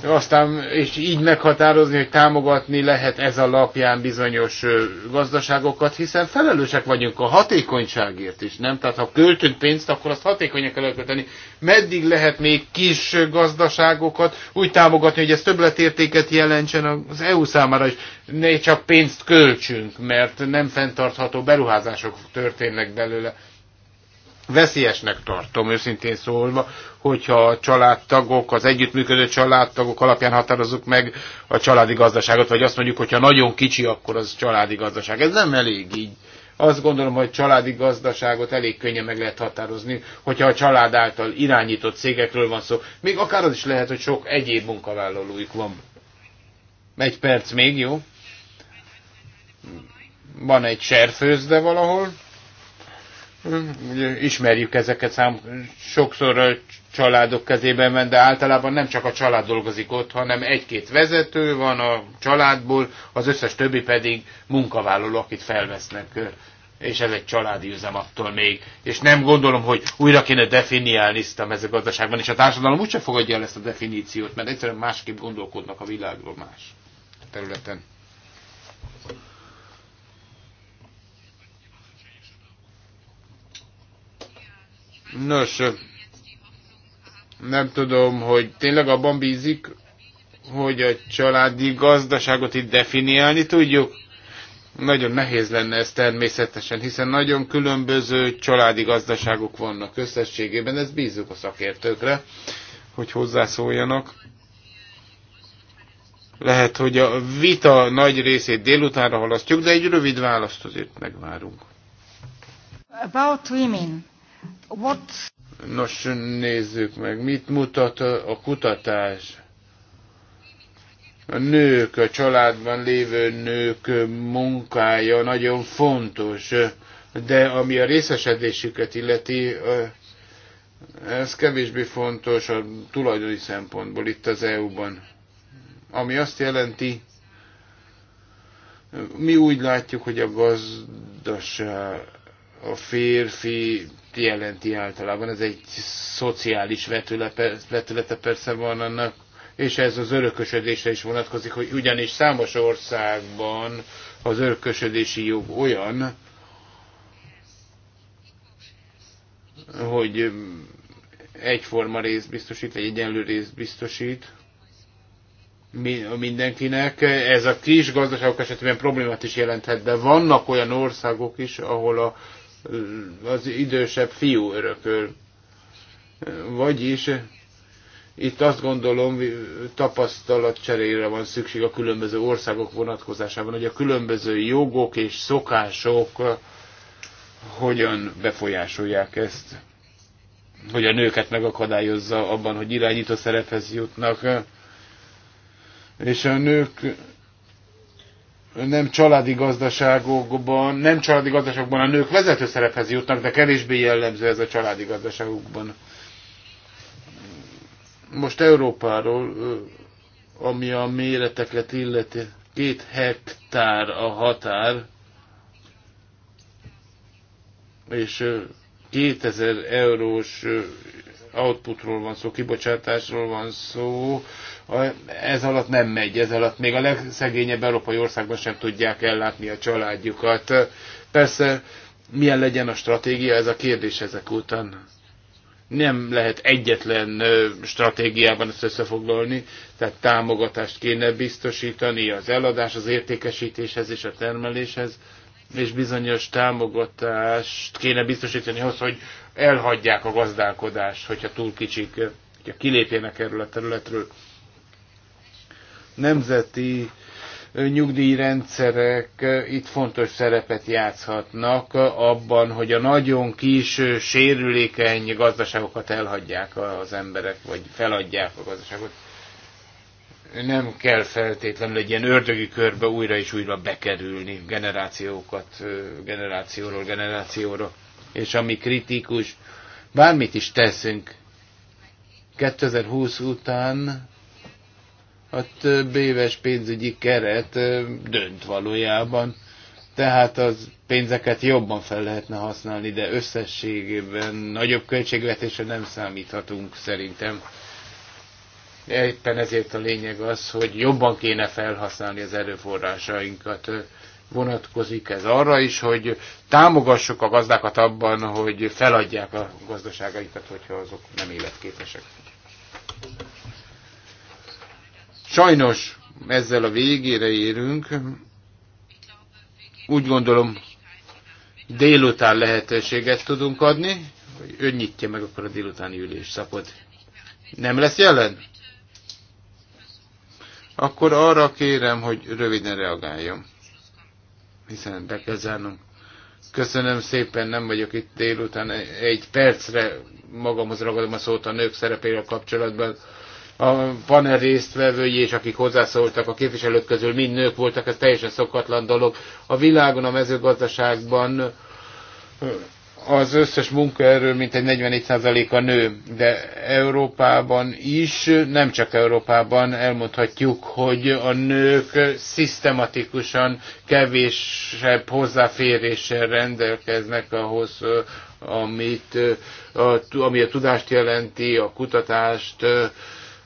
S2: aztán és így meghatározni, hogy támogatni lehet ez alapján bizonyos gazdaságokat, hiszen felelősek vagyunk a hatékonyságért is, nem? Tehát ha költünk pénzt, akkor azt hatékonyan kell elkölteni. Meddig lehet még kis gazdaságokat úgy támogatni, hogy ez többletértéket jelentsen az EU számára hogy Ne csak pénzt költsünk, mert nem fenntartható beruházások történnek belőle veszélyesnek tartom, őszintén szólva, hogyha a családtagok, az együttműködő családtagok alapján határozzuk meg a családi gazdaságot, vagy azt mondjuk, hogyha nagyon kicsi, akkor az családi gazdaság. Ez nem elég így. Azt gondolom, hogy családi gazdaságot elég könnyen meg lehet határozni, hogyha a család által irányított cégekről van szó. Még akár az is lehet, hogy sok egyéb munkavállalóik van. Egy perc még, jó? Van egy serfőzde valahol ismerjük ezeket szám, sokszor a családok kezében van, de általában nem csak a család dolgozik ott, hanem egy-két vezető van a családból, az összes többi pedig munkavállaló, akit felvesznek és ez egy családi üzem attól még. És nem gondolom, hogy újra kéne definiálni ezt a mezőgazdaságban, és a társadalom úgyse fogadja el ezt a definíciót, mert egyszerűen másképp gondolkodnak a világról más területen. Nos, nem tudom, hogy tényleg abban bízik, hogy a családi gazdaságot itt definiálni tudjuk. Nagyon nehéz lenne ez természetesen, hiszen nagyon különböző családi gazdaságok vannak összességében, ezt bízunk a szakértőkre, hogy hozzászóljanak. Lehet, hogy a vita nagy részét délutánra halasztjuk, de egy rövid választ azért megvárunk.
S3: About women. What...
S2: Nos, nézzük meg, mit mutat a kutatás. A nők, a családban lévő nők munkája nagyon fontos, de ami a részesedésüket illeti, ez kevésbé fontos a tulajdoni szempontból itt az EU-ban. Ami azt jelenti, mi úgy látjuk, hogy a gazdaság, a férfi jelenti általában. Ez egy szociális vetülete, vetülete persze van annak, és ez az örökösödésre is vonatkozik, hogy ugyanis számos országban az örökösödési jog olyan, hogy egyforma részt biztosít, egy egyenlő részt biztosít mindenkinek. Ez a kis gazdaságok esetében problémát is jelenthet, de vannak olyan országok is, ahol a az idősebb fiú örököl. Vagyis itt azt gondolom, tapasztalatcserére van szükség a különböző országok vonatkozásában, hogy a különböző jogok és szokások hogyan befolyásolják ezt, hogy a nőket megakadályozza abban, hogy irányító szerephez jutnak. És a nők nem családi gazdaságokban, nem családi gazdaságokban a nők vezető szerephez jutnak, de kevésbé jellemző ez a családi gazdaságokban. Most Európáról, ami a méreteket illeti, két hektár a határ, és 2000 eurós outputról van szó, kibocsátásról van szó, ez alatt nem megy, ez alatt még a legszegényebb európai országban sem tudják ellátni a családjukat. Persze, milyen legyen a stratégia, ez a kérdés ezek után nem lehet egyetlen stratégiában ezt összefoglalni, tehát támogatást kéne biztosítani az eladás, az értékesítéshez és a termeléshez és bizonyos támogatást kéne biztosítani ahhoz, hogy elhagyják a gazdálkodást, hogyha túl kicsik, hogyha kilépjenek erről a területről. Nemzeti nyugdíjrendszerek itt fontos szerepet játszhatnak abban, hogy a nagyon kis, sérülékeny gazdaságokat elhagyják az emberek, vagy feladják a gazdaságot nem kell feltétlenül egy ilyen ördögi körbe újra és újra bekerülni generációkat, generációról generációra. És ami kritikus, bármit is teszünk, 2020 után a több éves pénzügyi keret dönt valójában. Tehát az pénzeket jobban fel lehetne használni, de összességében nagyobb költségvetésre nem számíthatunk szerintem. Éppen ezért a lényeg az, hogy jobban kéne felhasználni az erőforrásainkat. Vonatkozik ez arra is, hogy támogassuk a gazdákat abban, hogy feladják a gazdaságaikat, hogyha azok nem életképesek. Sajnos ezzel a végére érünk. Úgy gondolom, délután lehetőséget tudunk adni, hogy önnyitja meg akkor a délutáni ülés szakot. Nem lesz jelen? akkor arra kérem, hogy röviden reagáljon. Hiszen be kell zárnom. Köszönöm szépen, nem vagyok itt délután. Egy percre magamhoz ragadom a szót a nők szerepéről kapcsolatban. A panel résztvevői és akik hozzászóltak a képviselők közül mind nők voltak, ez teljesen szokatlan dolog. A világon, a mezőgazdaságban az összes munkaerő mintegy 44%-a nő, de Európában is, nem csak Európában elmondhatjuk, hogy a nők szisztematikusan kevésebb hozzáféréssel rendelkeznek ahhoz, eh, amit, eh, a, ami a tudást jelenti, a kutatást, eh,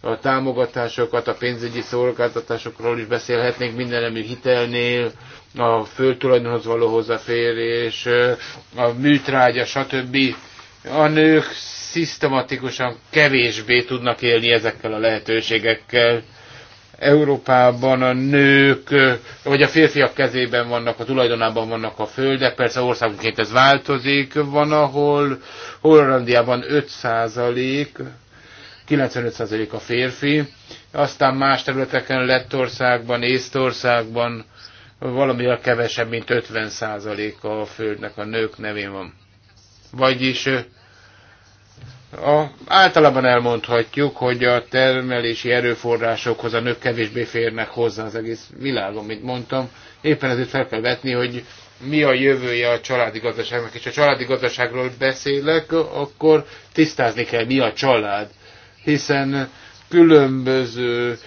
S2: a támogatásokat, a pénzügyi szolgáltatásokról is beszélhetnénk mindenemű hitelnél, a földtulajdonhoz való hozzáférés, a műtrágya, stb. A nők szisztematikusan kevésbé tudnak élni ezekkel a lehetőségekkel. Európában a nők, vagy a férfiak kezében vannak, a tulajdonában vannak a földek, persze országunként ez változik, van ahol Hollandiában 5 százalék, 95% a férfi, aztán más területeken Lettországban, Észtországban valamivel kevesebb, mint 50% a földnek a nők nevén van. Vagyis a, általában elmondhatjuk, hogy a termelési erőforrásokhoz a nők kevésbé férnek hozzá az egész világon, mint mondtam. Éppen ezért fel kell vetni, hogy mi a jövője a családi gazdaságnak, és a családi gazdaságról beszélek, akkor tisztázni kell, mi a család. Hiszen különböző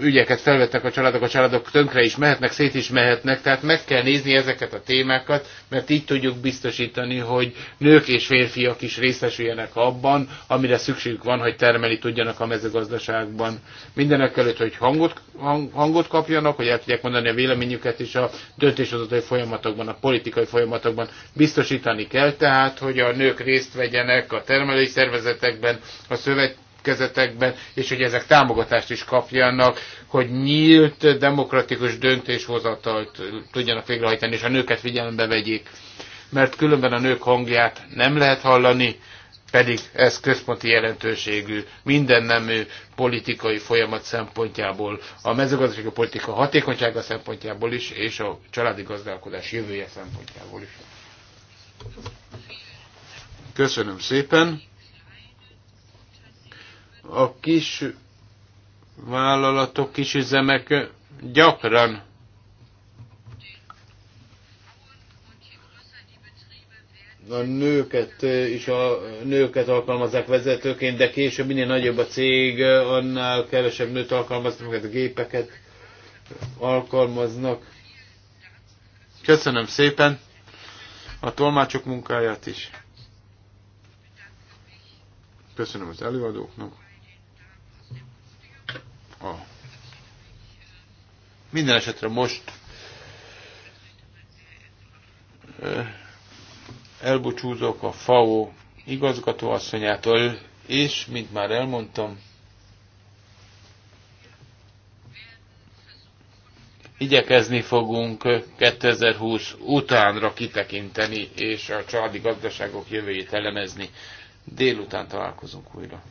S2: ügyeket felvettek a családok, a családok tönkre is mehetnek, szét is mehetnek, tehát meg kell nézni ezeket a témákat, mert így tudjuk biztosítani, hogy nők és férfiak is részesüljenek abban, amire szükségük van, hogy termelni tudjanak a mezőgazdaságban. Mindenek előtt, hogy hangot, hang, hangot kapjanak, hogy el tudják mondani a véleményüket is a döntéshozatai folyamatokban, a politikai folyamatokban. Biztosítani kell tehát, hogy a nők részt vegyenek a termelői szervezetekben, a szövet kezetekben, és hogy ezek támogatást is kapjanak, hogy nyílt, demokratikus döntéshozatalt tudjanak végrehajtani, és a nőket figyelembe vegyék. Mert különben a nők hangját nem lehet hallani, pedig ez központi jelentőségű minden nemű politikai folyamat szempontjából, a mezőgazdasági politika hatékonysága szempontjából is, és a családi gazdálkodás jövője szempontjából is. Köszönöm szépen! A kis vállalatok, kis üzemek gyakran a nőket is a nőket alkalmazzák vezetőként, de később minél nagyobb a cég, annál kevesebb nőt alkalmaznak, a gépeket alkalmaznak. Köszönöm szépen a tolmácsok munkáját is. Köszönöm az előadóknak a... Minden esetre most elbúcsúzok a FAO igazgatóasszonyától, és, mint már elmondtam, igyekezni fogunk 2020 utánra kitekinteni, és a családi gazdaságok jövőjét elemezni. Délután találkozunk újra.